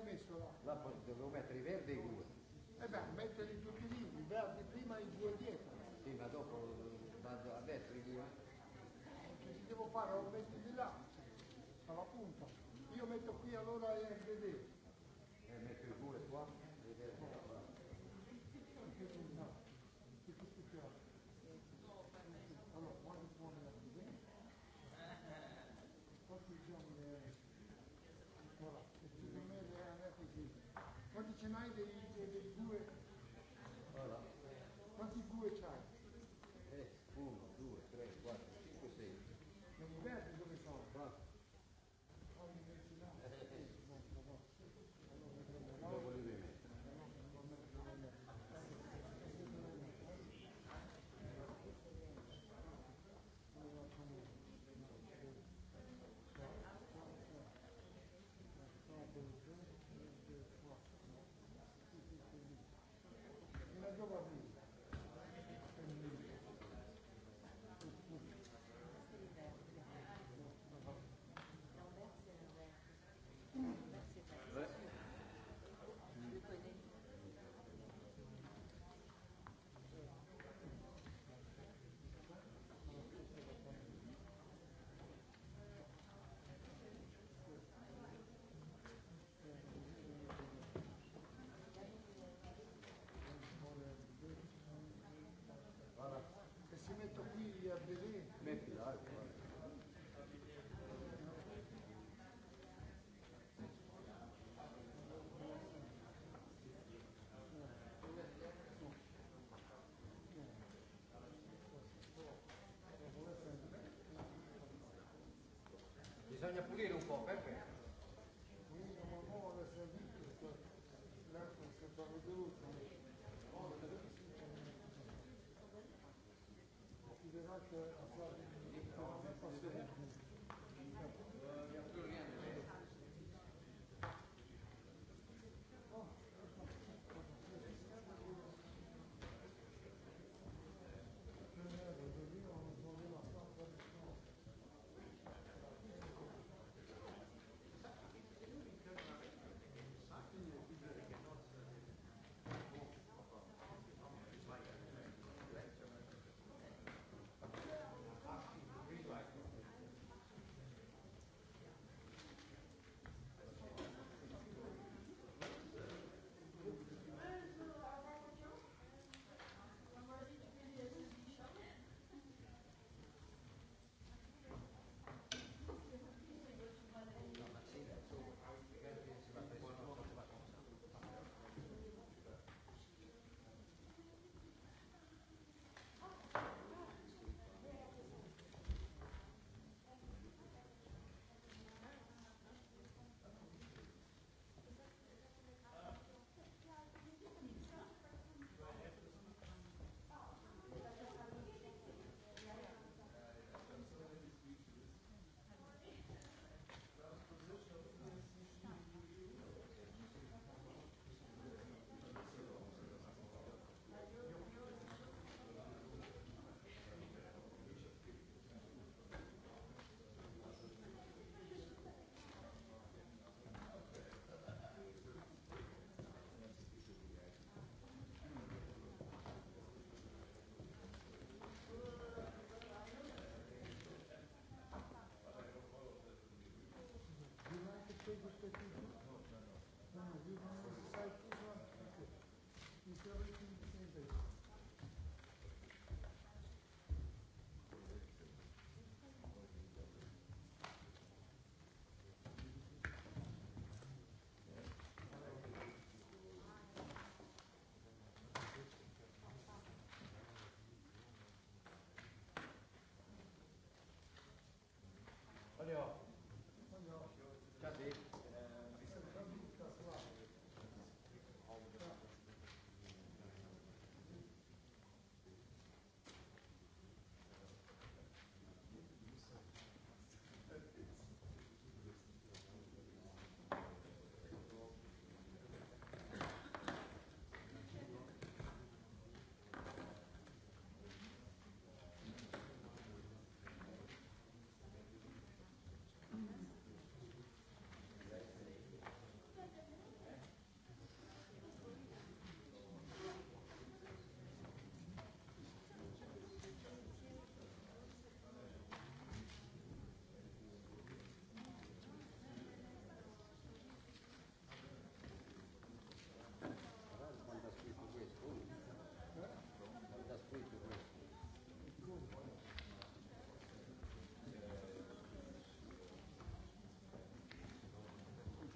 hai messo là? Là poi dovevo mettere i verdi e i due. Eh beh, metterli tutti lì, i verdi prima e i due dietro. Sì, ma dopo eh, vado a destra i due. Che ci devo fare? Lo metti di là, alla punta. Io metto qui allora e vedete. bisogna pulire un po', perfetto. Considerato a fare Adiós.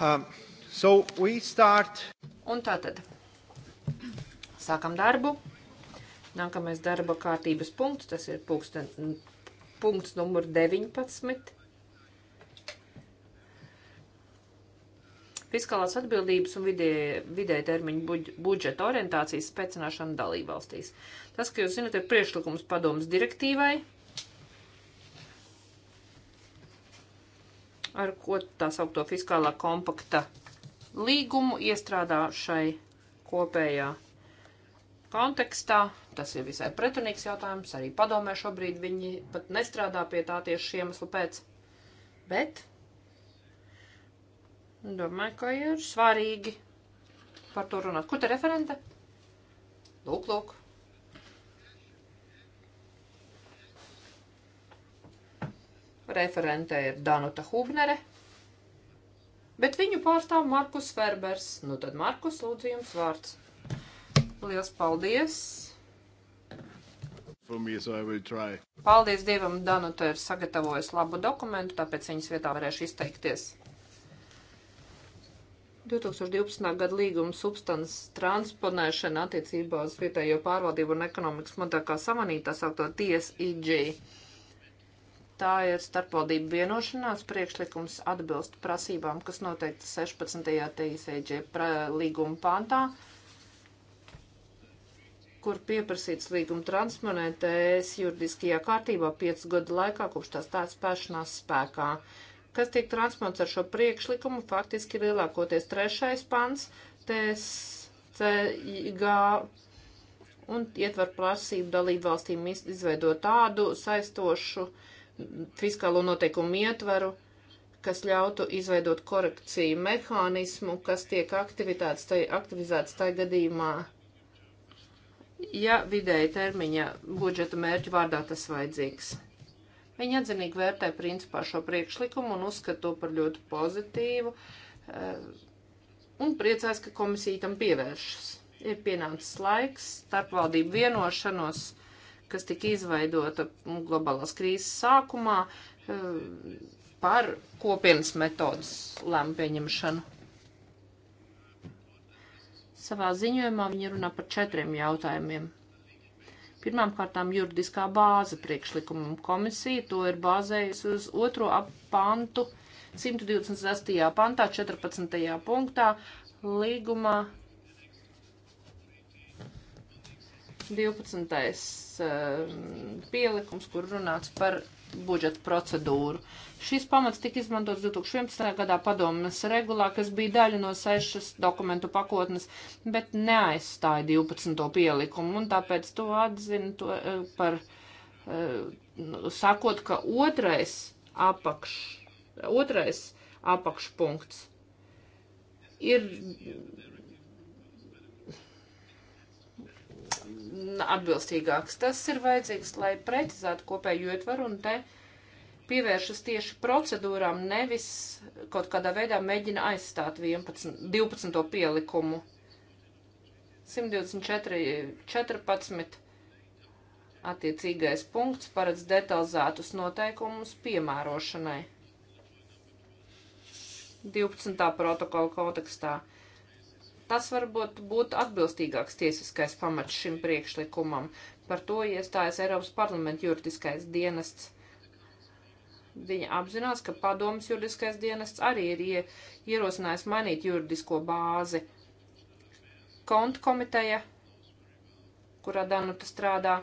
Um, so we start. Un tātad. Sākam darbu. Nākamais darba kārtības punkts, tas ir pulksten, punkts numur 19. Fiskālās atbildības un vidē, vidē termiņu budžeta orientācijas spēcināšana dalībvalstīs. Tas, ka jūs zinat, ir priekšlikums padomas direktīvai ar ko tā saukto fiskālā kompakta līgumu iestrādā šai kopējā kontekstā. Tas ir visai pretrunīgs jautājums, arī padomē šobrīd viņi pat nestrādā pie tā tieši šiem iemeslu pēc. Bet domāju, ka ir svarīgi par to runāt. Kur te referente? Lūk, lūk. referente ir Danuta Hubnere, bet viņu pārstāv Markus Ferbers. Nu tad, Markus, lūdzu jums vārds. Lielas paldies! Me, so paldies Dievam, Danuta ir sagatavojusi labu dokumentu, tāpēc viņas vietā varēšu izteikties. 2012. gada līguma substances transponēšana attiecībā uz vietējo pārvaldību un ekonomikas monetārā samanītā saukto TSIG Tā ir starpvaldību vienošanās priekšlikums atbilst prasībām, kas noteikti 16. TICJ līguma pāntā, kur pieprasīts līguma transponēt ES juridiskajā kārtībā 5 gadu laikā, kopš tās tāds spēšanās spēkā. Kas tiek transponēts ar šo priekšlikumu, faktiski ir lielākoties trešais pants TSCG un ietver prasību dalību valstīm izveidot tādu saistošu uh, fiskālo noteikumu ietvaru, kas ļautu izveidot korekciju mehānismu, kas tiek tai, aktivizēts tajā gadījumā, ja vidēji termiņa budžeta mērķu vārdā tas vajadzīgs. Viņa atzinīgi vērtē principā šo priekšlikumu un uzskata to par ļoti pozitīvu eh, un priecājas, ka komisija tam pievēršas. Ir pienācis laiks starpvaldību vienošanos kas tika izveidota globālās krīzes sākumā eh, par kopienas metodas lēmu pieņemšanu. Savā ziņojumā viņi runā par četriem jautājumiem. Pirmkārt, juridiskā bāze priekšlikumam komisija to ir bāzējusi uz otro pantu 128. pantā, 14. punktā līgumā 12. Eh, pielikums, kur runāts par budžeta procedūru. Šis pamats tika izmantots 2011. gadā padomas regulā, kas bija daļa no sešas dokumentu pakotnes, bet neaizstāja 12. pielikumu, un tāpēc to atzina to, eh, par, eh, nu, sakot, ka otrais apakš, otrais apakšpunkts ir atbilstīgāks. Tas ir vajadzīgs, lai precizētu kopēju ietvaru un te pievēršas tieši procedūrām, nevis kaut kādā veidā mēģina aizstāt 11, 12. pielikumu. 124, 14 attiecīgais punkts paredz detalizētus noteikumus piemērošanai. 12. protokola kontekstā Tas varbūt būtu atbilstīgāks tiesiskais pamats šim priekšlikumam. Par to iestājas Eiropas parlamenta juridiskais dienests. Viņa apzinās, ka padomas juridiskais dienests arī ir ierosinājis mainīt juridisko bāzi. Konta komiteja, kurā Danuta strādā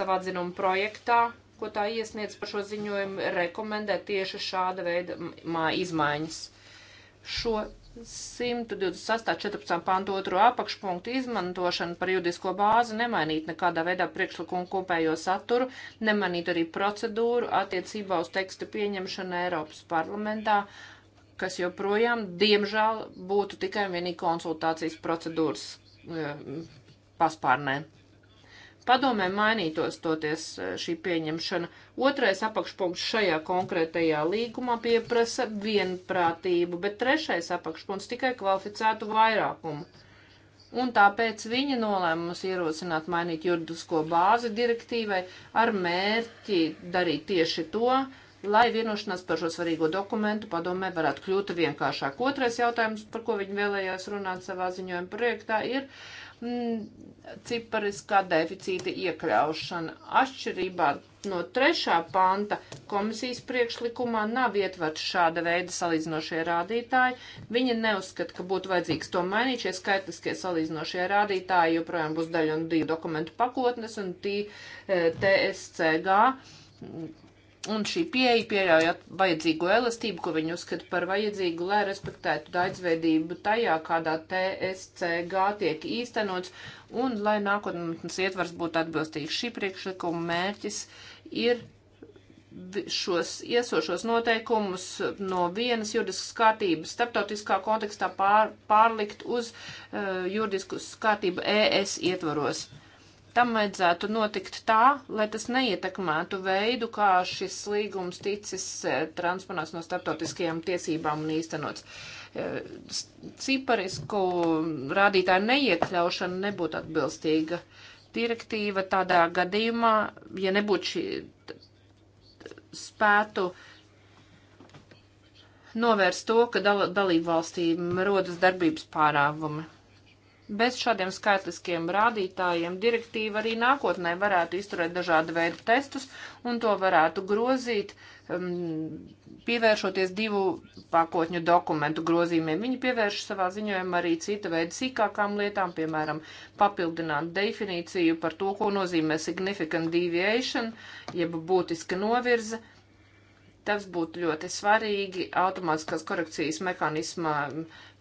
savā dzinuma projektā, ko tā iesniedz par šo ziņojumu, rekomendē tieši šāda veida izmaiņas. Šo 126.14. pantu otro apakšpunktu izmantošanu par juridisko bāzi nemainīt nekādā veidā priekšlikumu kopējo saturu, nemainīt arī procedūru attiecībā uz teksta pieņemšanu Eiropas parlamentā, kas joprojām, diemžēl, būtu tikai un vienīgi konsultācijas procedūras e, paspārnē padomē mainītos toties e, šī pieņemšana. Otrais apakšpunkts šajā konkrētajā līgumā pieprasa vienprātību, bet trešais apakšpunkts tikai kvalificētu vairākumu. Un tāpēc viņa nolēmums ierosināt mainīt juridisko bāzi direktīvai ar mērķi darīt tieši to, lai vienošanās par šo svarīgo dokumentu padomē varētu kļūt vienkāršāk. Otrais jautājums, par ko viņi vēlējās runāt savā ziņojuma projektā, ir uh, Mm, cipariskā deficīta iekļaušana. Atšķirībā no trešā panta komisijas priekšlikumā nav ietverts šāda veida salīdzinošie rādītāji. Viņa neuzskata, ka būtu vajadzīgs to mainīt. Šie skaitliskie salīdzinošie rādītāji joprojām būs daļa no divu dokumentu pakotnes un TSCG eh, Un šī pieeja pieļaujot vajadzīgo elastību, ko viņi uzskata par vajadzīgu, lai respektētu daudzveidību tajā, kādā TSCG tiek īstenots, un lai nākotnes ietvars būtu atbilstīgs. Šī priekšlikuma mērķis ir šos iesošos noteikumus no vienas juridiskas kārtības starptautiskā kontekstā pār, pārlikt uz uh, eh, juridiskas kārtību ES ietvaros. Uh, tam vajadzētu notikt tā, lai tas neietekmētu veidu, kā šis līgums ticis e, transponēts no starptautiskajām tiesībām un īstenots. E, ciparisku rādītāju neiekļaušana nebūtu atbilstīga direktīva tādā gadījumā, ja nebūtu šī spētu novērst to, ka dal dalību valstīm rodas darbības pārāvumi. Bez šādiem skaitliskiem rādītājiem direktīva arī nākotnē varētu izturēt dažādu veidu testus, un to varētu grozīt, um, pievēršoties divu pakotņu dokumentu grozījumiem. Viņi pievērš savā ziņojumā arī cita veida sīkākām lietām, piemēram, papildināt definīciju par to, ko nozīmē significant deviation, jeb būtiska novirze. Tas būtu ļoti svarīgi automātiskās korekcijas mehānismā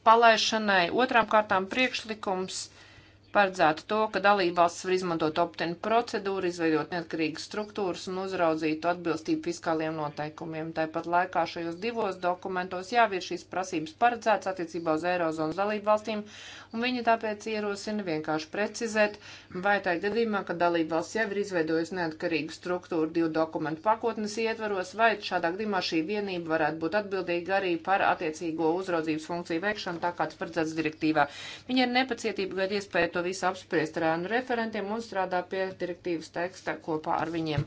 palaišanai, otrām kārtām priekšlikums paredzētu to, ka dalībvalsts var izmantot optenu procedūru, izveidot neatkarīgas struktūras un uzraudzītu atbilstību fiskāliem noteikumiem. Tāpat laikā šajos divos dokumentos jau ir šīs prasības paredzētas attiecībā uz Eirozonas dalībvalstīm, un viņi tāpēc ierosina vienkārši precizēt, vai tā gadījumā, ka dalībvalsts jau ir izveidojusi neatkarīgu struktūru divu dokumentu pakotnes ietvaros, vai šādā gadījumā šī vienība varētu būt atbildīga arī par attiecīgo uzraudzības funkciju veikšanu, tā kā tas paredzēts direktīvā. Viņi ar nepacietību gaida iespēju to to visu apspriest ar ēnu referentiem un strādā pie direktīvas teksta kopā ar viņiem.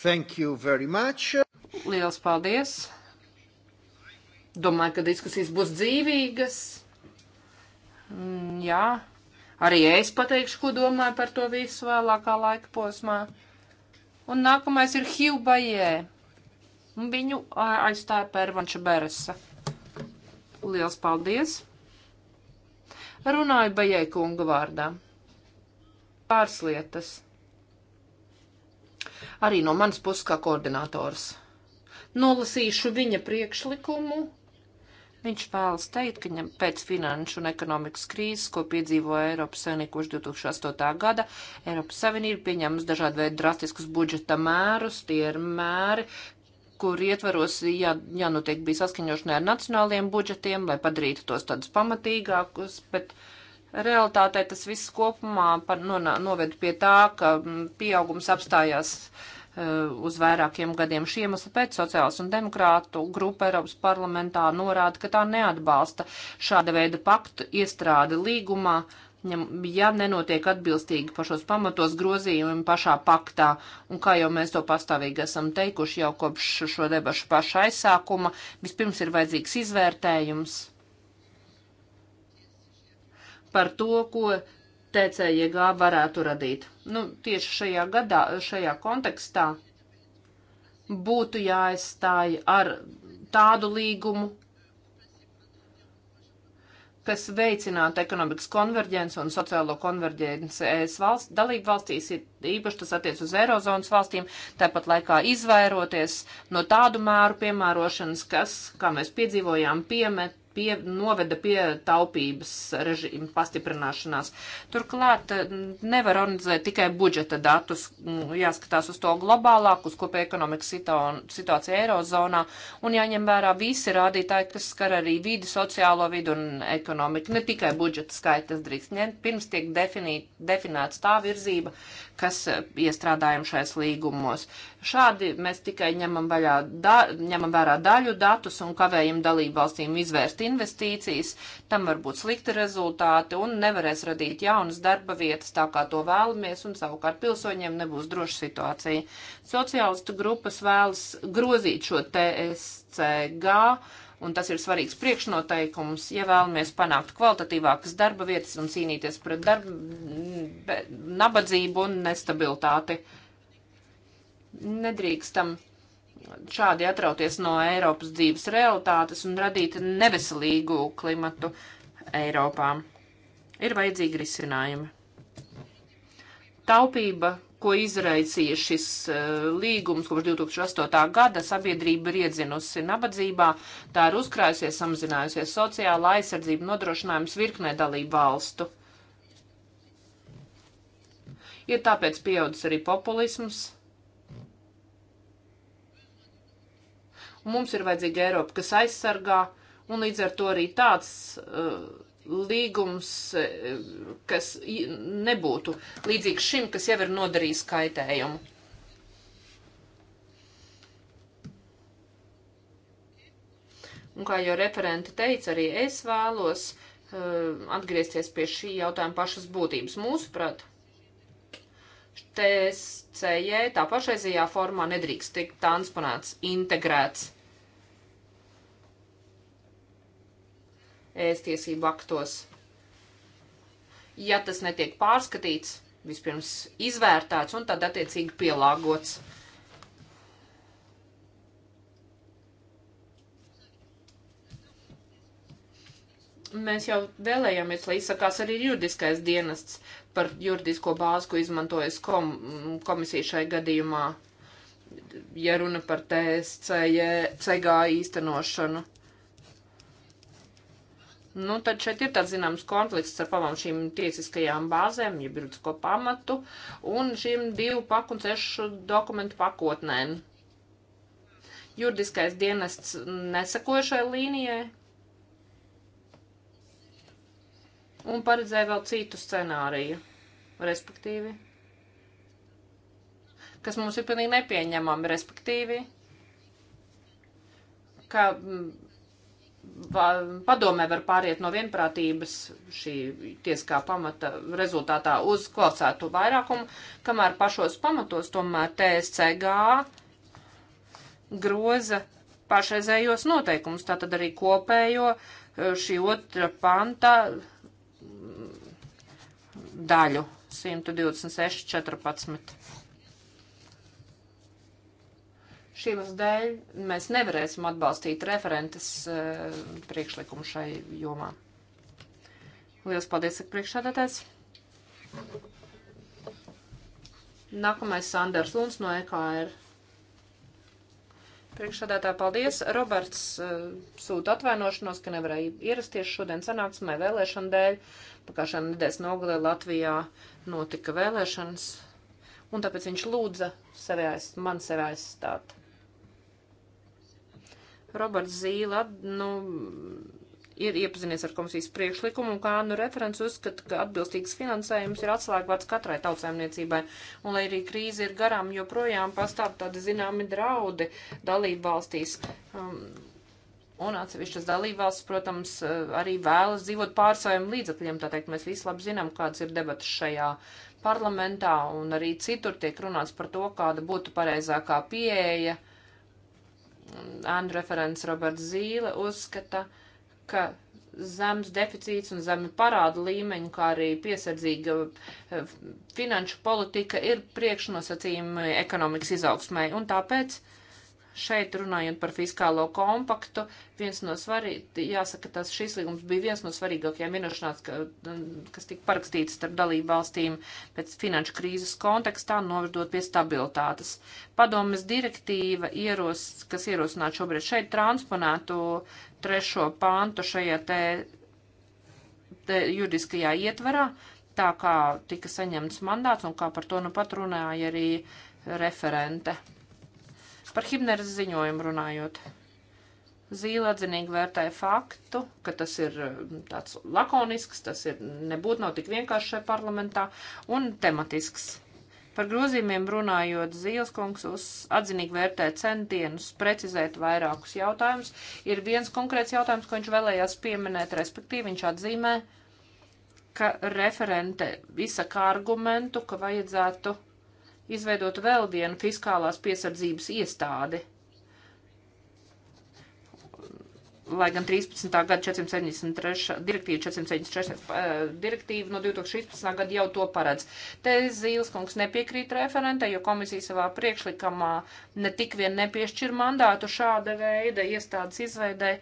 Thank you very much. Lielas paldies. Domāju, ka diskusijas būs dzīvīgas. Mm, jā, arī es pateikšu, ko domāju par to visu vēlākā laika posmā. Un nākamais ir Hugh Bajē. Viņu aizstāja Pērvanša Beresa. Liels paldies! Runāju Bajai kunga vārdā. Pāris lietas. Arī no manas puses kā koordinators. Nolasīšu viņa priekšlikumu Viņš vēlas teikt, ka ņem, pēc finanšu un ekonomikas krīzes, ko piedzīvoja Eiropas Savienība kopš 2008. gada, Eiropas Savienība pieņēmusi dažādu veidu drastiskus budžeta mērus. Tie ir mēri, kur ietvaros, ja, ja nu tiek bija saskaņošanai ar nacionālajiem budžetiem, lai padarītu tos tādus pamatīgākus, bet realitātē tas viss kopumā par, nu, noved pie tā, ka mm, pieaugums apstājās e, uz vairākiem gadiem. Šī iemesla pēc sociālas un demokrātu grupa Eiropas parlamentā norāda, ka tā neatbalsta šāda veida paktu iestrādi līgumā, ja nenotiek atbilstīgi pašos pamatos grozījumi pašā paktā, un kā jau mēs to pastāvīgi esam teikuši jau kopš šo debašu paša aizsākuma, vispirms ir vajadzīgs izvērtējums par to, ko TCJG varētu radīt. Nu, tieši šajā gadā, šajā kontekstā būtu jāaizstāja ar tādu līgumu, kas veicinātu ekonomikas konverģenci un sociālo konverģenci ES valsts, dalību valstīs, īpaši tas attiec uz Eirozonas valstīm, tāpat laikā izvairoties no tādu mēru piemērošanas, kas, kā mēs piedzīvojām, piemet pie, noveda pie taupības režīma pastiprināšanās. Turklāt nevar analizēt tikai budžeta datus, jāskatās uz to globālāk, uz kopēju ekonomikas situāciju Eirozonā un jāņem vērā visi rādītāji, kas skar arī vidi, sociālo vidu un ekonomiku. Ne tikai budžeta skaitas drīkst ņemt, pirms tiek definīt, definēts tā virzība, kas e, iestrādājam šais līgumos. Šādi mēs tikai ņemam, vaļā, da, ņemam vērā daļu datus un kavējam dalībvalstīm izvērst investīcijas. Tam var būt slikti rezultāti un nevarēs radīt jaunas darba vietas tā, kā to vēlamies, un savukārt pilsoņiem nebūs droša situācija. Sociālistu grupas vēlas grozīt šo TSCG un tas ir svarīgs priekšnoteikums, ja vēlamies panākt kvalitatīvākas darba vietas un cīnīties pret darba, be, nabadzību un nestabilitāti. Nedrīkstam šādi atrauties no Eiropas dzīves realitātes un radīt neveselīgu klimatu Eiropā. Ir vajadzīgi risinājumi. Taupība, ko izraisīja šis uh, līgums kopš 2008. gada, sabiedrība ir iedzinusi nabadzībā, tā ir uzkrājusies, samazinājusies sociāla aizsardzība nodrošinājums virknē dalību valstu. Ir tāpēc pieaudzis arī populisms Mums ir vajadzīga Eiropa, kas aizsargā, un līdz ar to arī tāds uh, līgums, uh, kas nebūtu līdzīgs šim, kas jau ir nodarījis kaitējumu. Un kā jau referenti teica, arī es vēlos uh, atgriezties pie šī jautājuma pašas būtības. Mūsuprāt, TSCE tā pašreizajā formā nedrīkst tikt transponēts, integrēts ēstiesību aktos. Ja tas netiek pārskatīts, vispirms izvērtēts un tad attiecīgi pielāgots. Mēs jau vēlējāmies, lai izsakās arī juridiskais dienests, par juridisko bāzi, ko izmantojas kom, komisija šai gadījumā, ja runa par TSCG īstenošanu. Nu, tad šeit ir tāds zināms konflikts ar pavām šīm tiesiskajām bāzēm, jeb juridisko pamatu, un šīm divu paku un sešu dokumentu pakotnēm. Juridiskais dienests nesakoja šai līnijai, un paredzēja vēl citu scenāriju, respektīvi, kas mums ir pilnīgi nepieņemami, respektīvi, ka mm, padomē var pāriet no vienprātības šī tieskā pamata rezultātā uz kvalificētu vairākumu, kamēr pašos pamatos tomēr TSCG groza pašreizējos noteikumus, tātad arī kopējo eh, šī otra panta daļu 126, 14. Šīmas dēļ mēs nevarēsim atbalstīt referentes e, priekšlikumu šai jomā. Lielas paldies, saka priekšsēdētājs. Nākamais Sanders Luns no EKR. Priekšsādātā paldies. Roberts eh, sūta atvainošanos, ka nevarēja ierasties šodien sanāksmē vēlēšana dēļ. Pagājušā nedēļas nogalē Latvijā notika vēlēšanas, un tāpēc viņš lūdza sevi aiz, man sevi aizstāt. Roberts Zīla, nu, ir iepazinies ar komisijas priekšlikumu, un kā nu referents uzskata, ka atbilstīgs finansējums ir atslēgvārds katrai tautsēmniecībai. Un lai arī krīze ir garām, joprojām pastāv tādi zināmi draudi dalību valstīs. Um, Un atsevišķas dalībvalstis, protams, uh, arī vēlas dzīvot pār saviem līdzekļiem. Tā teikt, mēs visi labi zinām, kāds ir debats šajā parlamentā, un arī citur tiek runāts par to, kāda būtu pareizākā pieeja. Ēnu referents Roberts Zīle uzskata, uh, ka zems deficīts un zemi parāda līmeņi, kā arī piesardzīga eh, finanšu politika ir priekšnosacījumi ekonomikas izaugsmai. Un tāpēc uh, Šeit runājot par fiskālo kompaktu, viens no svarīgākajiem, jāsaka, tas šis līgums bija viens no svarīgākajiem vienošanās, ka, kas tika parakstīts starp dalību valstīm pēc finanšu krīzes kontekstā, novedot pie stabilitātes. Padomes direktīva, ieros, kas ierosināta šobrīd šeit, transponētu trešo pāntu šajā te, te juridiskajā ietverā, tā kā tika saņemts mandāts un kā par to nu pat runāja arī referente. Par Himneres ziņojumu runājot. Zīle atzinīgi vērtēja faktu, ka tas ir eh, tāds lakonisks, tas ir nebūtu nav tik vienkārši šajā parlamentā un tematisks. Par grozījumiem runājot, Zīles kungs uz atzinīgi vērtē centienus precizēt vairākus jautājumus. Ir viens konkrēts jautājums, ko viņš vēlējās pieminēt, respektīvi viņš atzīmē, ka referente izsaka argumentu, ka vajadzētu izveidot vēl vienu fiskālās piesardzības iestādi. lai gan 13. gada 473. direktīva, 473. Eh, direktīva no 2016. gada jau to paredz. Te Zīleskungs nepiekrīt referentē, jo komisija savā priekšlikumā ne tik vien nepiešķir mandātu šāda veida iestādes izveidē,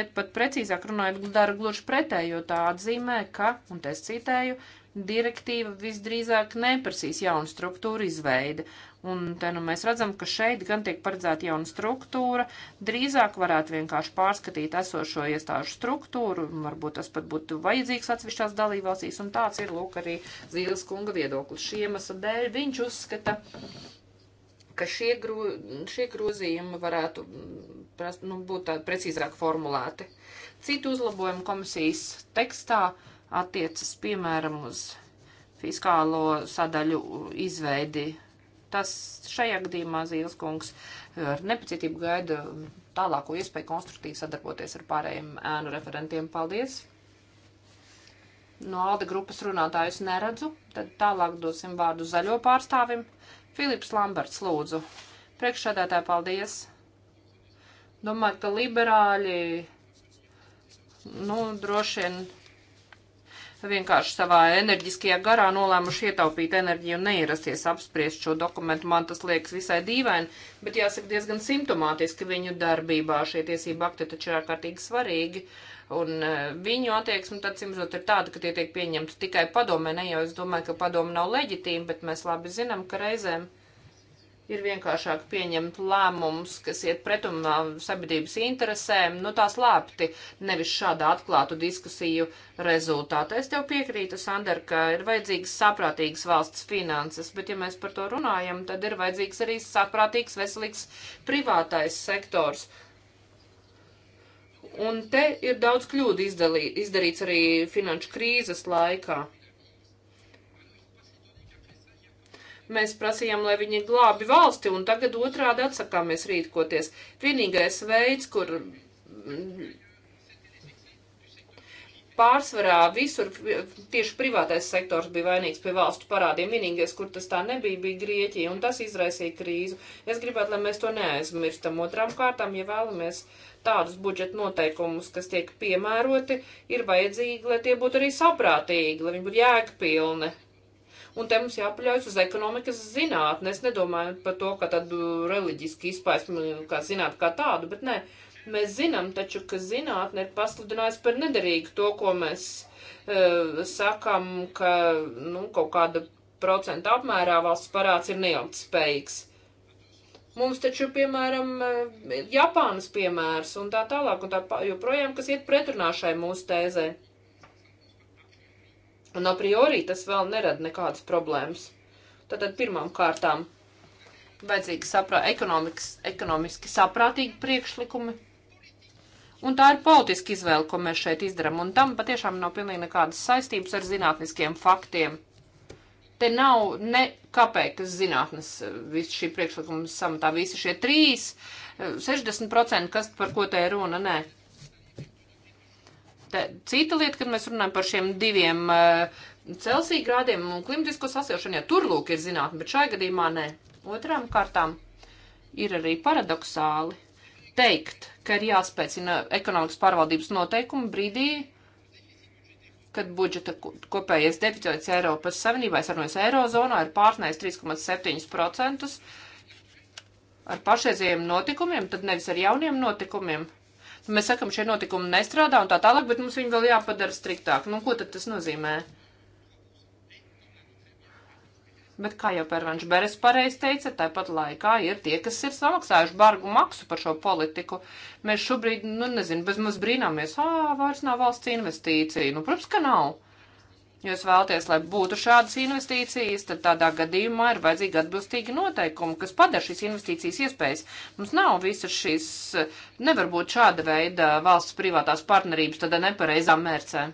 bet pat precīzāk runājot, dara gluži pretējo tā atzīmē, ka, un te es citēju, direktīva visdrīzāk neprasīs jaunu struktūru izveidi. Un te nu mēs redzam, ka šeit gan tiek paredzēta jauna struktūra, drīzāk varētu vienkārši pārskatīt esošo iestāžu struktūru, varbūt tas pat būtu vajadzīgs atsevišķās dalībvalstīs, un tāds ir lūk arī Zīles kunga viedoklis. Šī iemesla dēļ viņš uzskata, ka šie, gro, šie grozījumi varētu nu, būt tādi precīzāk formulēti. Citu uzlabojumu komisijas tekstā uh, attiecas, piemēram, uz fiskālo sadaļu izveidi. Tas šajā gadījumā Zīles kungs ar nepacietību gaida tālāko iespēju konstruktīvi sadarboties ar pārējiem ēnu referentiem. Paldies! No Alde grupas runātājus neredzu, tad tālāk dosim vārdu zaļo pārstāvim. Filips Lamberts, lūdzu. Priekšsēdētāji, paldies! Domāju, ka liberāļi, nu, droši vien vienkārši savā enerģiskajā garā nolēmuši ietaupīt enerģiju un neierasties apspriest šo dokumentu. Man tas liekas visai dīvaini, bet jāsaka diezgan simptomātiski viņu darbībā. Šie tiesība akti taču ir ārkārtīgi svarīgi. Un e, viņu attieksme tad simzot ir tāda, ka tie tiek pieņemti tikai padomē. Ne jau es domāju, ka padoma nav leģitīma, bet mēs labi zinām, ka reizēm. Uh, ir vienkāršāk pieņemt lēmumus, kas iet pretumā sabiedrības interesēm, nu tās lēpti, nevis šāda atklātu diskusiju rezultātā. Es tev piekrītu, Sandar, ka ir vajadzīgas saprātīgas valsts finanses, bet ja mēs par to runājam, tad ir vajadzīgs arī saprātīgs, veselīgs privātais sektors. Un te ir daudz kļūdu izdalī, izdarīts arī finanšu krīzes laikā. Mēs prasījām, lai viņi glābi valsti, un tagad otrādi atsakāmies rīkoties. Vienīgais veids, kur mm, pārsvarā visur tieši privātais sektors bija vainīgs pie valstu parādiem. Vienīgais, kur tas tā nebija, bija Grieķija, un tas izraisīja krīzi. Es gribētu, lai mēs to neaizmirstam. Otrām kārtām, ja vēlamies tādus budžeta noteikumus, kas tiek piemēroti, ir vajadzīgi, lai tie būtu arī saprātīgi, lai viņi būtu jēgpilni un te mums jāpaļaujas uz ekonomikas zinātni. Es nedomāju par to, ka tad uh, reliģiski izpaismi, uh, kā zināt, kā tādu, bet nē. Mēs zinām taču, ka zinātne ir pasludinājusi par nederīgu to, ko mēs uh, sakam, ka nu, kaut kāda procenta apmērā valsts parāds ir neilgtspējīgs. Mums taču, piemēram, uh, Japānas piemērs un tā tālāk un tā joprojām, kas iet pretrunā šai mūsu tēzē. Un a priori tas vēl nerada nekādas problēmas. Tātad pirmām kārtām vajadzīgi saprā, ekonomiski saprātīgi priekšlikumi. Un tā ir politiska izvēle, ko mēs šeit izdarām, un tam patiešām nav pilnīgi nekādas saistības ar zinātniskiem faktiem. Te nav ne kāpēkas zinātnes, eh, visi šī priekšlikuma samatā, visi šie trīs, 60%, eh, kas par ko te ir runa, nē. Tā, cita lieta, kad mēs runājam par šiem diviem uh, Celsija grādiem un klimatisko sasilšanu, ja tur lūk ir zinātne, bet šajā gadījumā nē. Otrām kārtām ir arī paradoxāli teikt, ka ir jāspēcina ekonomikas pārvaldības noteikumi brīdī, kad budžeta kopējais deficīts Eiropas Savienībā, es arunājos Eirozonā, ir pārsniegts 3,7% ar pašreizējiem notikumiem, tad nevis ar jauniem notikumiem. Mēs sakam, šie notikumi nestrādā un tā tālāk, bet mums viņi vēl jāpadara striktāk. Nu, ko tad tas nozīmē? Bet, kā jau Pērvanš Beres pareizi teica, tāpat laikā ir tie, kas ir samaksājuši bargu maksu par šo politiku. Mēs šobrīd, nu, nezinu, bez maz brīnāmies, ā, vairs nav valsts investīcija. Nu, protams, ka nav jūs vēlaties, lai būtu šādas investīcijas, tad tādā gadījumā ir vajadzīgi atbilstīgi noteikumi, kas padara šīs investīcijas iespējas. Mums nav visas šīs, nevar būt šāda veida valsts privātās partnerības tādā nepareizā mērcē.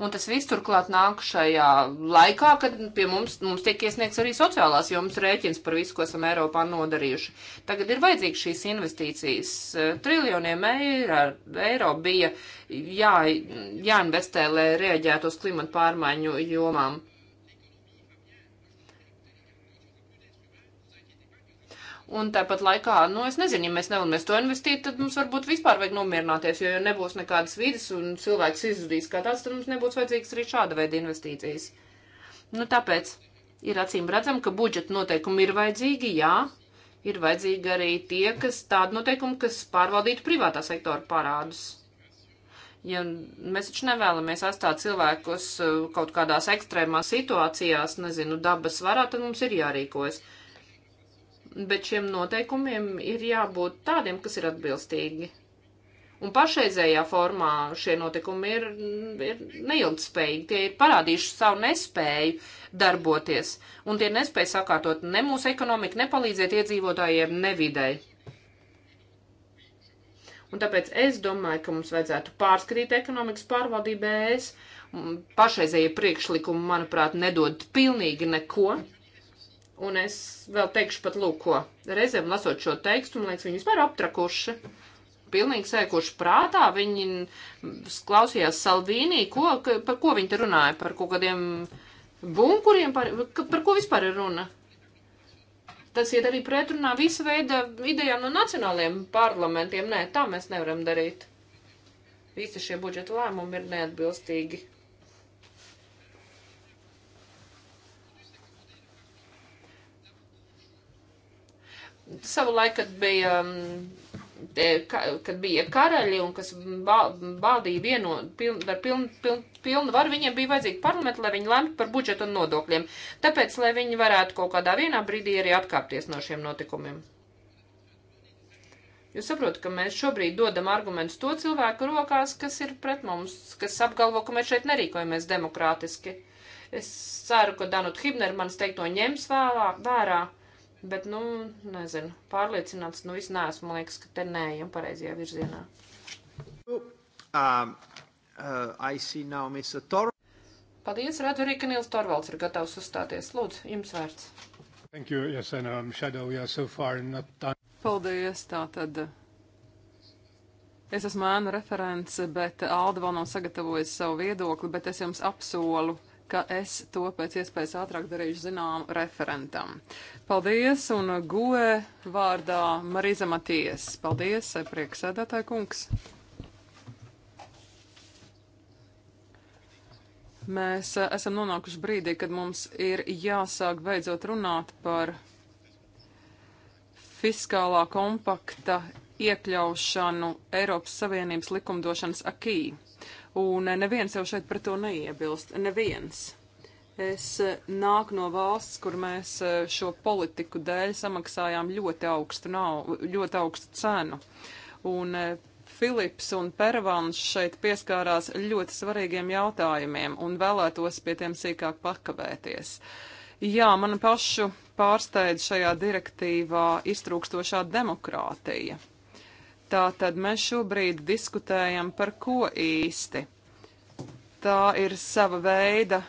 Un tas viss turklāt nāk šajā laikā, kad pie mums, mums tiek iesniegts arī sociālās jomas rēķins par visu, ko esam Eiropā nodarījuši. Tagad ir vajadzīgs šīs investīcijas. Eh, triljoniem eiro, eiro bija jā, jāinvestē, lai reaģētu uz klimatu pārmaiņu jomām. Un tāpat laikā, nu, es nezinu, ja mēs nevēlamies to investīt, tad mums varbūt vispār vajag nomierināties, jo, ja nebūs nekādas vidas un cilvēks izzudīs kā tāds, tad mums nebūs vajadzīgs arī šāda veida investīcijas. Nu, tāpēc ir acīm redzam, ka budžeta noteikumi ir vajadzīgi, jā, ir vajadzīgi arī tie, kas tādi noteikumi, kas pārvaldītu privātā sektora parādus ja mēs taču nevēlamies atstāt cilvēkus uh, kaut kādās ekstrēmās situācijās, nezinu, dabas varā, tad mums ir jārīkojas bet šiem noteikumiem ir jābūt tādiem, kas ir atbilstīgi. Un pašreizējā formā šie notikumi ir, ir neilgtspējīgi. Tie ir parādījuši savu nespēju darboties. Un tie nespēja sakārtot ne mūsu ekonomiku, ne palīdzēt iedzīvotājiem, ne videi. Un tāpēc es domāju, ka mums vajadzētu pārskrīt ekonomikas pārvaldībēs. E Pašreizējie priekšlikumi, manuprāt, nedod pilnīgi neko. Mm Un es vēl teikšu pat lūko. Reizēm lasot šo tekstu, man liekas, viņi vispār aptrakuši. Pilnīgi sēkuši prātā, viņi klausījās Salvīnī, ko, ka, par ko viņi te runāja, par kaut kādiem bunkuriem, par, ka, par ko vispār ir runa. Tas iet arī pretrunā visa veida idejām no nacionāliem parlamentiem. Nē, tā mēs nevaram darīt. Visi šie budžeta lēmumi ir neatbilstīgi Savu laiku, kad bija, um, ka, kad bija karaļi un kas valdīja vieno, piln, ar pilnu piln, piln varu, viņiem bija vajadzīgi parlamenti, lai viņi lemtu par budžetu un nodokļiem. Tāpēc, lai viņi varētu kaut kādā vienā brīdī arī atkāpties no šiem notikumiem. Jūs saprotat, ka mēs šobrīd dodam argumentus to cilvēku rokās, kas ir pret mums, kas apgalvo, ka mēs šeit nerīkojamies demokrātiski. Es ceru, ka Danuta Hibner manis teikto ņems vēlā, vērā. Bet, nu, nezinu, pārliecināts, nu, viss neesmu, man liekas, ka te neejam pareizajā virzienā. Nu, um, uh, Paldies, redzu arī, ka Nils Torvalds ir gatavs uzstāties. Lūdzu, jums vērts. Thank you, yes, and um, shadow, yeah, so far not done. Paldies, tā tad. Es esmu ēnu referents, bet Alda vēl nav sagatavojis savu viedokli, bet es jums apsolu ka es to pēc iespējas ātrāk darīšu zinām referentam. Paldies un goe vārdā Marīza Matijas. Paldies, prieksēdētāji kungs. Mēs eh, esam nonākuši brīdī, kad mums ir jāsāk beidzot runāt par fiskālā kompakta iekļaušanu Eiropas Savienības likumdošanas akī un neviens jau šeit par to neiebilst. Neviens. Es eh, nāku no valsts, kur mēs eh, šo politiku dēļ samaksājām ļoti augstu, nav, ļoti augstu cenu. Un eh, Filips un Pervans šeit pieskārās ļoti svarīgiem jautājumiem un vēlētos pie tiem sīkāk pakavēties. Jā, man pašu pārsteidz šajā direktīvā iztrūkstošā demokrātija. Tā tad mēs šobrīd diskutējam par ko īsti. Tā ir sava veida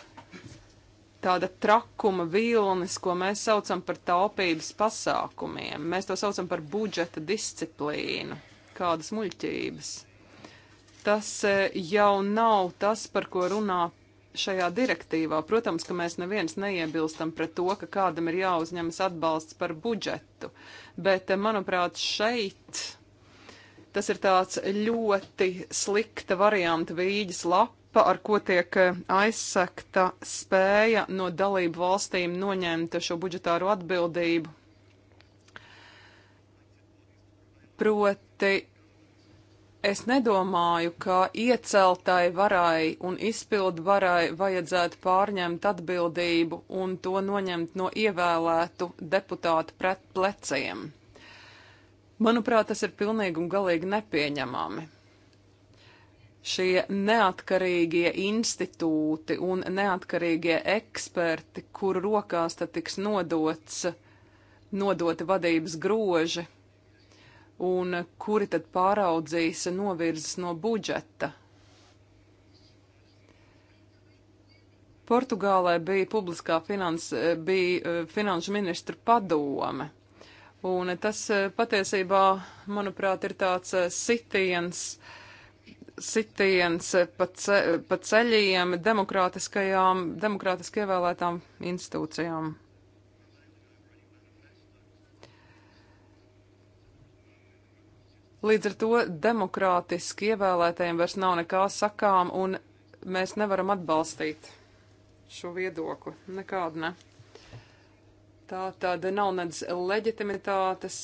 tāda trakuma vilnis, ko mēs saucam par taupības pasākumiem. Mēs to saucam par budžeta disciplīnu. Kādas muļķības. Tas e, jau nav tas, par ko runā šajā direktīvā. Protams, ka mēs neviens neiebilstam pret to, ka kādam ir jāuzņemas atbalsts par budžetu, bet, e, manuprāt, šeit Tas ir tāds ļoti slikta varianta vīģis lapa, ar ko tiek eh, aizsakta spēja no dalību valstīm noņemt šo budžetāro atbildību. Proti, es nedomāju, ka ieceltai varai un izpildu varai vajadzētu pārņemt atbildību un to noņemt no ievēlētu deputātu pret pleciem. Manuprāt, tas ir pilnīgi un galīgi nepieņemami. Šie neatkarīgie institūti un neatkarīgie eksperti, kuru rokās tad tiks nodots, nodoti vadības groži, un kuri tad pāraudzīs novirzes no budžeta. Portugālē bija publiskā finans, eh, bija eh, finanšu ministra padome. Un tas e, patiesībā, manuprāt, ir tāds e, sitiens, sitiens e, pa, ce, pa ceļiem demokrātiskajām, demokrātiski ievēlētām institūcijām. Līdz ar to demokrātiski ievēlētajiem vairs nav nekā sakām, un mēs nevaram atbalstīt šo viedokli. Nekādu ne. Tā tad nav nedz leģitimitātes,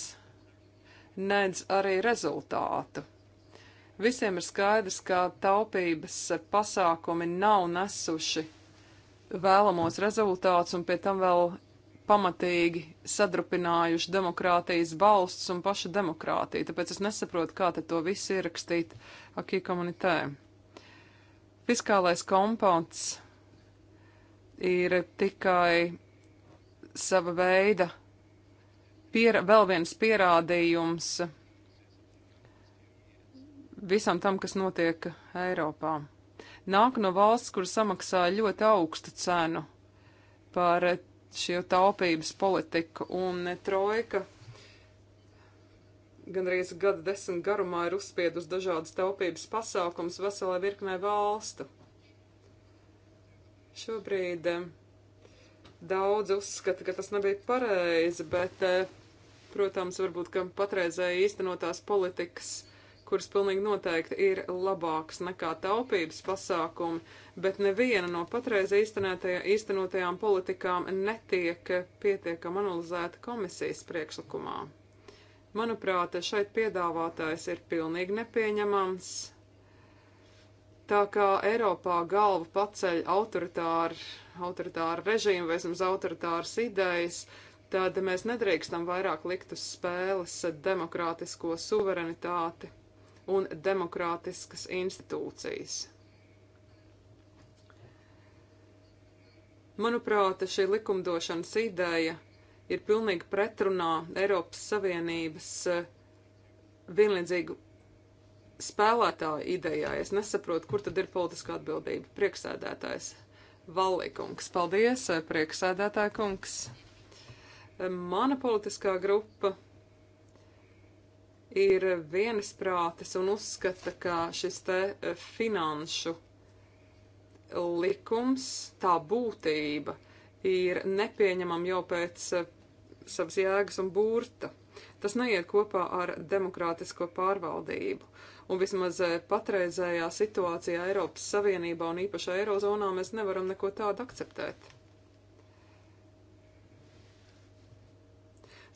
nedz arī rezultātu. Visiem ir skaidrs, ka taupības pasākumi nav nesuši vēlamos rezultātus un pie tam vēl pamatīgi sadrupinājuši demokrātijas balsts un paša demokrātija, tāpēc es nesaprotu, kā te to visu ierakstīt akī komunitē. Fiskālais kompants ir tikai sava veida pier, vēl viens pierādījums visam tam, kas notiek Eiropā. Nāk no valsts, kur samaksā ļoti augstu cenu par šo taupības politiku, un trojka gandrīz gada desmit garumā ir uzspiedus dažādas taupības pasākums veselai virknē valstu. Šobrīd Daudz uzskata, ka tas nebija pareizi, bet, eh, protams, varbūt, ka patreizēji īstenotās politikas, kuras pilnīgi noteikti ir labāks nekā taupības pasākumi, bet neviena no patreiz īstenotajām politikām netiek pietiekam analizēta komisijas priekšlikumā. Manuprāt, šeit piedāvātais ir pilnīgi nepieņemams, Tā kā Eiropā galvu paceļ autoritāri, autoritāri režīmi vai vismaz autoritāras idejas, tad mēs nedrīkstam vairāk likt uz spēles demokrātisko suverenitāti un demokrātiskas institūcijas. Manuprāt, šī likumdošanas ideja ir pilnīgi pretrunā Eiropas Savienības eh, vienlīdzīgu spēlētāja idejā. Es nesaprotu, kur tad ir politiskā atbildība. Prieksēdētājs Valīkungs. Paldies, eh, prieksēdētāja kungs. Eh, mana politiskā grupa ir vienisprātis un uzskata, ka šis te eh, finanšu likums, tā būtība, ir nepieņemam jau pēc savas jēgas un burta. Tas neiet kopā ar demokrātisko pārvaldību. Un vismaz eh, patreizējā situācijā Eiropas Savienībā un īpaši Eirozonā mēs nevaram neko tādu akceptēt.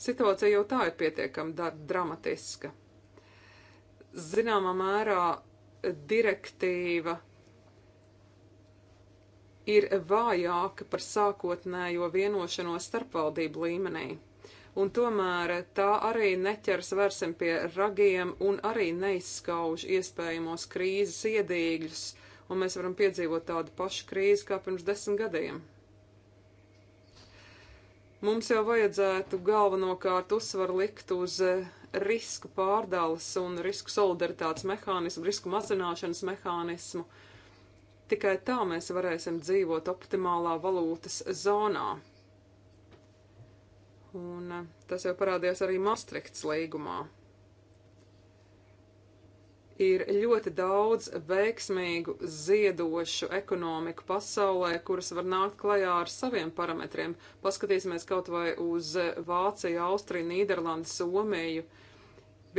Situācija jau tā ir pietiekami dramatiska. Zināmā mērā eh, direktīva ir vājāka par sākotnējo vienošanos starpvaldību līmenī un tomēr tā arī neķers versam pie ragiem un arī neizskauž iespējamos krīzes iedīgļus, un mēs varam piedzīvot tādu pašu krīzi kā pirms desmit gadiem. Mums jau vajadzētu galvenokārt uzsvaru likt uz eh, risku pārdales un risku solidaritātes mehānismu, risku mazināšanas mehānismu. Tikai tā mēs varēsim dzīvot optimālā valūtas zonā. Un eh, tas jau parādījās arī Maastrichts līgumā. Ir ļoti daudz veiksmīgu ziedošu ekonomiku pasaulē, kuras var nākt klajā ar saviem parametriem. Paskatīsimies kaut vai uz Vāciju, Austriju, Nīderlandi, Somiju.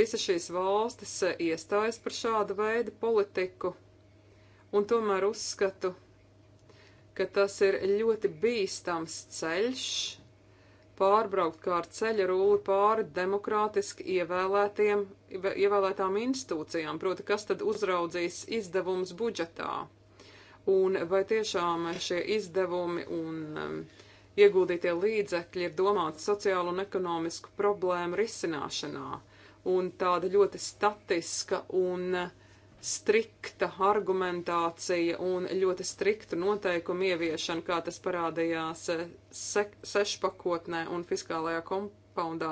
Visas šīs valstis eh, iestājas par šādu veidu politiku, un tomēr uzskatu, ka tas ir ļoti bīstams ceļš, pārbraukt kā ar ceļa rūli pāri demokrātiski ievēlētām institūcijām, proti, kas tad uzraudzīs izdevums budžetā. Un vai tiešām šie izdevumi un um, ieguldītie līdzekļi ir domāti sociālu un ekonomisku problēmu risināšanā. Un tāda ļoti statiska un uh, strikta argumentācija un ļoti strikta noteikuma ieviešana, kā tas parādījās se sešpakotnē un fiskālajā kompoundā.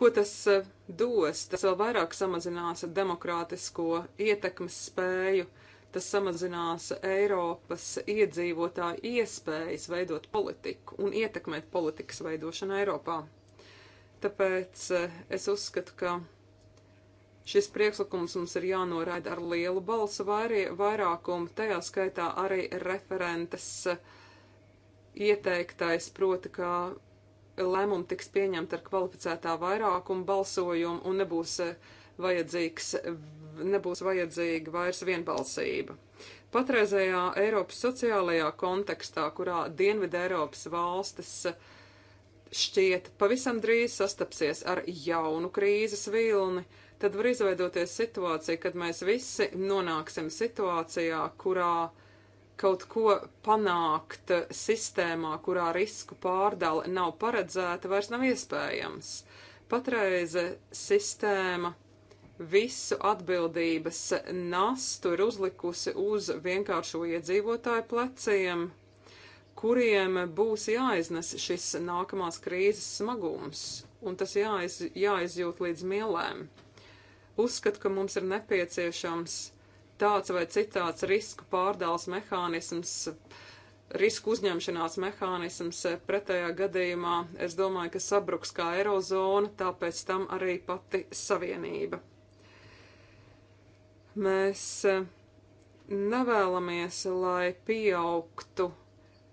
Ko tas e, dos? Tas vēl vairāk samazinās demokrātisko ietekmes spēju, tas samazinās Eiropas iedzīvotāju iespējas veidot politiku un ietekmēt politikas veidošanu Eiropā. Tāpēc e, es uzskatu, ka Šis priekšlikums mums ir jānoraida ar lielu balsu vairī, vairākumu, tajā skaitā arī referentes ieteiktais, proti, ka lēmumi tiks pieņemti ar kvalificētā vairākumu balsojumu un nebūs eh, vajadzīgs, nebūs vajadzīga vairs vienbalsība. Patreizējā Eiropas sociālajā kontekstā, kurā Dienvidē Eiropas valstis šķiet pavisam drīz sastapsies ar jaunu krīzes vilni, tad var izveidoties situācija, kad mēs visi nonāksim situācijā, kurā kaut ko panākt sistēmā, kurā risku pārdala nav paredzēta, vairs nav iespējams. Patreiz sistēma visu atbildības nastu ir uzlikusi uz vienkāršo iedzīvotāju pleciem, kuriem būs jāiznes šis nākamās krīzes smagums, un tas jāiz, jāizjūt līdz mielēm. Uzskatu, ka mums ir nepieciešams tāds vai citāds risku pārdāls mehānisms, risku uzņemšanās mehānisms. Pretējā gadījumā es domāju, ka sabruks kā eirozona, tāpēc tam arī pati savienība. Mēs eh, nevēlamies, lai pieaugtu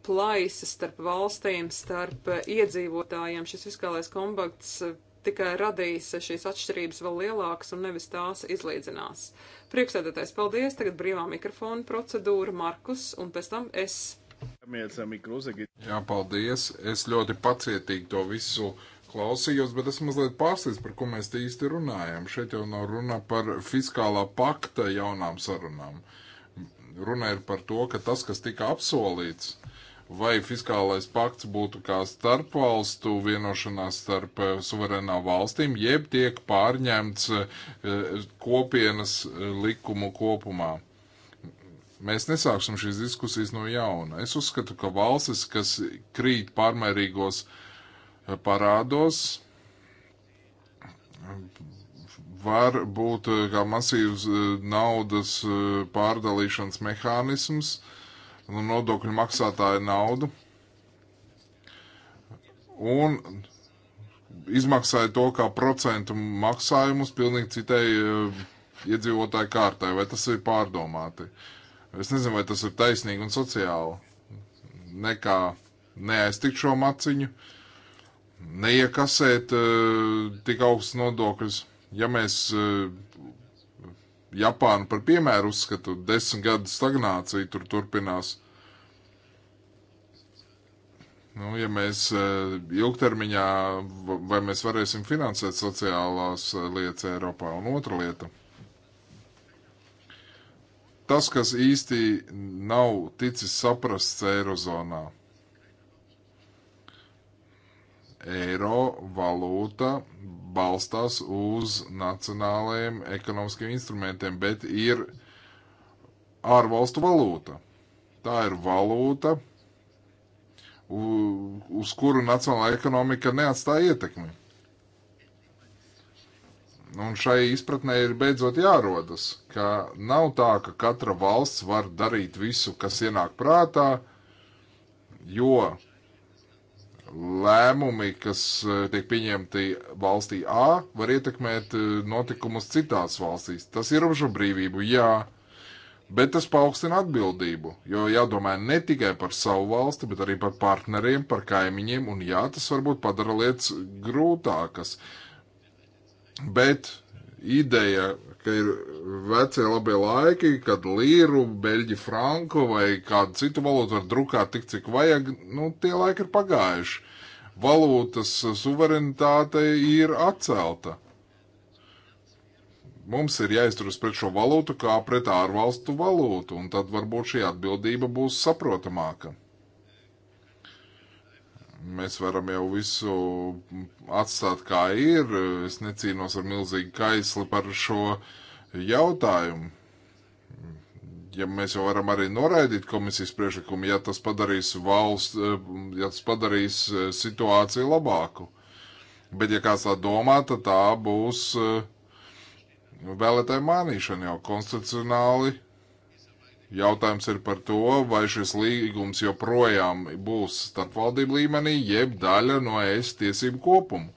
plaisa starp valstīm, starp eh, iedzīvotājiem. Šis fiskālais kombats eh, tikai radīs šīs atšķirības vēl lielākas un nevis tās izlīdzinās. Priekšsēdētājs, paldies! Tagad brīvā mikrofona procedūra Markus un pēc tam es. Jā, paldies! Es ļoti pacietīgi to visu klausījos, bet esmu mazliet pārsteigts, par ko mēs īsti runājam. Šeit jau nav runa par fiskālā pakta jaunām sarunām. Runa ir par to, ka tas, kas tika apsolīts, vai fiskālais pakts būtu kā starpvalstu vienošanās starp eh, suverēnām valstīm, jeb tiek pārņemts eh, kopienas eh, likumu kopumā. Mēs nesāksim šīs diskusijas no jauna. Es uzskatu, ka valstis, kas krīt pārmērīgos parādos, var būt kā masīvs naudas pārdalīšanas mehānisms, uh, Nu, nodokļu maksātāju naudu un izmaksāja to kā procentu maksājumus pilnīgi citai eh, iedzīvotāju kārtai. Vai tas ir pārdomāti? Es nezinu, vai tas ir taisnīgi un sociāli. Nekā neaiztikt šo maciņu, neiekasēt eh, tik augstus nodokļus. Ja mēs eh, Japānu par piemēru uzskatu, desmit gadu stagnācija tur turpinās. Nu, ja mēs e, ilgtermiņā, vai mēs varēsim finansēt sociālās e, lietas Eiropā? Un otra lieta. Tas, kas īsti nav ticis saprasts Eirozonā eiro valūta balstās uz nacionālajiem ekonomiskiem instrumentiem, bet ir ārvalstu valūta. Tā ir valūta, uz kuru nacionālā ekonomika neatstāja ietekmi. Un šai izpratnē ir beidzot jārodas, ka nav tā, ka katra valsts var darīt visu, kas ienāk prātā, jo lēmumi, kas e, tiek pieņemti valstī A, var ietekmēt e, notikumus citās valstīs. Tas ierobežo brīvību, jā, bet tas paaugstina atbildību, jo jādomā ne tikai par savu valsti, bet arī par partneriem, par kaimiņiem, un jā, tas varbūt padara lietas grūtākas. Bet ideja, ka ir vecie labie laiki, kad līru, beļģi franku vai kādu citu valūtu var drukāt tik, cik vajag, nu, tie laiki ir pagājuši. Valūtas suverenitāte ir atcelta. Mums ir jāizturas pret šo valūtu kā pret ārvalstu valūtu, un tad varbūt šī atbildība būs saprotamāka. Mēs varam jau visu atstāt kā ir. Es necīnos ar milzīgu kaisli par šo uh, jautājumu. Ja mēs jau varam arī noraidīt komisijas priekšlikumu, ja tas padarīs valsts, ja tas padarīs eh, situāciju labāku. Bet, ja kāds tā domā, tad tā būs eh, vēlētāju mānīšana jau konstitucionāli. Jautājums ir par to, vai šis līgums joprojām būs starpvaldību līmenī, jeb daļa no es tiesību kopumu.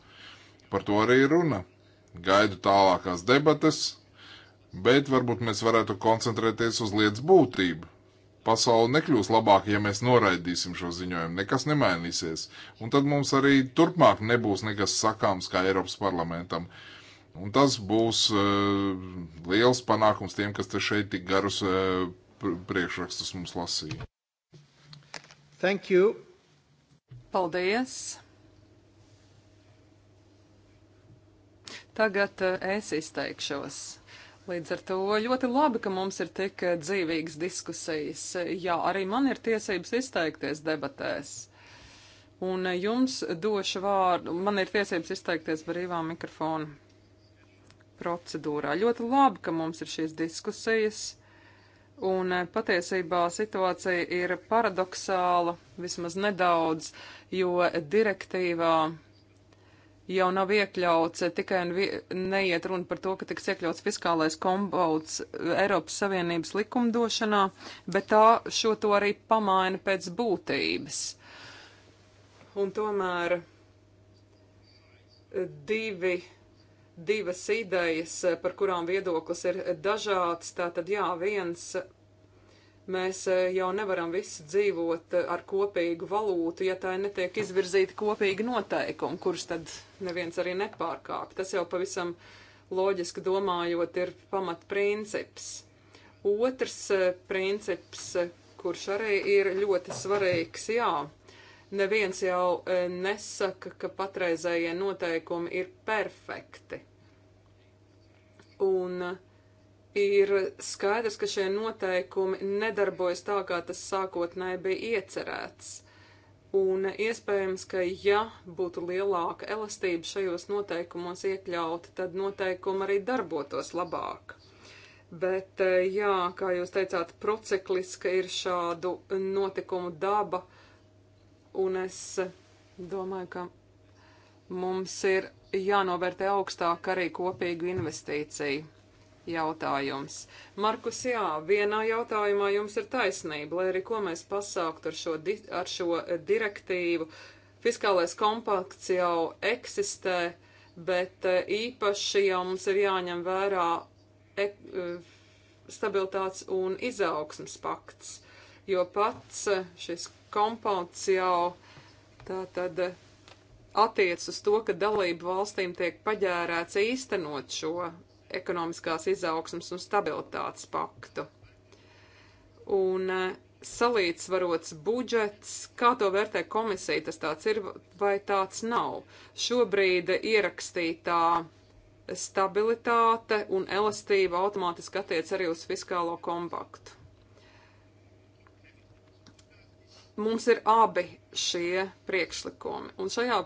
Par to arī runa. Gaidu tālākās debates bet varbūt mēs varētu koncentrēties uz lietas būtību. Pasaule nekļūs labāk, ja mēs noraidīsim šo ziņojumu. Nekas nemainīsies. Un tad mums arī turpmāk nebūs nekas sakāms kā Eiropas parlamentam. Un tas būs uh, liels panākums tiem, kas te šeit tik garus uh, priekšrakstus mums lasīja. Thank you. Paldies. Tagad uh, es izteikšos. Līdz ar to ļoti labi, ka mums ir tik dzīvīgas diskusijas. Jā, arī man ir tiesības izteikties debatēs. Un jums došu vārdu, man ir tiesības izteikties brīvā mikrofona procedūrā. Ļoti labi, ka mums ir šīs diskusijas. Un eh, patiesībā situācija ir paradoxāla, vismaz nedaudz, jo direktīvā jau nav iekļauts, eh, tikai un vi, neiet runa par to, ka tiks iekļauts fiskālais kombauts eh, Eiropas Savienības likumdošanā, bet tā šo to arī pamaina pēc būtības. Un tomēr eh, divi, divas idejas, par kurām viedoklis ir dažāds, tātad jā, viens Mēs e, jau nevaram visi dzīvot e, ar kopīgu valūtu, ja tā netiek izvirzīta kopīga noteikuma, kurus tad neviens arī nepārkāp. Tas jau pavisam loģiski domājot ir pamatprincips. Otrs e, princips, kurš arī ir ļoti svarīgs, jā, neviens jau nesaka, ka patreizējie noteikumi ir perfekti. Un uh, ir skaidrs, ka šie noteikumi nedarbojas tā, kā tas sākotnēji bija iecerēts. Un iespējams, ka ja būtu lielāka elastība šajos noteikumos iekļauta, tad noteikumi arī darbotos labāk. Bet, eh, jā, kā jūs teicāt, procikliska ir šādu notikumu daba, un es domāju, ka mums ir jānovērtē augstāk arī kopīgu investīciju jautājums. Markus, jā, vienā jautājumā jums ir taisnība, lai arī ko mēs pasaukt ar šo, di ar šo eh, direktīvu. Fiskālais kompakts jau eksistē, bet eh, īpaši jau mums ir jāņem vērā e stabilitātes un izaugsmas pakts, jo pats šis kompakts jau tā tad attiec uz to, ka dalību valstīm tiek paģērēts īstenot šo ekonomiskās izaugsmas un stabilitātes paktu. Un eh, salīdzvarots budžets, kā to vērtē komisija, tas tāds ir vai tāds nav. Šobrīd ierakstītā stabilitāte un elastība automātiski attiec arī uz fiskālo kompaktu. Mums ir abi šie priekšlikumi, un šajā,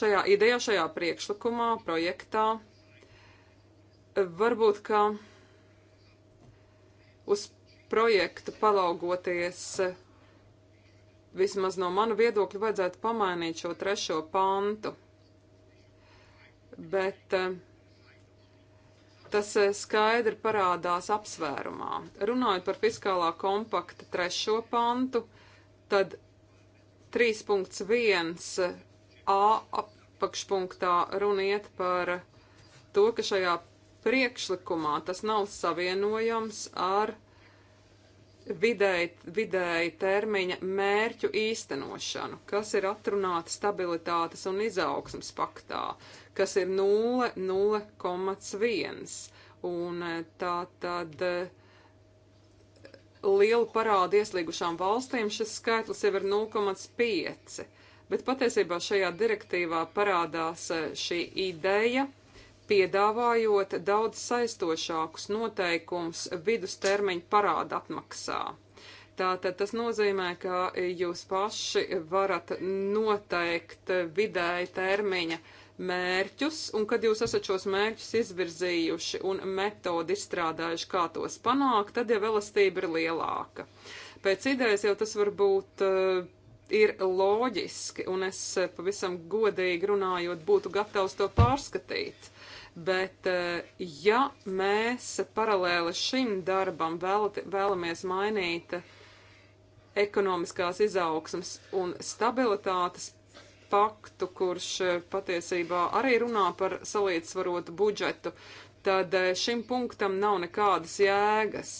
šajā idejā, šajā priekšlikumā, projektā varbūt kā uz projektu palaugoties, vismaz no manu viedokļa, vajadzētu pamainīt šo trešo pantu. Bet tas eh, skaidri parādās apsvērumā. Runājot par fiskālā kompakta trešo pantu, tad 3.1a apakšpunktā runiet par to, ka šajā priekšlikumā tas nav savienojams ar vidēji, vidēji termiņa mērķu īstenošanu, kas ir atrunāta stabilitātes un izaugsmas paktā, kas ir 0,01. Un eh, tā tad eh, lielu parādu ieslīgušām valstīm šis skaitlis jau ir 0,5. Bet patiesībā šajā direktīvā parādās eh, šī ideja piedāvājot daudz saistošākus noteikumus vidustermiņu parāda atmaksā. Tātad tas nozīmē, ka jūs paši varat noteikt vidēji termiņa mērķus, un kad jūs esat šos mērķus izvirzījuši un metodi izstrādājuši, kā tos panākt, tad jau elastība ir lielāka. Pēc idejas jau tas var būt uh, eh, ir loģiski, un es eh, pavisam godīgi runājot būtu gatavs to pārskatīt. Bet, eh, ja mēs paralēli šim darbam vēl, vēlamies mainīt ekonomiskās izaugsmas un stabilitātes paktu, kurš eh, patiesībā arī runā par salīdzvarotu budžetu, tad eh, šim punktam nav nekādas jēgas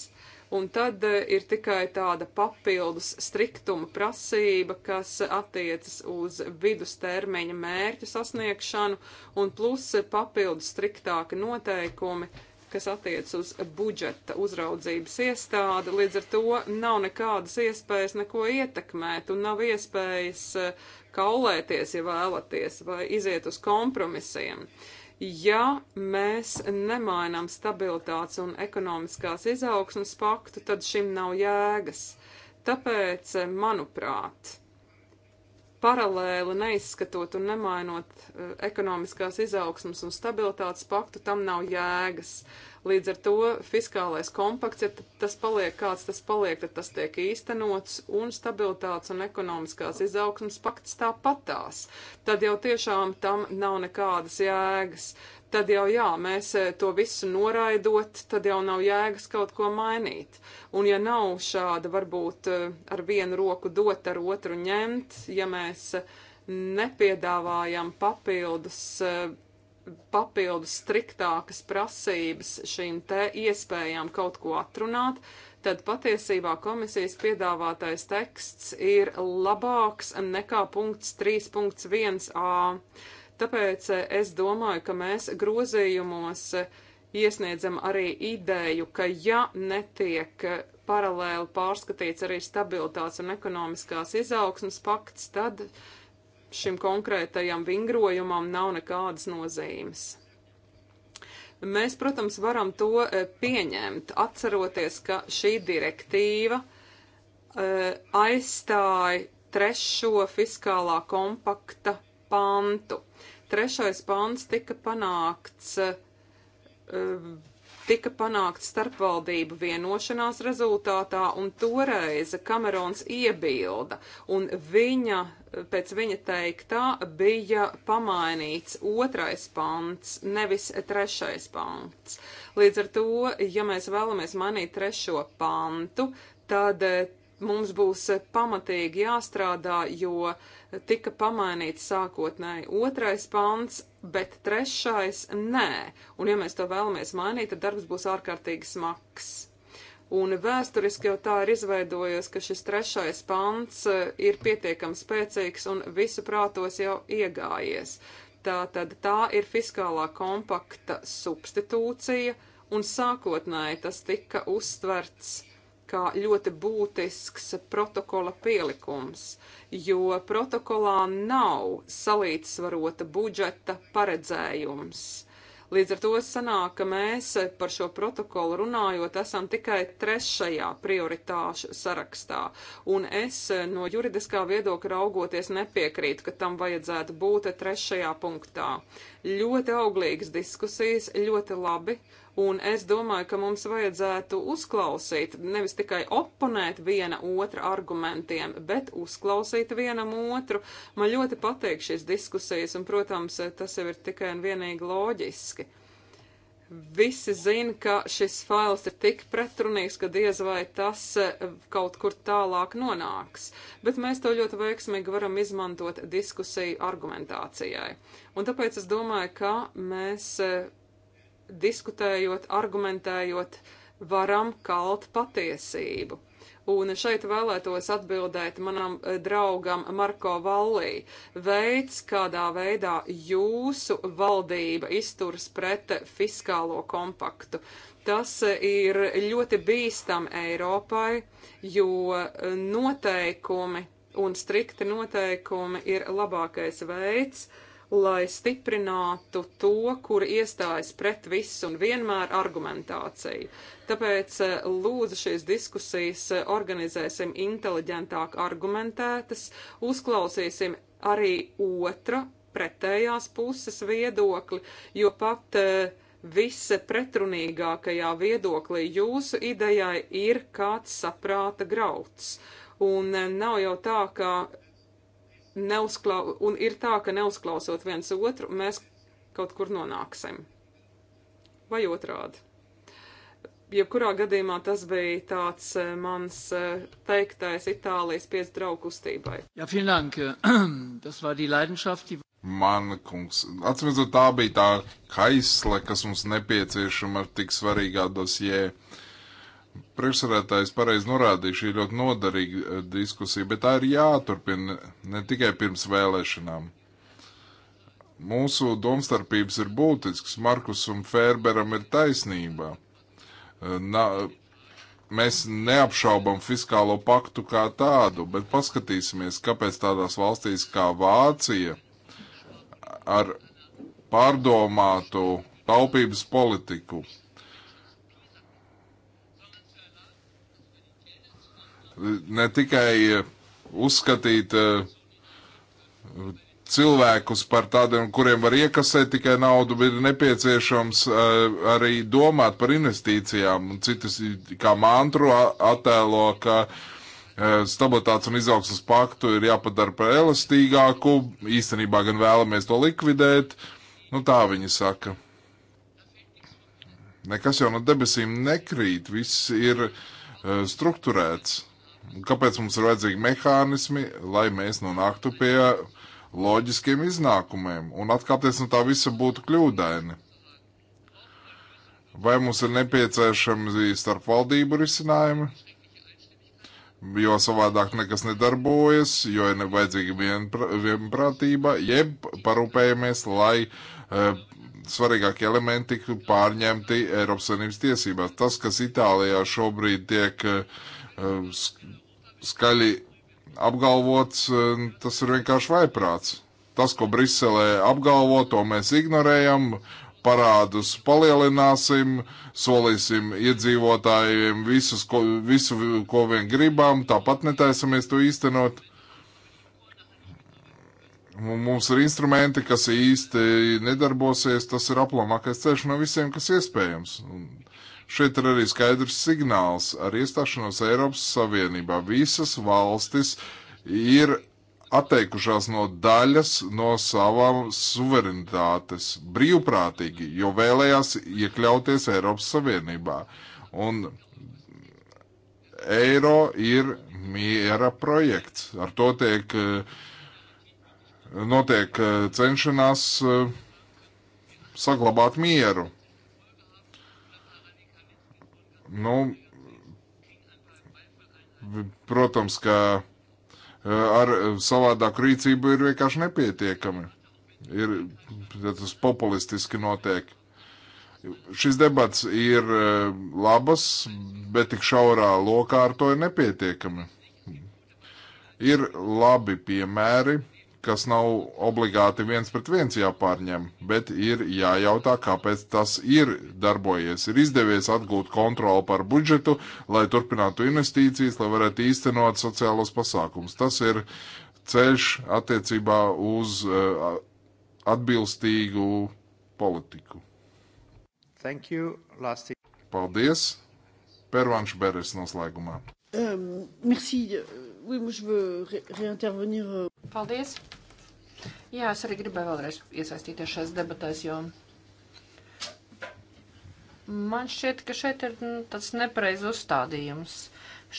un tad ir tikai tāda papildus striktuma prasība, kas attiecas uz vidustermiņa mērķu sasniegšanu, un plus papildus striktāki noteikumi kas attiec uz budžeta uzraudzības iestādi, līdz ar to nav nekādas iespējas neko ietekmēt un nav iespējas eh, kaulēties, ja vēlaties, vai iziet uz kompromisiem. Uh, Ja mēs nemainām stabilitātes un ekonomiskās izaugsmas paktu, tad šim nav jēgas. Tāpēc, eh, manuprāt, paralēli neizskatot un nemainot eh, ekonomiskās izaugsmas un stabilitātes paktu, tam nav jēgas. Uh, Līdz ar to fiskālais kompakts, ja tas paliek kāds, tas paliek, tad tas tiek īstenots un stabilitātes un ekonomiskās izaugsmas pakts tāpatās. Tad jau tiešām tam nav nekādas jēgas. Tad jau jā, mēs eh, to visu noraidot, tad jau nav jēgas kaut ko mainīt. Un ja nav šāda varbūt eh, ar vienu roku dot, ar otru ņemt, ja mēs nepiedāvājam papildus eh, papildus striktākas prasības šīm te iespējām kaut ko atrunāt, tad patiesībā komisijas piedāvātais teksts ir labāks nekā punkts 3.1a. Tāpēc eh, es domāju, ka mēs grozījumos eh, iesniedzam arī ideju, ka ja netiek eh, paralēli pārskatīts arī stabilitātes un ekonomiskās izaugsmas pakts, tad uh, šim konkrētajam vingrojumam nav nekādas nozīmes. Mēs, protams, varam to e, pieņemt, atceroties, ka šī direktīva e, aizstāja trešo fiskālā kompakta pantu. Trešais pants tika panākts e, tika panākts starpvaldību vienošanās rezultātā, un toreiz Kamerons iebilda, un viņa, pēc viņa teiktā, bija pamainīts otrais pants, nevis trešais pants. Līdz ar to, ja mēs vēlamies mainīt trešo pantu, tad mums būs pamatīgi jāstrādā, jo tika pamainīts sākotnēji otrais pants, bet trešais nē. Un ja mēs to vēlamies mainīt, tad darbs būs ārkārtīgi smags. Un vēsturiski jau tā ir izveidojies, ka šis trešais pants e, ir pietiekami spēcīgs un visu prātos jau iegājies. Tātad tā ir fiskālā kompakta substitūcija, un sākotnēji tas tika uztverts uh, kā ļoti būtisks protokola pielikums, jo protokolā nav salīdzvarota budžeta paredzējums. Līdz ar to sanāk, ka mēs par šo protokolu runājot esam tikai trešajā prioritāšu sarakstā, un es no juridiskā viedokļa raugoties nepiekrītu, ka tam vajadzētu būt trešajā punktā. Ļoti auglīgas diskusijas, ļoti labi, Un es domāju, ka mums vajadzētu uzklausīt, nevis tikai oponēt viena otra argumentiem, bet uzklausīt vienam otru. Man ļoti patīk šīs diskusijas, un, protams, tas jau ir tikai un vienīgi loģiski. Visi zina, ka šis fails ir tik pretrunīgs, ka diez vai tas eh, kaut kur tālāk nonāks, bet mēs to ļoti veiksmīgi varam izmantot diskusiju argumentācijai. Un tāpēc es domāju, ka mēs eh, diskutējot, argumentējot, varam kalt patiesību. Un šeit vēlētos atbildēt manam eh, draugam Marko Vallī. Veids, kādā veidā jūsu valdība izturs pret fiskālo kompaktu. Tas eh, ir ļoti bīstam Eiropai, jo eh, noteikumi un strikti noteikumi ir labākais veids, uh, lai stiprinātu to, kur iestājas pret visu un vienmēr argumentāciju. Tāpēc eh, lūdzu šīs diskusijas eh, organizēsim inteliģentāk argumentētas, uzklausīsim arī otra pretējās puses viedokli, jo pat uh, visa pretrunīgākajā viedoklī jūsu idejai ir kāds saprāta grauds. Un nav jau tā, ka neuzklau... un ir tā, ka neuzklausot viens otru, mēs kaut kur nonāksim. Vai otrādi. Jebkurā gadījumā tas bija tāds eh, mans eh, teiktais Itālijas pēc draugu kustībai. Ja, vielen dank. Tas var die Leidenschaft, die... Man, kungs, atcīmredzot, tā bija tā kaisle, kas mums nepieciešama ar tik svarīgā dosjē. Uh, priekšsarētājs pareizi norādīja, šī ļoti noderīga eh, diskusija, bet tā ir jāturpina ne tikai pirms vēlēšanām. Mūsu domstarpības ir būtisks, Markus un Fērberam ir taisnība. Eh, na, mēs neapšaubam fiskālo paktu kā tādu, bet paskatīsimies, kāpēc tādās valstīs kā Vācija ar pārdomātu taupības politiku ne tikai e, uzskatīt e, cilvēkus par tādiem, kuriem var iekasēt tikai naudu, bet ir nepieciešams e, arī domāt par investīcijām. Un citas kā mantru attēlo, ka stabilitātes un izaugsmas paktu ir jāpadara par elastīgāku, īstenībā gan vēlamies to likvidēt. Nu, tā viņi saka. Nekas jau no debesīm nekrīt, viss ir uh, struktūrēts. Kāpēc mums ir vajadzīgi mehānismi, lai mēs nonāktu pie loģiskiem iznākumiem un atkāpties no tā visa būtu kļūdaini? Vai mums ir nepieciešami starpvaldību risinājumi? jo savādāk nekas nedarbojas, jo ir nevajadzīga vienprā, vienprātība, jeb parūpējamies, lai e, svarīgākie elementi tiktu pārņemti Eiropas Savienības tiesībās. Tas, kas Itālijā šobrīd tiek e, skaļi apgalvots, tas ir vienkārši vaiprāts. Tas, ko Briselē apgalvo, to mēs ignorējam, parādus palielināsim, solīsim iedzīvotājiem visus, ko, visu, ko vien gribam, tāpat netaisamies to īstenot. Mums ir instrumenti, kas īsti nedarbosies, tas ir aplamākais ceļš no visiem, kas iespējams. Šeit ir arī skaidrs signāls ar iestāšanos Eiropas Savienībā. Visas valstis ir atteikušās no daļas no savām suverenitātes brīvprātīgi, jo vēlējās iekļauties Eiropas Savienībā. Un eiro ir miera projekts. Ar to tiek eh, notiek eh, cenšanās eh, saglabāt mieru. Nu, protams, ka e, ar savādāku rīcību ir vienkārši nepietiekami. Ir, tas populistiski notiek. Šis debats ir e, labas, bet tik šaurā lokā ar to ir nepietiekami. Ir labi piemēri, kas nav obligāti viens pret viens jāpārņem, bet ir jājautā, kāpēc tas ir darbojies. Ir izdevies atgūt kontroli par budžetu, lai turpinātu investīcijas, lai varētu īstenot sociālos pasākumus. Tas ir ceļš attiecībā uz uh, atbilstīgu politiku. Thank you. Last... Paldies. Pervanš Beres noslēgumā. Um, merci. Oui, moi, je veux réintervenir. Euh. Paldies. Jā, es arī gribēju vēlreiz iesaistīties šajās debatēs, jo man šķiet, ka šeit ir nu, tāds nepareiz uzstādījums.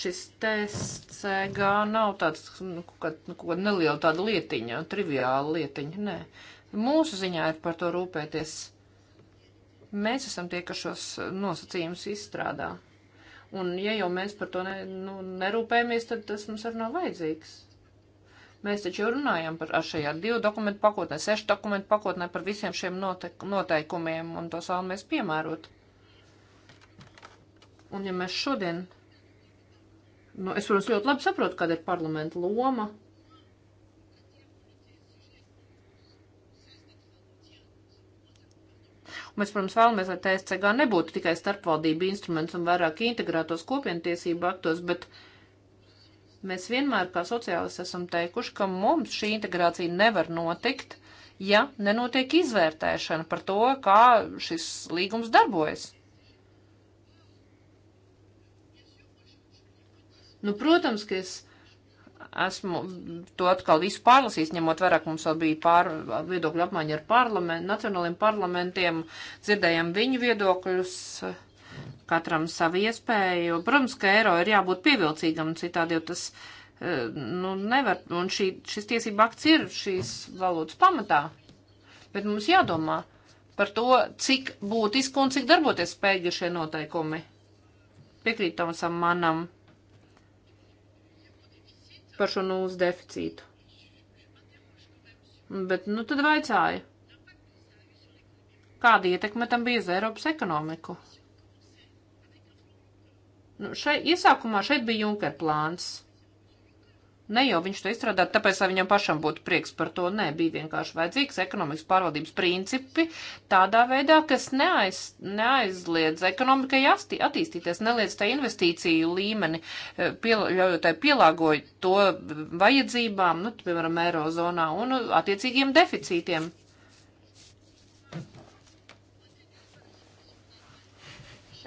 Šis tests CG eh, nav tāds, mm, nu, kaut kāda nu, neliela tāda lietiņa, triviāla lietiņa, nē. Mūsu ziņā ir par to rūpēties. Mēs esam tie, kas šos eh, nosacījumus izstrādā. Un ja jau mēs par to ne, nu, nerūpējamies, tad tas mums arī nav vajadzīgs. Mēs taču jau runājam par šajā divu dokumentu pakotnē, sešu dokumentu pakotnē par visiem šiem noteikumiem un tos vēlamies piemērot. Un ja mēs šodien, nu es, protams, ļoti labi saprotu, kāda ir parlamenta loma Mēs, protams, vēlamies, lai TSCG nebūtu tikai starpvaldība instruments un vairāk integrētos kopientiesību aktos, bet mēs vienmēr kā sociālisti esam teikuši, ka mums šī integrācija nevar notikt, ja nenotiek izvērtēšana par to, kā šis līgums darbojas. Nu, protams, ka es Esmu to atkal visu pārlasījis, ņemot vērā, ka mums vēl bija pār, viedokļu apmaiņa ar parlament, nacionāliem parlamentiem, dzirdējām viņu viedokļus, katram savu iespēju. Protams, ka eiro ir jābūt pievilcīgam, citādi jau tas e, nu, nevar, un šī, šis tiesība akts ir šīs valūtas pamatā. Bet mums jādomā par to, cik būtiski un cik darboties spēj ir šie noteikumi. Piekrītam manam par šo nulles deficītu. Bet, nu, tad vaicāja, kāda ietekme tam bija uz Eiropas ekonomiku? Nu, šai, iesākumā šeit bija Junker plāns. Ne jau viņš to izstrādāja, tāpēc, lai viņam pašam būtu prieks par to, nē, bija vienkārši vajadzīgs ekonomikas pārvaldības principi tādā veidā, kas neaiz, neaizliedz ekonomikai asti, attīstīties, neliedz tā investīciju līmeni, eh, pieļaujotai pielāgojot to mm, vajadzībām, nu, piemēram, eirozonā un uh, attiecīgiem deficītiem.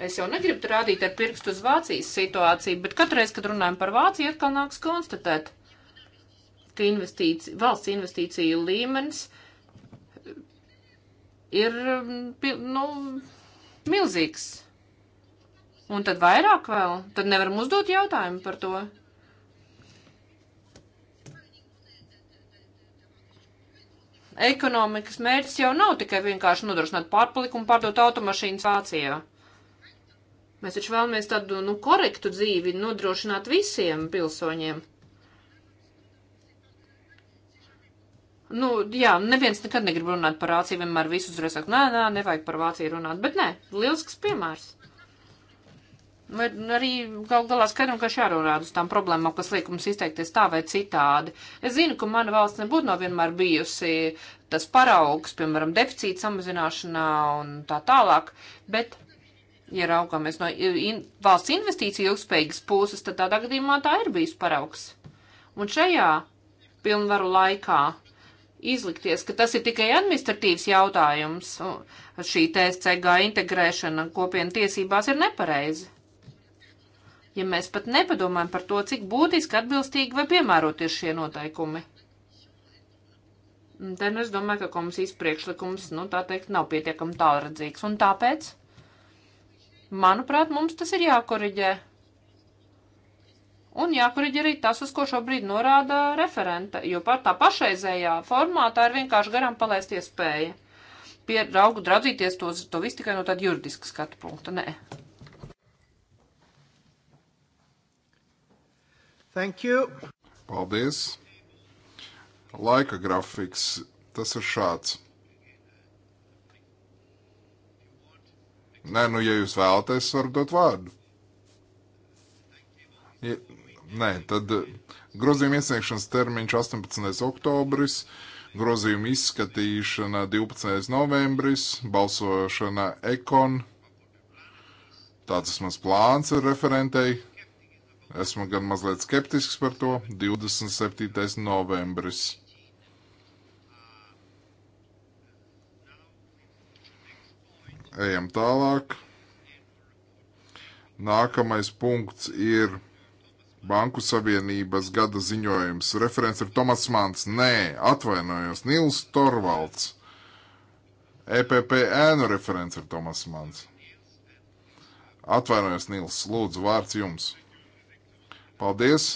Es jau negribu rādīt ar pirkstu uz Vācijas situāciju, bet katreiz, kad runājam par Vāciju, atkal nāks konstatēt, ka investīci, valsts investīciju līmenis ir mm, nu, milzīgs. Un tad vairāk vēl, tad nevaram uzdot jautājumu par to. Ekonomikas mērķis jau nav tikai vienkārši nodrošināt pārpalikumu, pārdot automašīnas Vācijā. Mēs taču vēlamies tādu, nu, korektu dzīvi nodrošināt visiem pilsoņiem. Nu, jā, neviens nekad negrib runāt par Vāciju, vienmēr visus uzreiz saka, nē, nē, nevajag par Vāciju runāt, bet nē, lielisks piemērs. Vai arī gal galā skaidram, ka jārunāda uz tām problēmām, kas liek mums izteikties tā vai citādi. Es zinu, ka mana valsts nebūtu nav vienmēr bijusi tas paraugs, piemēram, deficīta samazināšanā un tā tālāk, bet ja raugāmies no in, valsts investīciju ilgspējīgas puses, tad tādā gadījumā tā ir bijis paraugs. Un šajā pilnvaru laikā izlikties, ka tas ir tikai administratīvs jautājums, šī TSCG integrēšana kopienu tiesībās ir nepareizi. Ja mēs pat nepadomājam par to, cik būtiski atbilstīgi vai piemēroti ir šie noteikumi. Te nu es domāju, ka komisijas priekšlikums, nu tā teikt, nav pietiekami tālredzīgs. Un tāpēc Manuprāt, mums tas ir jākoriģē. Un jākoriģē arī tas, uz ko šobrīd norāda referenta, jo par tā pašreizējā formātā ir vienkārši garām palaist iespēja. Pie draugu draudzīties tos, to visu tikai no tāda juridiska skatu punkta. Nē. Thank you. Paldies. Laika grafiks. Tas ir šāds. Nē, nu, ja jūs vēlaties, es varu dot vārdu. Ja, nē, tad eh, grozījuma iesniegšanas termiņš 18. oktobris, grozījuma izskatīšana 12. novembris, balsošana ekon. Tāds ir mans plāns ar referentei. Esmu gan mazliet skeptisks par to. 27. novembris. Ejam tālāk. Nākamais punkts ir Banku Savienības gada ziņojums. Referents ir Tomas Mans. Nē, atvainojos, Nils Torvalds. EPP ēnu referents ir Tomas Mans. Atvainojos, Nils, lūdzu, vārds jums. Paldies!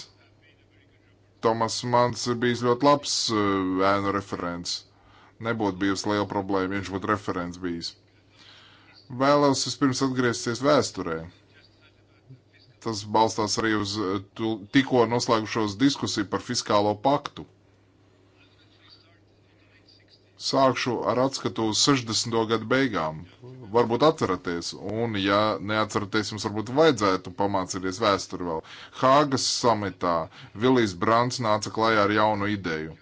Tomas Mans ir bijis ļoti labs ēnu referents. Nebūtu bijusi liela problēma, viņš būtu referents bijis. Vēlos vispirms atgriezties vēsturē. Tas balstās arī uz eh, tikko noslēgušos diskusiju par fiskālo paktu. Sākšu ar atskatu uz 60. gadu beigām. Varbūt atceraties, un ja neatceraties, jums varbūt vajadzētu pamācīties vēsturi vēl. Hāgas samitā Vilijas Brants nāca klajā ar jaunu ideju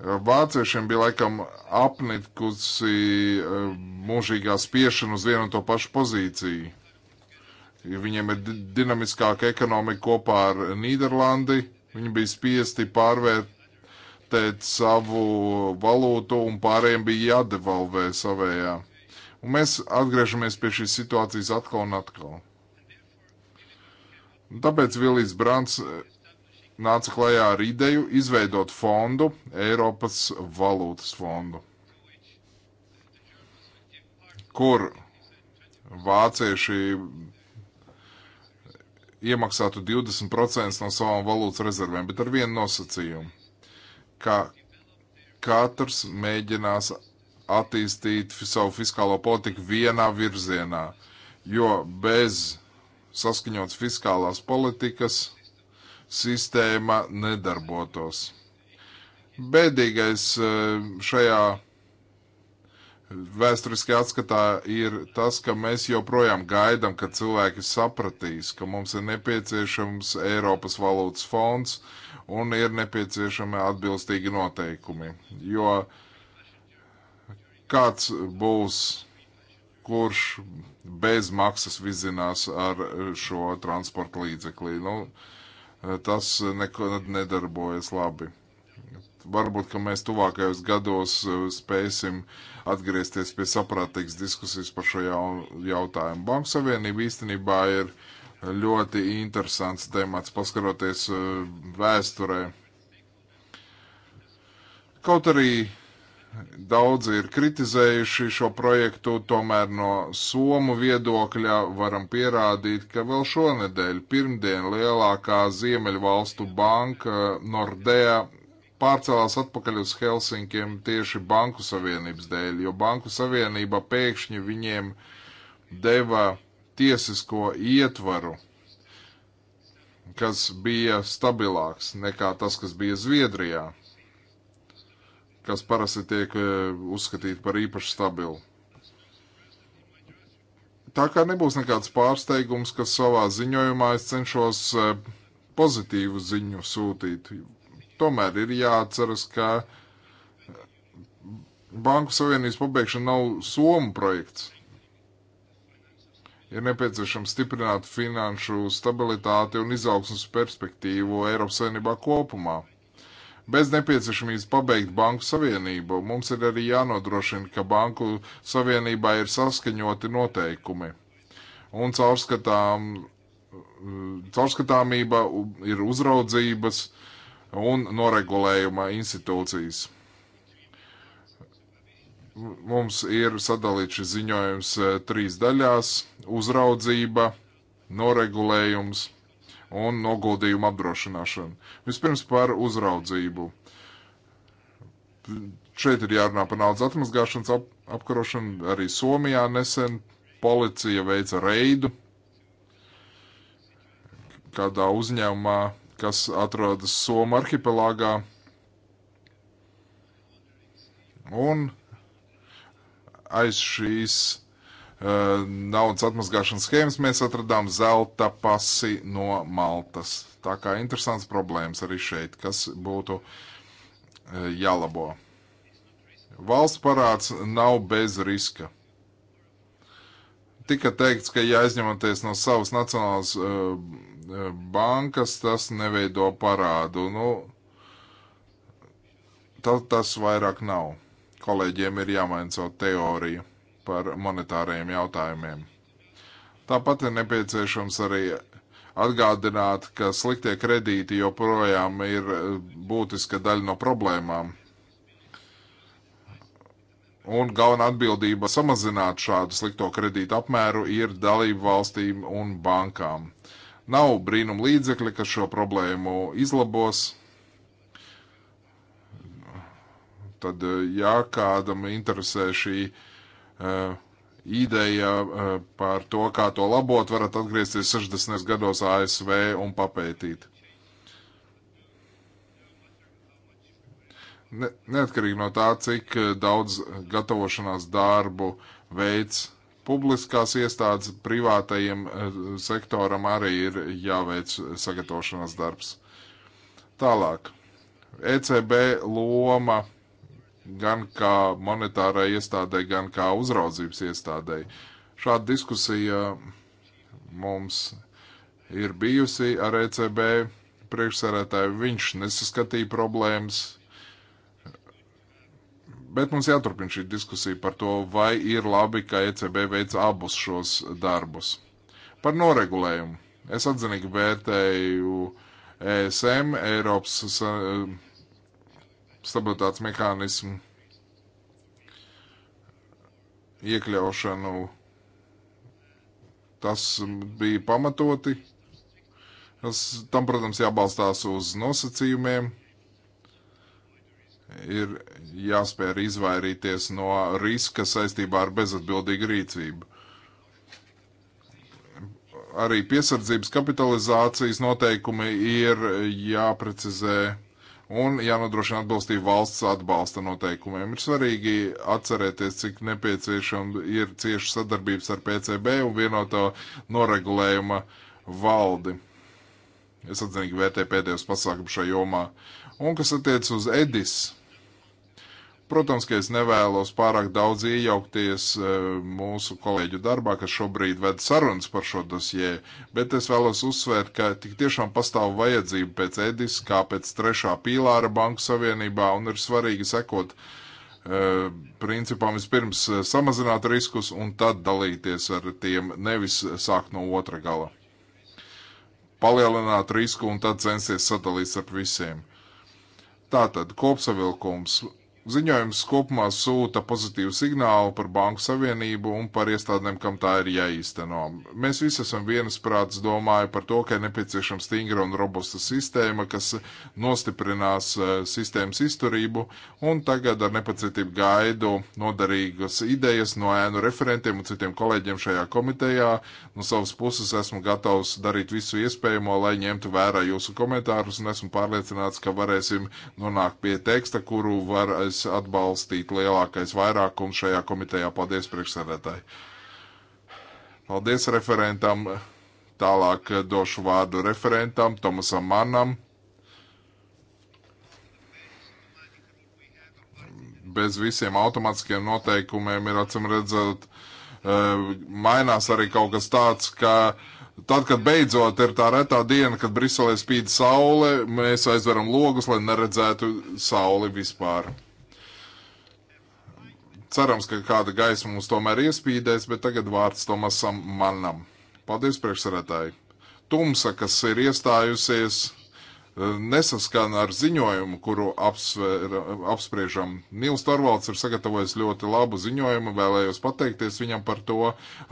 Vāciešiem bija laikam apnikusi e, mūžīgā spiešana uz vienu un to pašu pozīciju. Viņiem ir dinamiskāka ekonomika kopā ar Nīderlandi. Viņi bija spiesti pārvērtēt savu valūtu un pārējiem bija jādevalvē savējā. Un mēs atgriežamies pie šīs situācijas atkal un atkal. Un tāpēc Vilijas Brants nāca klajā ar ideju izveidot fondu, Eiropas valūtas fondu, kur vācieši iemaksātu 20% no savām valūtas rezervēm, bet ar vienu nosacījumu, ka katrs mēģinās attīstīt savu fiskālo politiku vienā virzienā, jo bez saskaņots fiskālās politikas sistēma nedarbotos. Bēdīgais e, šajā vēsturiskajā atskatā ir tas, ka mēs joprojām gaidām, ka cilvēki sapratīs, ka mums ir nepieciešams Eiropas valūtas fonds un ir nepieciešami atbilstīgi noteikumi. Jo kāds būs, kurš bez maksas vizinās ar šo transporta līdzekli? Nu, uh, Eh, tas neko nedarbojas labi. Varbūt, ka mēs tuvākajos gados eh, spēsim atgriezties pie saprātīgas diskusijas par šo jautājumu. Banku savienība īstenībā ir ļoti interesants temats, paskaroties eh, vēsturē. Kaut arī Daudzi ir kritizējuši šo projektu, tomēr no somu viedokļa varam pierādīt, ka vēl šonedēļ, pirmdien, lielākā Ziemeļvalstu banka Nordea pārcēlās atpakaļ uz Helsinkiem tieši Banku Savienības dēļ, jo Banku Savienība pēkšņi viņiem deva tiesisko ietvaru, kas bija stabilāks nekā tas, kas bija Zviedrijā kas parasti tiek e, uzskatīti par īpaši stabilu. Tā kā nebūs nekāds pārsteigums, ka savā ziņojumā es cenšos e, pozitīvu ziņu sūtīt. Tomēr ir jāatceras, ka e, Banku Savienības pabeigšana nav Somu projekts. Ir nepieciešams stiprināt finanšu stabilitāti un izaugsmas perspektīvu Eiropas Savienībā kopumā. Bez nepieciešamības pabeigt Banku Savienību mums ir arī jānodrošina, ka Banku Savienībā ir saskaņoti noteikumi un caurskatām, caurskatāmība ir uzraudzības un noregulējuma institūcijas mums ir sadalīts šis ziņojums eh, trīs daļās - uzraudzība, noregulējums un noguldījumu apdrošināšanu. Vispirms par uzraudzību. Šeit ir jārunā par naudas atmazgāšanas ap apkarošanu. Arī Somijā nesen policija veica reidu kādā uzņēmumā, kas atrodas Somu arhipelāgā. Un aiz šīs naudas atmazgāšanas schēmas mēs atradām zelta pasi no Maltas. Tā kā interesants problēmas arī šeit, kas būtu jālabo. Valsts parāds nav bez riska. Tika teikts, ka ja aizņematies no savas nacionālas uh, bankas, tas neveido parādu. Nu, ta, tas vairāk nav. Kolēģiem ir jāmaina savu teoriju par monetārajiem jautājumiem. Tāpat ir nepieciešams arī atgādināt, ka sliktie kredīti joprojām ir eh, būtiska daļa no problēmām. Un galvenā atbildība samazināt šādu slikto kredītu apmēru ir dalību valstīm un bankām. Nav brīnum līdzekļi, kas šo problēmu izlabos. Tad, eh, ja kādam interesē šī uh, uh, ideja uh, par to, kā to labot, varat atgriezties 60. gados ASV un papētīt. Ne, neatkarīgi no tā, cik eh, daudz gatavošanās darbu veids publiskās iestādes, privātajiem sektoram arī ir jāveic sagatavošanās darbs. Tālāk. ECB loma gan kā monetārai iestādai, gan kā uzraudzības iestādai. Šāda diskusija mums ir bijusi ar ECB priekšsarētāju. Viņš nesaskatīja problēmas, bet mums jāturpina šī diskusija par to, vai ir labi, ka ECB veic abus šos darbus. Par noregulējumu. Es atzinīgi vērtēju ESM, Eiropas stabilitātes mehānismu iekļaušanu. Tas bija pamatoti. Tas, tam, protams, jābalstās uz nosacījumiem. Ir jāspēj arī izvairīties no riska saistībā ar bezatbildīgu rīcību arī piesardzības kapitalizācijas noteikumi ir jāprecizē un jānodrošina atbilstība valsts atbalsta noteikumiem. Ir svarīgi atcerēties, cik nepieciešama ir cieša sadarbības ar PCB un vienoto noregulējuma valdi. Es atzinīgi vērtēju pēdējos pasākumus šajā jomā. Un kas attiec uz Edis, Protams, ka es nevēlos pārāk daudz iejaukties e, mūsu kolēģu darbā, kas šobrīd ved sarunas par šo dosjē, bet es vēlos uzsvērt, ka tik tiešām pastāv vajadzība pēc Edis, kā pēc trešā pīlāra Banku Savienībā, un ir svarīgi sekot e, principām vispirms samazināt riskus un tad dalīties ar tiem, nevis sākt no otra gala. Palielināt risku un tad censties sadalīt ar visiem. Tātad kopsavilkums Ziņojums kopumā sūta pozitīvu signālu par Banku Savienību un par iestādēm, kam tā ir jāīsteno. Mēs visi esam viensprāts domāju par to, ka ir nepieciešama stingra un robusta sistēma, kas nostiprinās e, sistēmas izturību, un tagad ar nepacietību gaidu noderīgas idejas no ēnu referentiem un citiem kolēģiem šajā komitejā. No savas puses esmu gatavs darīt visu iespējamo, lai ņemtu vērā jūsu komentārus, un esmu pārliecināts, ka varēsim nonākt pie teksta, kuru var es tos atbalstīt lielākais vairākums šajā komitejā. Paldies, priekšsēdētāji! Paldies referentam! Tālāk došu vārdu referentam Tomasam Mannam. Bez visiem automātiskiem noteikumiem ir acim redzot, e, mainās arī kaut kas tāds, ka tad, kad beidzot ir tā retā diena, kad Briselē spīd saule, mēs aizveram logus, lai neredzētu sauli vispār cerams, ka kāda gaisma mums tomēr iespīdēs, bet tagad vārds Tomasam Manam. Paldies, priekšsarētāji! Tumsa, kas ir iestājusies E, nesaskan ar ziņojumu, kuru apsver, apspriežam. Nils Torvalds ir sagatavojis ļoti labu ziņojumu, vēlējos pateikties viņam par to.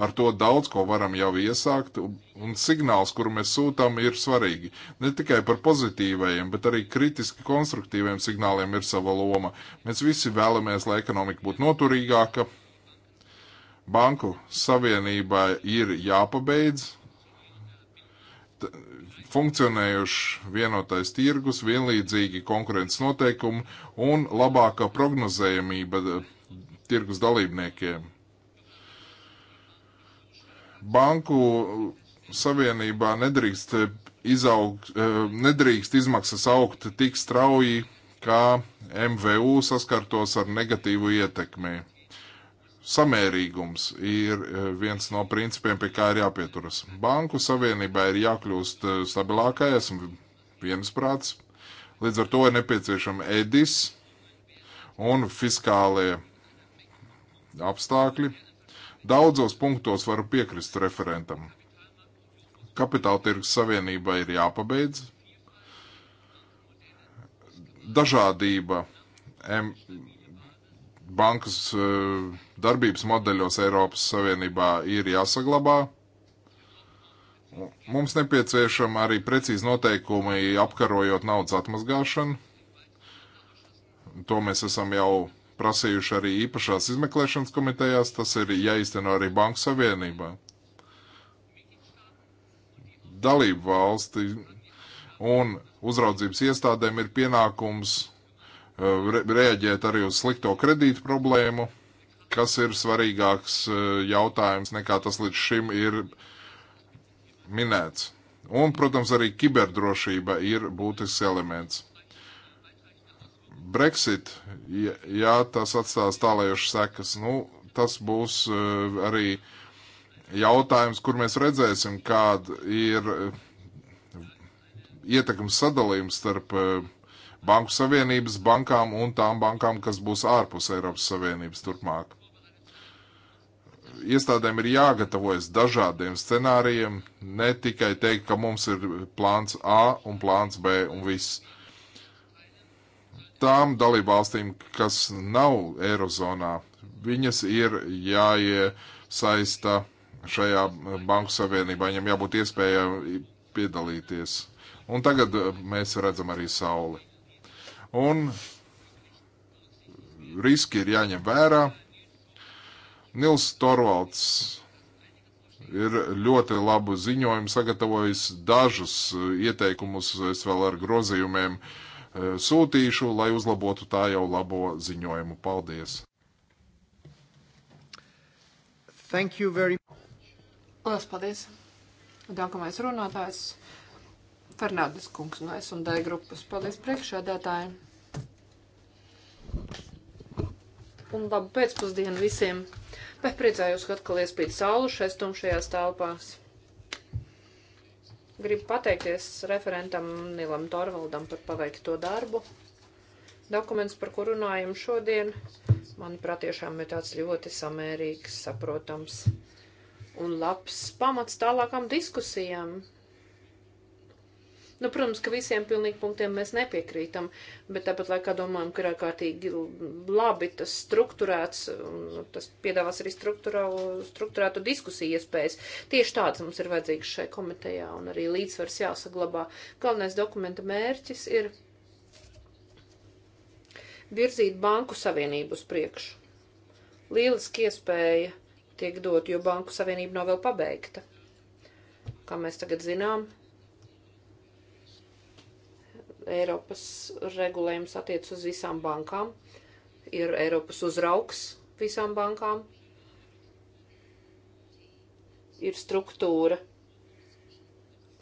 Ar to daudz ko varam jau iesākt, un signāls, kuru mēs sūtām, ir svarīgi. Ne tikai par pozitīvajiem, bet arī kritiski konstruktīviem signāliem ir sava loma. Mēs visi vēlamies, lai ekonomika būtu noturīgāka. Banku savienībai ir jāpabeidz, funkcionējošs vienotais tirgus, vienlīdzīgi konkurences noteikumi un labāka prognozējamība eh, tirgus dalībniekiem. Banku savienībā nedrīkst, eh, izaug, eh, nedrīkst izmaksas augt tik strauji, kā MVU saskartos ar negatīvu ietekmi samērīgums ir e, viens no principiem, pie kā ir jāpieturas. Banku savienībai ir jākļūst e, stabilākai, esam viensprāts. Līdz ar to ir nepieciešama edis un fiskālie apstākļi. Daudzos punktos varu piekrist referentam. Kapitāla tirgus savienībai ir jāpabeidz. Dažādība M bankas uh, darbības modeļos Eiropas Savienībā ir jāsaglabā. Mums nepieciešama arī precīzi noteikumi apkarojot naudas atmazgāšanu. To mēs esam jau prasījuši arī īpašās izmeklēšanas komitejās, tas ir jāizteno arī Banku Savienībā. Dalību valsti un uzraudzības iestādēm ir pienākums eh, reaģēt arī uz slikto kredītu problēmu kas ir svarīgāks eh, jautājums nekā tas līdz šim ir minēts. Un, protams, arī kiberdrošība ir būtisks elements. Brexit, ja, ja tas atstās tālējošas sekas, nu, tas būs uh, arī jautājums, kur mēs redzēsim, kāda ir eh, ietekmes sadalījums starp uh, Banku Savienības bankām un tām bankām, kas būs ārpus Eiropas Savienības turpmāk iestādēm ir jāgatavojas dažādiem scenārijiem, ne tikai teikt, ka mums ir plāns A un plāns B un viss. Tām dalībvalstīm, kas nav Eirozonā, viņas ir jāiesaista šajā banku savienībā, viņam jābūt iespējai piedalīties. Un tagad eh, mēs redzam arī sauli. Un riski ir jāņem vērā Nils Torvalds ir ļoti labu ziņojumu sagatavojis dažus ieteikumus, es vēl ar grozījumiem e, sūtīšu, lai uzlabotu tā jau labo ziņojumu. Paldies! Thank you very much. Lielas paldies. Nākamais runātājs Fernandes kungs no S&D grupas. Paldies priekšādātājiem. Un labu pēcpusdienu visiem. Bet priecājos, ka atkal iespīd saulu šais tumšajās telpās. Gribu pateikties referentam Nilam Torvaldam par paveikto darbu. Dokuments, par kuru runājam šodien, manuprāt, tiešām ir tāds ļoti samērīgs, saprotams un labs pamats tālākām diskusijām Nu, protams, ka visiem pilnīgi punktiem mēs nepiekrītam, bet tāpat laikā domājam, ka ir ārkārtīgi labi tas strukturēts, nu, tas piedāvās arī strukturētu diskusiju iespējas. Tieši tāds mums ir vajadzīgs šai komitejā un arī līdzsvars jāsaglabā. Galvenais dokumenta mērķis ir virzīt banku savienību uz priekšu. Lieliski iespēja tiek dot, jo banku savienība nav vēl pabeigta. Kā mēs tagad zinām, Eiropas regulējums attiec uz visām bankām, ir Eiropas uzraugs visām bankām, ir struktūra,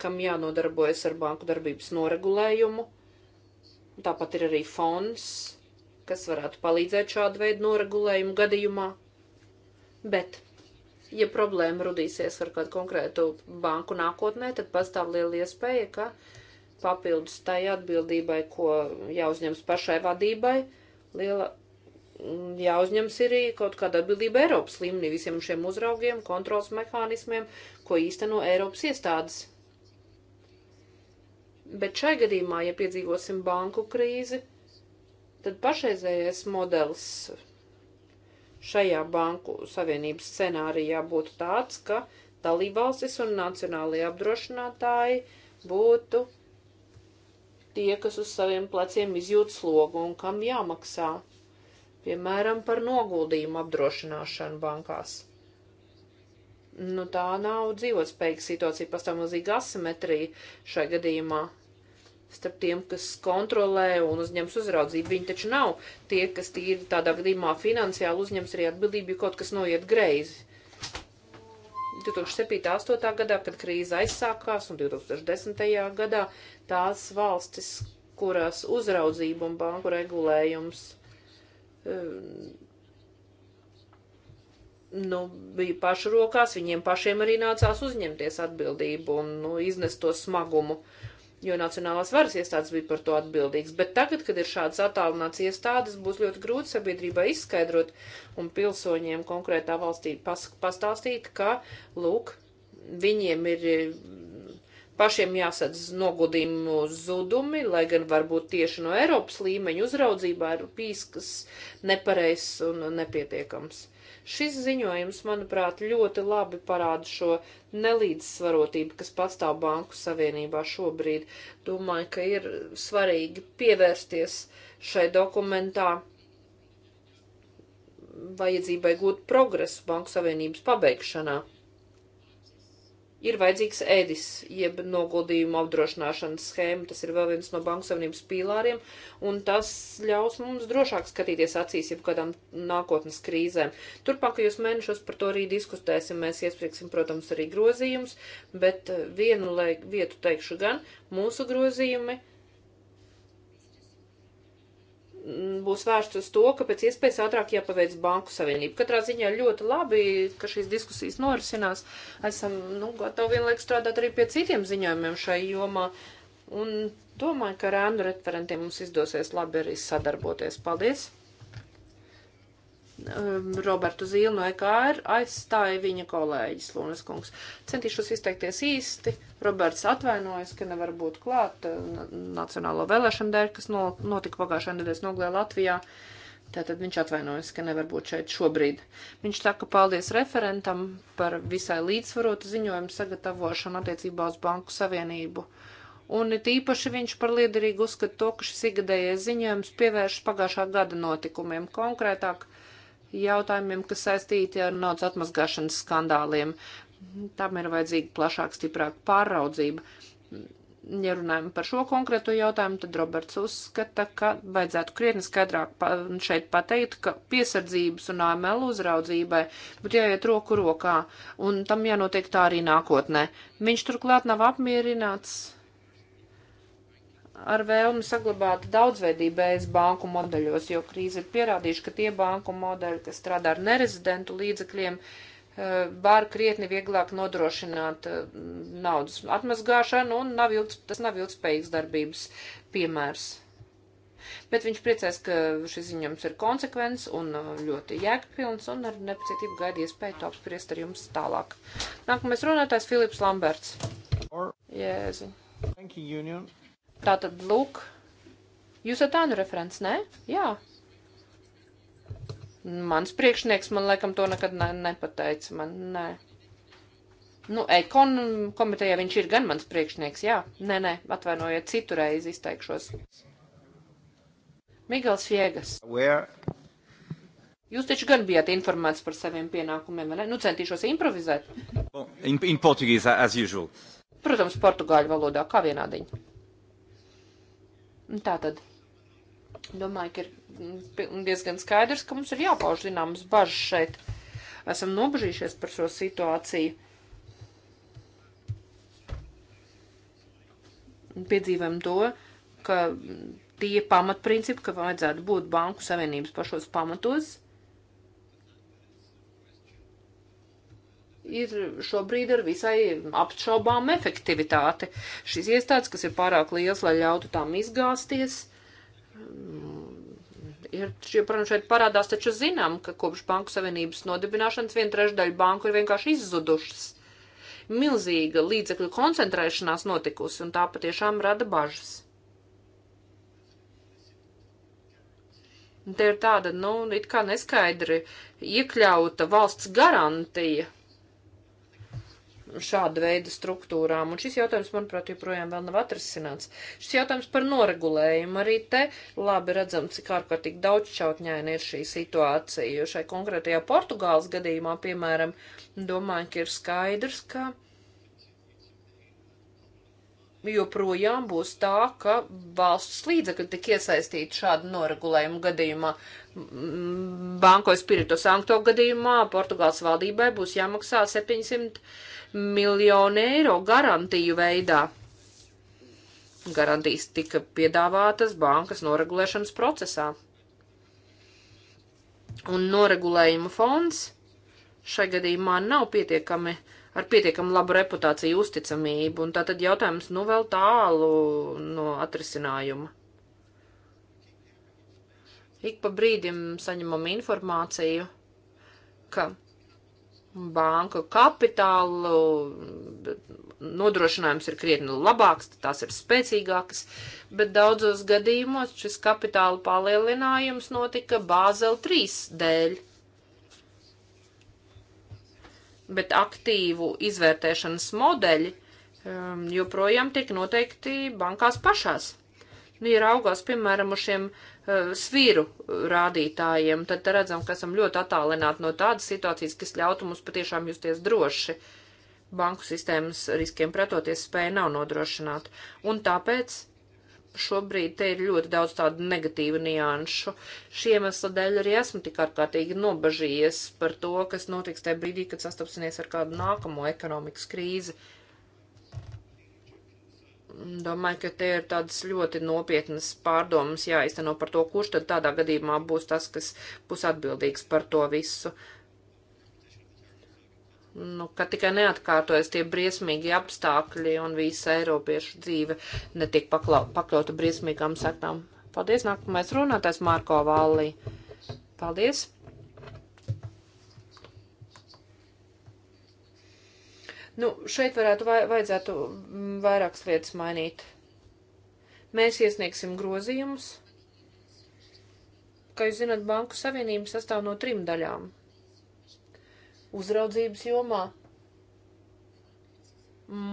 kam jānodarbojas ar banku darbības noregulējumu, tāpat ir arī fonds, kas varētu palīdzēt šādu veidu noregulējumu gadījumā, bet ja problēma rudīsies ar kādu konkrētu banku nākotnē, tad pastāv liela iespēja, ka papildus tai atbildībai, ko jāuzņems pašai vadībai, liela mm, jāuzņems arī kaut kāda atbildība Eiropas līmenī visiem šiem uzraugiem, kontrols mehānismiem, ko īsteno Eiropas iestādes. Bet šai gadījumā, ja piedzīvosim banku krīzi, tad pašreizējais modelis šajā banku savienības scenārijā būtu tāds, ka dalībvalstis un nacionālajie apdrošinātāji būtu tie, kas uz saviem pleciem izjūt slogu un kam jāmaksā, piemēram, par noguldījumu apdrošināšanu bankās. Nu, tā nav dzīvotspējīga situācija, pastāv milzīga asimetrija šai gadījumā starp tiem, kas kontrolē un uzņems uzraudzību. Viņi taču nav tie, kas tīri tādā gadījumā finansiāli uzņems arī atbildību, ja kaut kas noiet greizi. 2007.8. gadā, kad krīze aizsākās, un 2010. gadā tās valstis, kurās uzraudzība un banku regulējums eh, nu, bija pašu rokās, viņiem pašiem arī nācās uzņemties atbildību un nu, iznest to smagumu. Uh, jo nacionālās varas iestādes bija par to atbildīgas. Bet tagad, kad ir šādas attālināts iestādes, būs ļoti grūti sabiedrībai izskaidrot un pilsoņiem konkrētā valstī pas, pastāstīt, ka, lūk, viņiem ir pašiem jāsadz noguldījumu zudumi, lai gan varbūt tieši no Eiropas līmeņa uzraudzībā ir pīskas nepareizs un nepietiekams. Šis ziņojums, manuprāt, ļoti labi parāda šo nelīdzsvarotību, kas pastāv Banku Savienībā šobrīd. Domāju, ka ir svarīgi pievērsties šai dokumentā vajadzībai gūt progresu Banku Savienības pabeigšanā ir vajadzīgs ēdis, jeb noguldījuma apdrošināšanas schēma. Tas ir vēl viens no banku savienības pīlāriem, un tas ļaus mums drošāk skatīties acīs jebkādām nākotnes krīzēm. Turpmākajos mēnešos par to arī diskutēsim. Mēs iesprieksim, protams, arī grozījumus, bet vienu vietu teikšu gan mūsu grozījumi Mm, būs vērsts uz to, ka pēc iespējas ātrāk jāpaveic banku savienību. Katrā ziņā ļoti labi, ka šīs diskusijas norisinās. Esam nu, gatavi vienlaikus strādāt arī pie citiem ziņojumiem šai jomā. Un domāju, ka ar ēnu referentiem mums izdosies labi arī sadarboties. Paldies! Um, Robertu Zīlu no EKR aizstāja viņa kolēģis Lūnes kungs. Centīšos izteikties īsti. Roberts atvainojas, ka nevar būt klāt uh, nacionālo vēlēšanu dēļ, kas no, notika pagājušajā nedēļas noglē Latvijā. Tātad viņš atvainojas, ka nevar būt šeit šobrīd. Viņš saka paldies referentam par visai līdzsvarotu ziņojumu sagatavošanu attiecībā uz Banku Savienību. Un it īpaši viņš par liederīgu uzskata to, ka šis ikgadējais ziņojums pievēršas pagājušā gada notikumiem konkrētāk jautājumiem, kas saistīti ar naudas atmazgāšanas skandāliem. Tam ir vajadzīga plašāka, stiprāka pāraudzība. Ja runājam par šo konkrēto jautājumu, tad Roberts uzskata, ka vajadzētu krietni skaidrāk pa, šeit pateikt, ka piesardzības un AML uzraudzībai būtu jāiet roku rokā, un tam jānotiek tā arī nākotnē. Viņš turklāt nav apmierināts ar vēlmi saglabāt daudzveidību ES banku modeļos, jo krīze ir pierādījuši, ka tie banku modeļi, kas strādā ar nerezidentu līdzekļiem, eh, var krietni vieglāk nodrošināt eh, naudas atmazgāšanu un nav ilgs, tas nav ilgspējīgs darbības piemērs. Bet viņš priecēs, ka šis ziņojums ir konsekvents un eh, ļoti jēgpilns un ar nepacietību gaida iespēju to apspriest ar jums tālāk. Nākamais runātājs Filips Lamberts. Jēziņ. Banking Union Tātad, lūk, jūs esat ānu referents, ne? Jā. Mans priekšnieks man laikam to nekad ne, nepateica, man nē. Nu, ekon komitejā viņš ir gan mans priekšnieks, jā. Nē, nē, atvainojiet, citu reizi izteikšos. Migels Fiegas. Where? Jūs taču gan bijāt informēts par saviem pienākumiem, vai ne? Nu, centīšos improvizēt. In, in Portuguese, as usual. Protams, portugāļu valodā, kā vienādiņa. Nu, tātad, domāju, ka ir diezgan skaidrs, ka mums ir jāpauž zināmas bažas šeit. Esam nobežījušies par šo situāciju. Piedzīvam to, ka tie pamatprincipi, ka vajadzētu būt banku savienības pašos pamatos, ir šobrīd ir visai apšaubām efektivitāte. Šis iestādes, kas ir pārāk liels, lai ļautu tām izgāzties, mm, ir, šie, protams, šeit parādās, taču zinām, ka kopš Banku Savienības nodibināšanas viena trešdaļa banku ir vienkārši izzudušas. Milzīga līdzekļu koncentrēšanās notikusi, un tā patiešām rada bažas. Te ir tāda, nu, it kā neskaidri iekļauta valsts garantija šāda veida struktūrām. Un šis jautājums, manuprāt, joprojām vēl nav atrasināts. Šis jautājums par noregulējumu arī te labi redzam, cik ārkārtīgi daudz šautņaina ir šī situācija. Jo šai konkrētajā Portugāles gadījumā, piemēram, domāju, ka ir skaidrs, ka joprojām būs tā, ka valsts līdzekļi tik iesaistīti šādu noregulējumu gadījumā. Banko Spirito Sankto gadījumā Portugāles valdībai būs jāmaksā 700 miljonu eiro garantiju veidā. Garantijas tika piedāvātas bankas noregulēšanas procesā. Un noregulējuma fonds šai gadījumā nav pietiekami ar pietiekami labu reputāciju uzticamību, un tā tad jautājums nu vēl tālu no atrisinājuma. Ik pa brīdim saņemam informāciju, ka banku kapitālu nodrošinājums ir krietni labāks, tās ir spēcīgākas, bet daudzos gadījumos šis kapitāla palielinājums notika Bāzel 3 dēļ. Bet aktīvu izvērtēšanas modeļi um, joprojām tiek noteikti bankās pašās. Nu, ja raugās, piemēram, uz šiem Eh, svīru rādītājiem, tad te redzam, ka esam ļoti attālināti no tādas situācijas, kas ļautu mums patiešām justies droši. Banku sistēmas riskiem pretoties spēja nav nodrošināta. Un tāpēc šobrīd te ir ļoti daudz tādu negatīvu nianšu. Šī iemesla dēļ arī esmu tik ārkārtīgi nobažījies par to, kas notiks tajā brīdī, kad sastapsinies ar kādu nākamo ekonomikas krīzi. Uh, Domāju, ka te ir tādas ļoti nopietnas pārdomas jāizteno par to, kurš tad tādā gadījumā būs tas, kas būs atbildīgs par to visu. Nu, ka tikai neatkārtojas tie briesmīgi apstākļi un visa Eiropiešu dzīve netiek pakļauta briesmīgām sakām. Paldies, nākamais runātājs Marko Vallī. Paldies! Nu, šeit varētu, vajadzētu mm, vairākas lietas mainīt. Mēs iesniegsim grozījumus. Kā jūs zināt, Banku Savienība sastāv no trim daļām. Uzraudzības jomā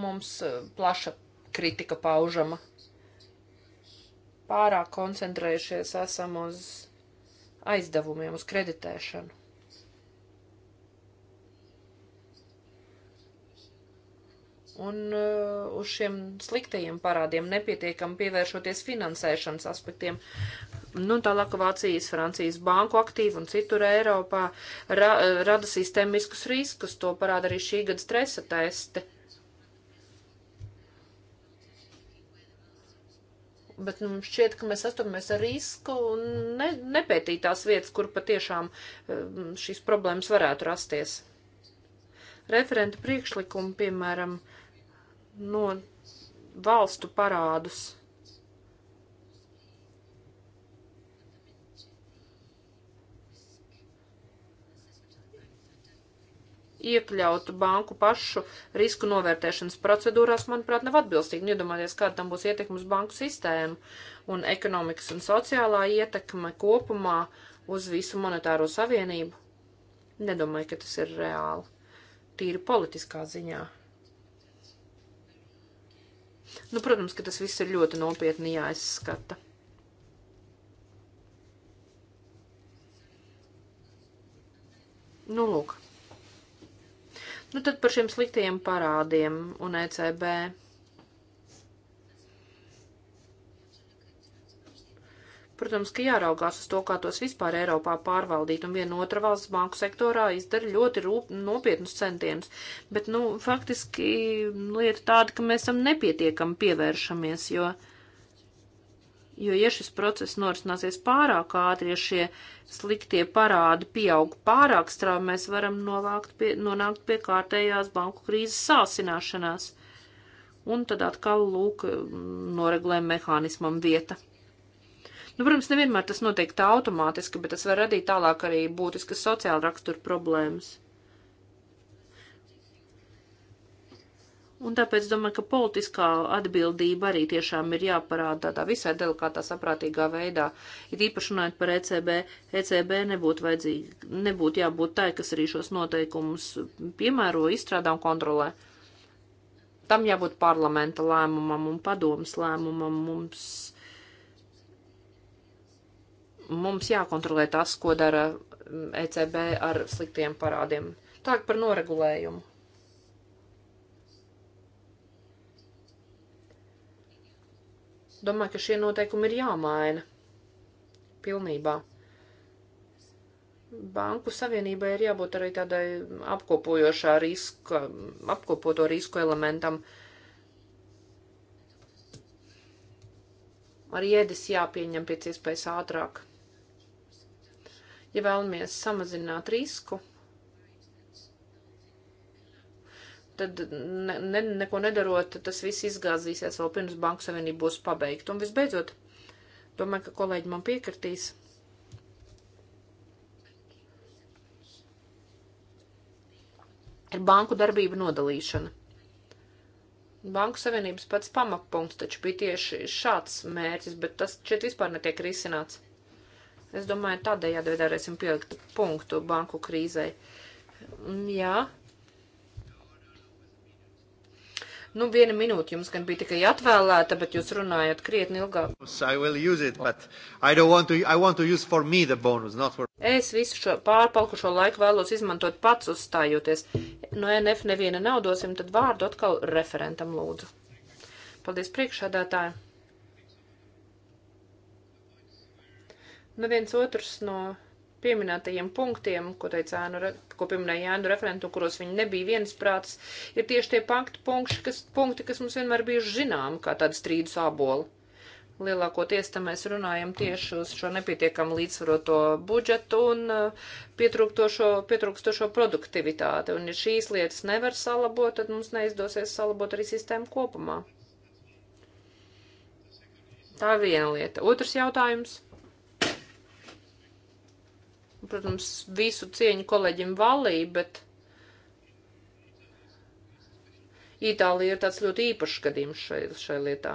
mums e, plaša kritika paužama. Pārāk koncentrējušies esam uz aizdevumiem, uz kreditēšanu. un uh, uz šiem sliktajiem parādiem nepietiekam pievēršoties finansēšanas aspektiem. Nu, tālāk Vācijas, Francijas banku aktīvi un citur Eiropā ra uh, rada sistēmiskus riskus, to parāda arī šī gada stresa testi. Bet nu, šķiet, ka mēs sastopamies ar risku un ne, nepētītās vietas, kur patiešām um, šīs problēmas varētu rasties. Referenta priekšlikumi, piemēram, uh, no valstu parādus. iekļautu banku pašu risku novērtēšanas procedūrās, manuprāt, nav atbilstīgi. Nu, Iedomājieties, kāda tam būs ietekme uz banku sistēmu un ekonomikas un sociālā ietekme kopumā uz visu monetāro savienību. Nedomāju, ka tas ir reāli. Tīri politiskā ziņā. Nu, protams, ka tas viss ir ļoti nopietni jāizskata. Nu, lūk. Nu, tad par šiem sliktajiem parādiem un ECB. Protams, ka jāraugās uz to, kā tos vispār Eiropā pārvaldīt, un viena otra valsts banku sektorā izdara ļoti rūp, nopietnus centienus. Bet, nu, faktiski lieta tāda, ka mēs tam nepietiekam pievēršamies, jo, jo, ja šis process norisināsies pārāk ātri, ja šie sliktie parādi pieaug pārāk strauji, mēs varam pie, nonākt pie kārtējās banku krīzes sāsināšanās. Un tad atkal lūk noreglēm mehānismam vieta. Nu, protams, nevienmēr tas notiek tā automātiski, bet tas var radīt tālāk arī būtiskas sociāla rakstura problēmas. Un tāpēc domāju, ka politiskā atbildība arī tiešām ir jāparāda tādā visai delikātā, saprātīgā veidā. Ir īpaši runājot par ECB. ECB nebūtu vajadzīga, nebūtu jābūt tai, kas arī šos noteikumus piemēro, izstrādā un kontrolē. Tam jābūt parlamenta lēmumam un padomas lēmumam. Mums mums jākontrolē tas, ko dara mm, ECB ar sliktiem parādiem. Tā par noregulējumu. Domāju, ka šie noteikumi ir jāmaina pilnībā. Banku savienībai ir jābūt arī tādai apkopojošā riska, apkopoto risku elementam. Arī ēdis jāpieņem pēc iespējas ātrāk ja vēlamies samazināt risku, tad ne, ne, neko nedarot, tas viss izgāzīsies vēl pirms Banku Savienība būs pabeigta. Un visbeidzot, domāju, ka kolēģi man piekritīs. Ir banku darbība nodalīšana. Banku savienības pats pamatpunkts taču bija tieši šāds mērķis, bet tas šeit vispār netiek risināts. Es domāju, tādējādi varēsim pielikt punktu banku krīzai. Jā. Nu, viena minūte jums gan bija tikai atvēlēta, bet jūs runājat krietni ilgāk. It, to, to bonus, for... Es visu šo pārpalkušo laiku vēlos izmantot pats uzstājoties. No NF neviena naudosim, tad vārdu atkal referentam lūdzu. Paldies priekšādātāji! Neviens nu, otrs no pieminētajiem punktiem, ko, teica, ēnu, ko pieminēja Jānu referentu, kuros viņi nebija viensprāts, ir tieši tie pakti punkti, kas, punkti, kas mums vienmēr bijuši zinām, kā tāda strīdu sābola. Lielākoties tam mēs runājam tieši uz šo nepietiekam līdzsvaroto budžetu un uh, pietrūkstošo produktivitāti. Un ja šīs lietas nevar salabot, tad mums neizdosies salabot arī sistēmu kopumā. Tā viena lieta. Otrs jautājums. Protams, visu cieņu kolēģim Valī, bet Itālija ir tāds ļoti īpašs gadījums šai, šai lietā.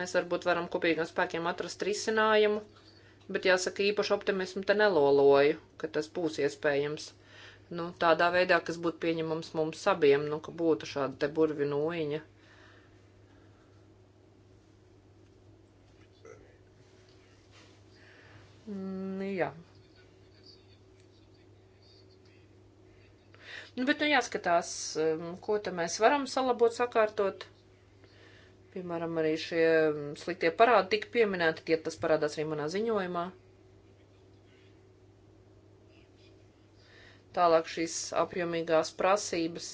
Mēs varbūt varam kopīgiem spēkiem atrast risinājumu, bet jāsaka, īpaši optimismu te neloloju, ka tas būs iespējams. Nu, tādā veidā, kas būtu pieņemams mums abiem, nu, ka būtu šāda te burvinoiņa. Nu, jā. Nu, bet nu jāskatās, um, ko te mēs varam salabot, sakārtot. Piemēram, arī šie um, sliktie parādi tika pieminēti, tie tas parādās arī manā ziņojumā. Tālāk šīs apjomīgās prasības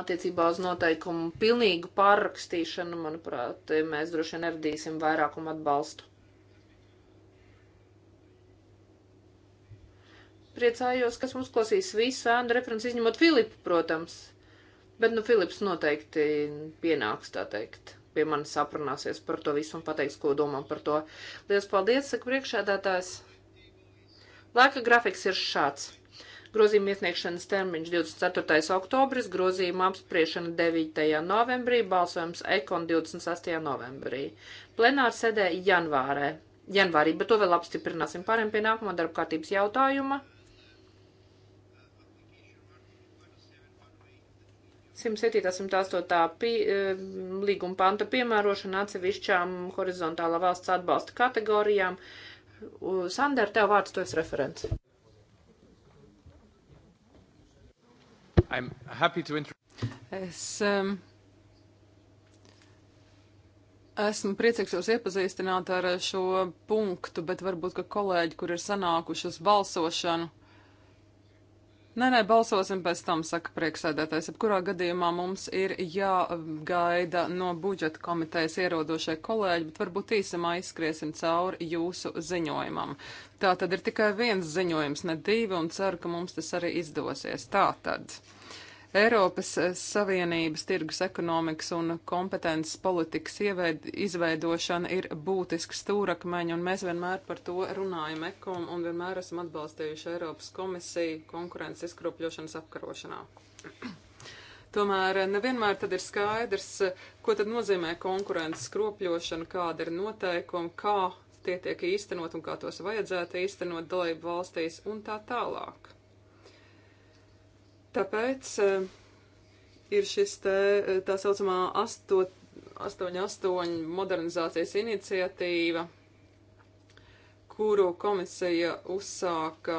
attiecībā uz noteikumu pilnīgu pārrakstīšanu, manuprāt, mēs droši vien neradīsim vairākumu atbalstu. Priecājos, kas mums klausīs visu ēnu referenci, izņemot Filipu, protams. Bet, nu, Filips noteikti pienāks, tā teikt, pie manis aprunāsies par to visu un pateiks, ko domā par to. Lielas paldies, saka priekšēdētājs. Laika grafiks ir šāds. Grozījuma iesniegšanas termiņš 24. oktobris, grozījuma apspriešana 9. novembrī, balsojums ekon 28. novembrī. Plenāra sēdē janvārē. Janvārī, bet to vēl apstiprināsim pāriem pie nākamā darba kārtības jautājuma. 178. Eh, līguma panta piemērošana atsevišķām horizontālā valsts atbalsta kategorijām. Sander, tev vārds, tu esi referents. Es um, esmu priecīgs jūs iepazīstināt ar šo punktu, bet varbūt, ka kolēģi, kur ir sanākuši uz balsošanu, Nē, nē, balsosim pēc tam, saka prieksēdētājs. Jebkurā gadījumā mums ir jāgaida no budžeta komitejas ierodošie kolēģi, bet varbūt īsumā izskriesim cauri jūsu ziņojumam. Tā tad ir tikai viens ziņojums, ne divi, un ceru, ka mums tas arī izdosies. Tā tad. Eiropas eh, Savienības tirgus ekonomikas un kompetences politikas ieveid, izveidošana ir būtiski stūrakmeņi, un mēs vienmēr par to runājam ekom un vienmēr esam atbalstījuši Eiropas komisiju konkurences izkropļošanas apkarošanā. Tomēr eh, nevienmēr tad ir skaidrs, eh, ko tad nozīmē konkurences skropļošana, kāda ir noteikuma, kā tie tiek īstenot un kā tos vajadzētu īstenot dalību valstīs un tā tālāk. Tāpēc eh, ir šis te, eh, tā saucamā 8.8. modernizācijas iniciatīva, kuru komisija uzsāka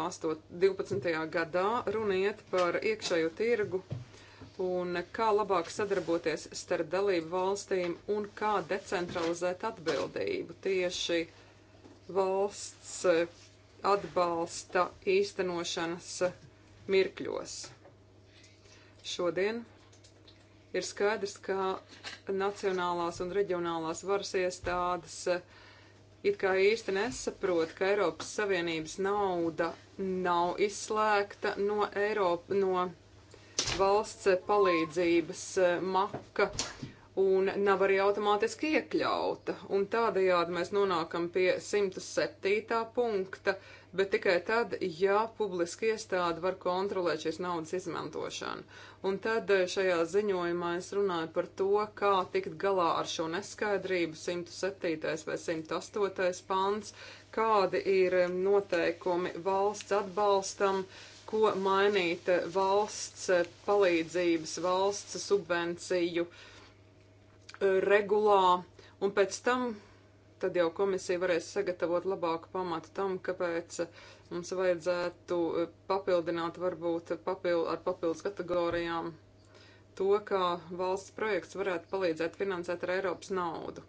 12. gadā, runiet par iekšējo tirgu un kā labāk sadarboties starp dalību valstīm un kā decentralizēt atbildību tieši valsts eh, atbalsta īstenošanas mirkļos šodien ir skaidrs, ka nacionālās un reģionālās varas iestādes it kā īsti nesaprot, ka Eiropas Savienības nauda nav izslēgta no, Eiropa, no valsts palīdzības eh, maka un nav arī automātiski iekļauta. Un tādējādi mēs nonākam pie 107. punkta bet tikai tad, ja publiska iestāde var kontrolēt šīs naudas izmantošanu. Un tad eh, šajā ziņojumā es runāju par to, kā tikt galā ar šo neskaidrību 107. vai 108. pants, kādi ir eh, noteikumi valsts atbalstam, ko mainīt eh, valsts palīdzības, valsts subvenciju regulā. Un pēc tam tad jau komisija varēs sagatavot labāku pamatu tam, kāpēc mums vajadzētu e, papildināt varbūt papild, ar papildus kategorijām to, kā valsts projekts varētu palīdzēt finansēt ar Eiropas naudu.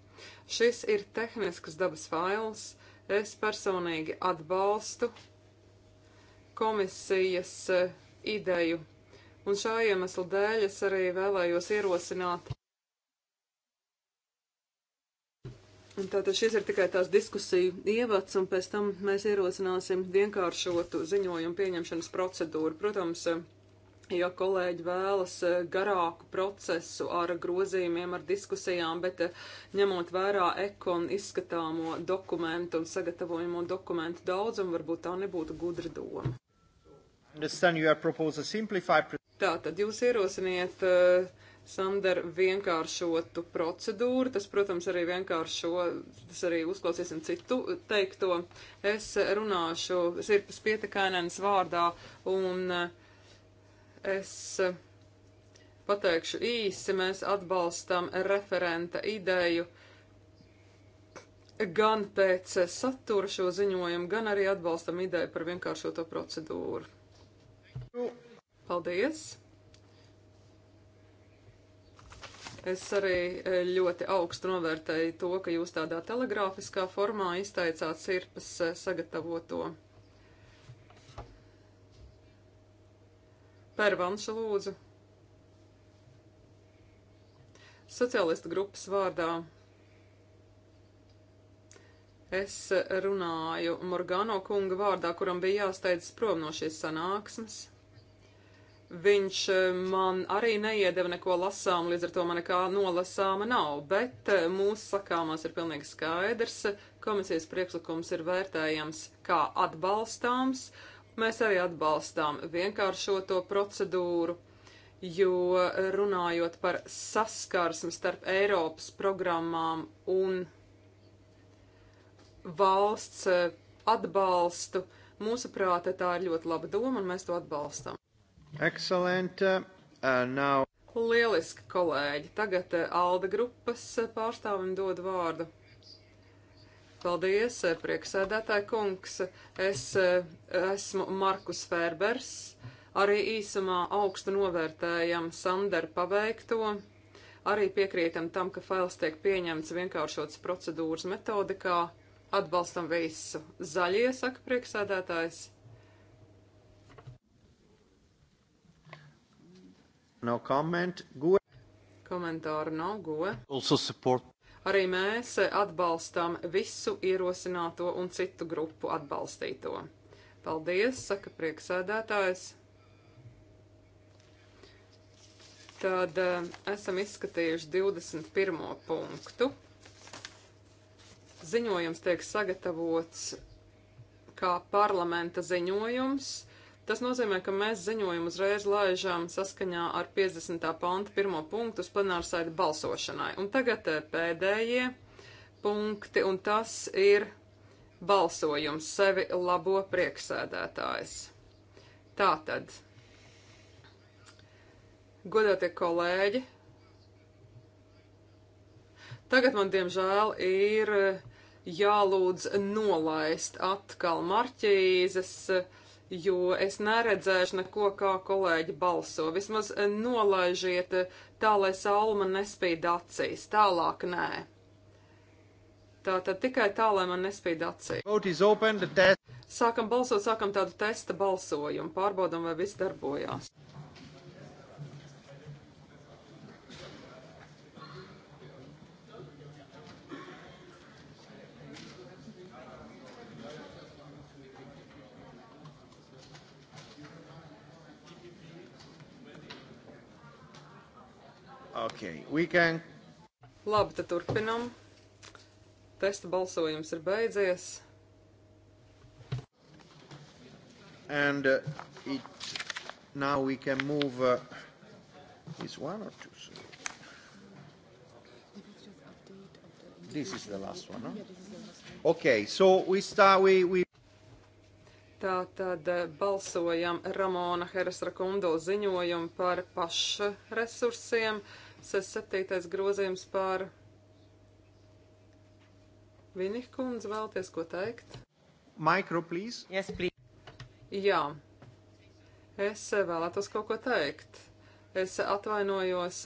Šis ir tehnisks dabas fails. Es personīgi atbalstu komisijas e, ideju, un šā iemesla dēļ es arī vēlējos ierosināt Tātad šis ir tikai tās diskusiju ievads, un pēc tam mēs ierosināsim vienkāršotu ziņojumu pieņemšanas procedūru. Protams, ja kolēģi vēlas eh, garāku procesu ar grozījumiem, ar diskusijām, bet eh, ņemot vērā ekon izskatāmo dokumentu un sagatavojamo dokumentu daudzumu, varbūt tā nebūtu gudra doma. Tātad jūs ierosiniet uh, Sandra vienkāršotu procedūru. Tas, protams, arī vienkāršo, tas arī uzklausīsim citu teikto. Es runāšu Sirpas Pietekainēnas vārdā un eh, es eh, pateikšu īsi, mēs atbalstam referenta ideju gan pēc satura šo ziņojumu, gan arī atbalstam ideju par vienkāršoto procedūru. Nu. Paldies! Es arī e, ļoti augstu novērtēju to, ka jūs tādā telegrāfiskā formā izteicāt sirpas e, sagatavoto. Pērvanša lūdzu. Socialistu grupas vārdā es e, runāju Morgano kunga vārdā, kuram bija jāsteidzas prom no šīs sanāksmes. Viņš eh, man arī neiedeva neko lasām, līdz ar to man nekā nolasāma nav, bet eh, mūsu sakāmās ir pilnīgi skaidrs. Komisijas priekšlikums ir vērtējams kā atbalstāms. Mēs arī atbalstām vienkāršoto procedūru, jo runājot par saskarsmi starp Eiropas programmām un valsts eh, atbalstu, mūsuprāt, tā ir ļoti laba doma un mēs to atbalstam. Excellent. Uh, now... Lieliski, kolēģi. Tagad uh, Alda grupas uh, pārstāvim dod vārdu. Paldies, uh, prieksēdētāji kungs. Es esmu Markus Ferbers. Arī īsumā augstu novērtējam Sanderu paveikto. Arī piekrītam tam, ka fails tiek pieņemts vienkāršotas procedūras metodikā. Atbalstam visu. Zaļie, saka prieksēdētājs. No comment. Go. Komentāru nav go. Also support. Arī mēs atbalstam visu ierosināto un citu grupu atbalstīto. Paldies, saka prieksēdētājs. Tad uh, esam izskatījuši 21. punktu. Ziņojums tiek sagatavots kā parlamenta ziņojums Tas nozīmē, ka mēs ziņojumu uzreiz laižām saskaņā ar 50. pantu pirmo punktu uz plenārsēdi balsošanai. Un tagad eh, pēdējie punkti, un tas ir balsojums sevi labo prieksēdētājs. Tātad, godātie kolēģi, tagad man diemžēl ir eh, jālūdz nolaist atkal marķīzes, uh, jo es neredzēšu neko, kā kolēģi balso. Vismaz eh, nolaižiet eh, tā, lai saule man nespīd acīs. Tālāk nē. Tā tad tikai tā, lai man nespīd acīs. Sākam balsot, sākam tādu testa balsojumu, pārbaudam, vai viss darbojās. Okay, we can. Labi, tad turpinam. Testa balsojums ir beidzies. And uh, it, now we can move. Uh, is one or two? So. This is the last one, no? Okay, so we start, we, we... Tā tad uh, balsojam Ramona Heresra kundo ziņojumu par pašresursiem. resursiem 107. grozījums pār Vinihkundze vēlties ko teikt? Micro, please. Yes, please. Jā, es vēlētos kaut ko teikt. Es atvainojos,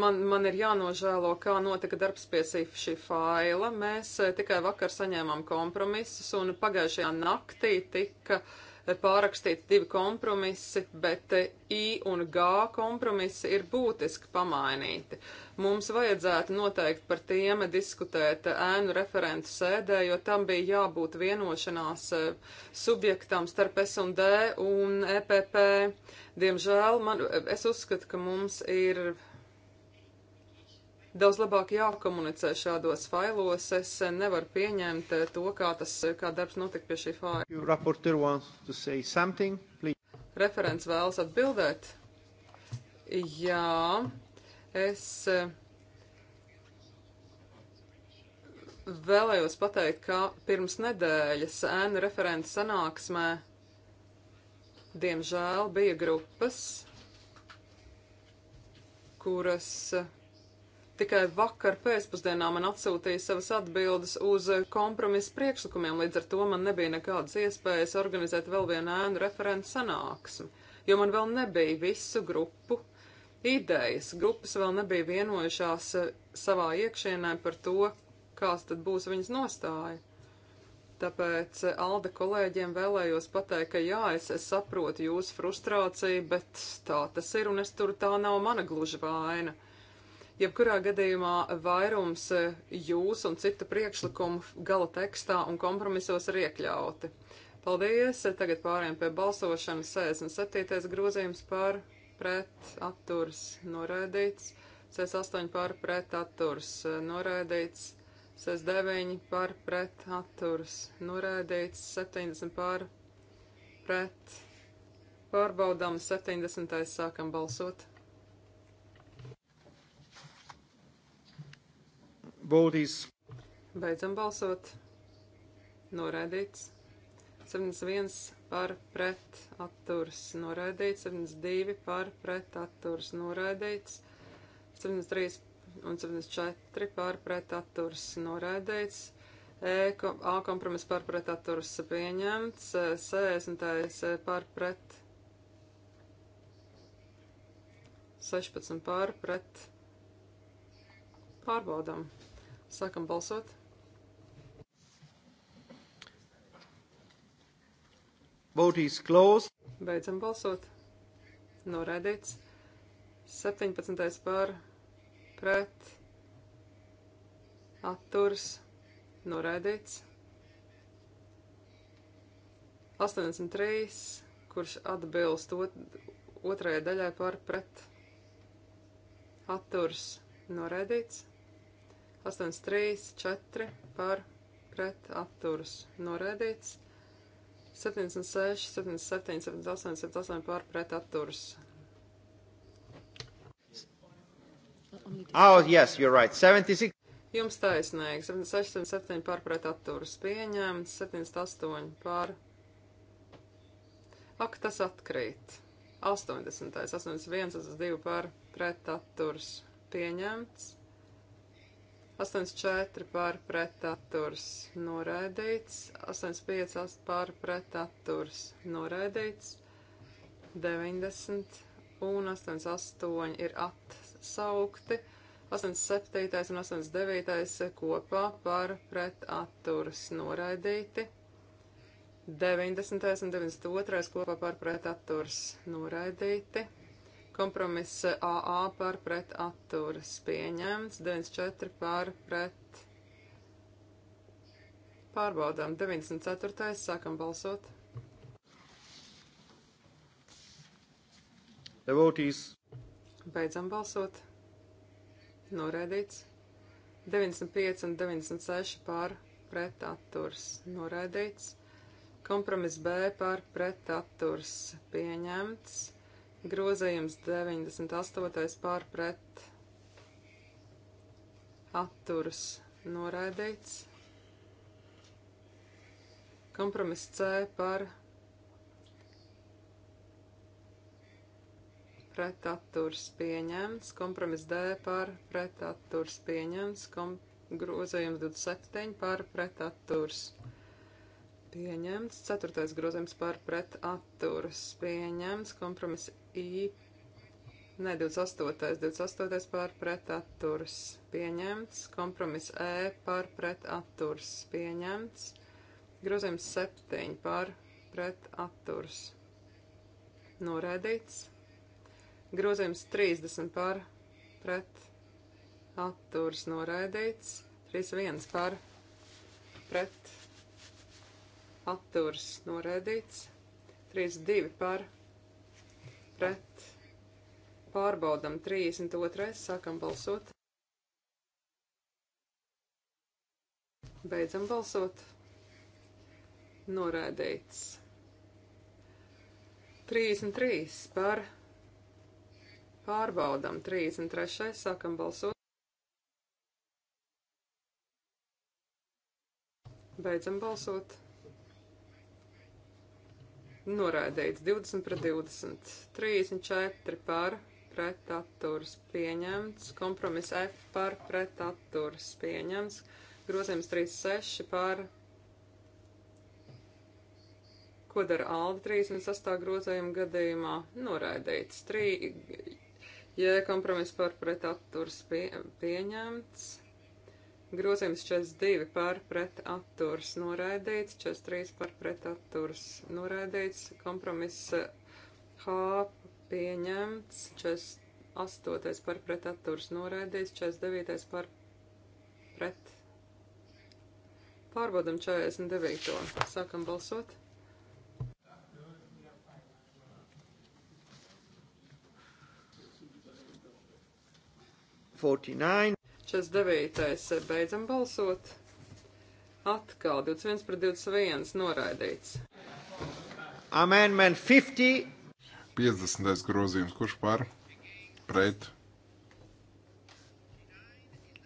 man, man ir jānožēlo, kā notika darbs pie šī faila. Mēs tikai vakar saņēmām kompromisus un pagājušajā naktī tika uh, pārrakstīti divi kompromisi, bet eh, I un G kompromisi ir būtiski pamainīti. Mums vajadzētu noteikti par tiem diskutēt eh, ēnu referentu sēdē, jo tam bija jābūt vienošanās eh, subjektam starp S&D un EPP. Diemžēl man, es uzskatu, ka mums ir Daudz labāk jākomunicē šādos failos. Es nevaru pieņemt to, kā, tas, kā darbs notika pie šī faila. Referents vēlas atbildēt. Jā, es eh, vēlējos pateikt, ka pirms nedēļas ēnu referents sanāksmē, diemžēl, bija grupas, kuras Tikai vakar pēcpusdienā man atsūtīja savas atbildes uz kompromisu priekšlikumiem, līdz ar to man nebija nekādas iespējas organizēt vēl vienu ēnu referentu sanāksmi, jo man vēl nebija visu grupu idejas. Grupas vēl nebija vienojušās eh, savā iekšienē par to, kāds tad būs viņas nostāja. Tāpēc eh, Alde kolēģiem vēlējos pateikt, ka jā, es, es saprotu jūsu frustrāciju, bet tā tas ir un es tur tā nav mana gluži vaina. Jebkurā gadījumā vairums jūs un citu priekšlikumu gala tekstā un kompromisos ir iekļauti. Paldies! Tagad pārējām pie balsošanas 67. grozījums par pret atturs noraidīts, 68 par pret atturs noraidīts, 69 par pret atturs noraidīts, 70 par pret pārbaudām 70. sākam balsot. Baldīs. Beidzam balsot. Noraidīts. 71 par pret atturs noraidīts, 72 par pret atturs noraidīts, 73 un 74 par pret atturs noraidīts, E, kom, A kompromiss par pret atturs pieņemts, 60 e, e, par pret 16 par pret pārbaudām. Sākam balsot. Vote is closed. Beidzam balsot. Noraidīts. 17. pār pret atturs noraidīts. 83, kurš atbilst ot otrajai daļai par pret atturs noraidīts. 834 par pret atturas noraidīts. 76, 77, 78, 78 par pret atturas. Oh, yes, you're right. 76. Jums taisnīgi. 76, 77 par pret atturas pieņemts. 78 par. Ak, tas atkrīt. 80, 81, 82 par pret atturas pieņemts. 84 pār pret atturs noraidīts, 85 pār pret atturs noraidīts, 90 un 88 ir atsaukti, 87 un 89 kopā pār pret atturs noraidīti, 90 un 92 kopā pār pret atturs noraidīti. Kompromiss AA par pret atturas pieņemts, 94 par pret pārbaudām, 94. sākam balsot. Devotees. Beidzam balsot. Noraidīts. 95 un 96 par pret atturas. Noraidīts. Kompromiss B par pret atturas pieņemts. Grozījums 98. pārpret atturas noraidīts. Kompromiss C par pretatturs pieņemts, kompromiss D par pretatturs pieņemts, kom grozījums 27 par pretatturs pieņemts pieņemts. Ceturtais grozījums par pret atturas pieņemts. Kompromiss I. Nē, 28. 28. par pret atturas pieņemts. Kompromiss E par pret atturas pieņemts. Grozījums 7 par pret atturas noraidīts. Grozījums 30 par pret atturas noraidīts. 31 par pret atturas atturs noraidīts, 32 par pret pārbaudam 32, sākam balsot. Beidzam balsot. Noraidīts. 33 par pārbaudam 33, sākam balsot. Beidzam balsot Noraidīts 20 pret 20, 34 par pret atturs pieņemts, kompromiss F par pret atturs pieņemts, grozījums 36 par. Ko dara Alda 38 grozījuma gadījumā? Noraidīts 3, ja kompromiss par pret atturs pie, pieņemts. Grozījums 42 par pret atturs noraidīts, 43 par pret atturs noraidīts, kompromiss eh, H pieņemts, 48 par pret atturs noraidīts, 49 par pret. Pārbaudam 49. Sākam balsot. Forty nine 49. Beidzam balsot. Atkal 21 pret 21 noraidīts. Amendment 50. 50. grozījums. Kurš par? Pret.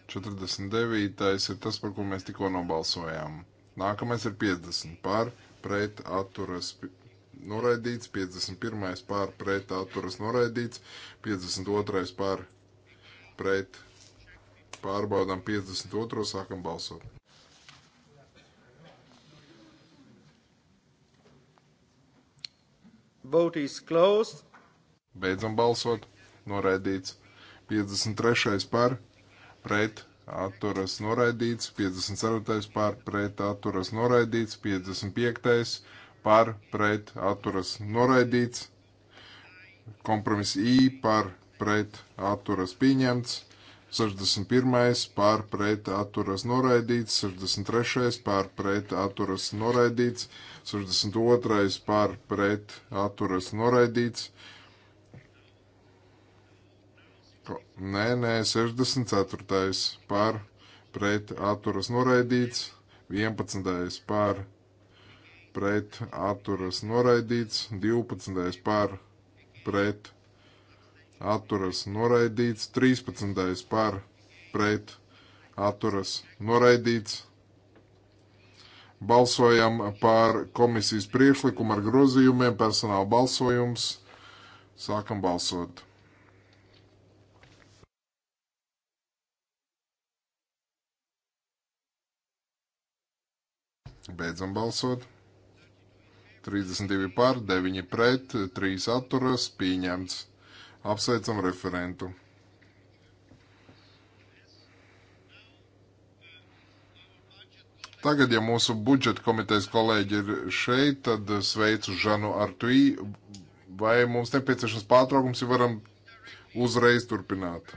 49. ir tas, par ko mēs tikko nobalsojām. Nākamais ir 50. Par, pret, atturas, noraidīts. 51. par, pret, atturas, noraidīts. 52. par, pret, Pārbaudām 52. sākam balsot. Vote is closed. Beidzam balsot. Noraidīts. 53. par pret atturas noraidīts. 54. par pret atturas noraidīts. 55. par pret atturas noraidīts. Kompromiss I par pret atturas pieņemts. 61. pār pret atturas noraidīts, 63. pār pret atturas noraidīts, 62. pār pret atturas noraidīts. Nē, nē, 64. pār pret atturas noraidīts, 11. pār pret atturas noraidīts, 12. pār pret atturas noraidīts atturas noraidīts, 13. par pret atturas noraidīts. Balsojam par komisijas priekšlikumu ar grozījumiem, personāla balsojums. Sākam balsot. Beidzam balsot. 32 pār, 9 pret, 3 atturas, pieņemts. Apsveicam referentu. Tagad, ja mūsu budžeta komitejas kolēģi ir šeit, tad sveicu Žanu Artui. Vai mums nepieciešams pārtraukums, ja varam uzreiz turpināt?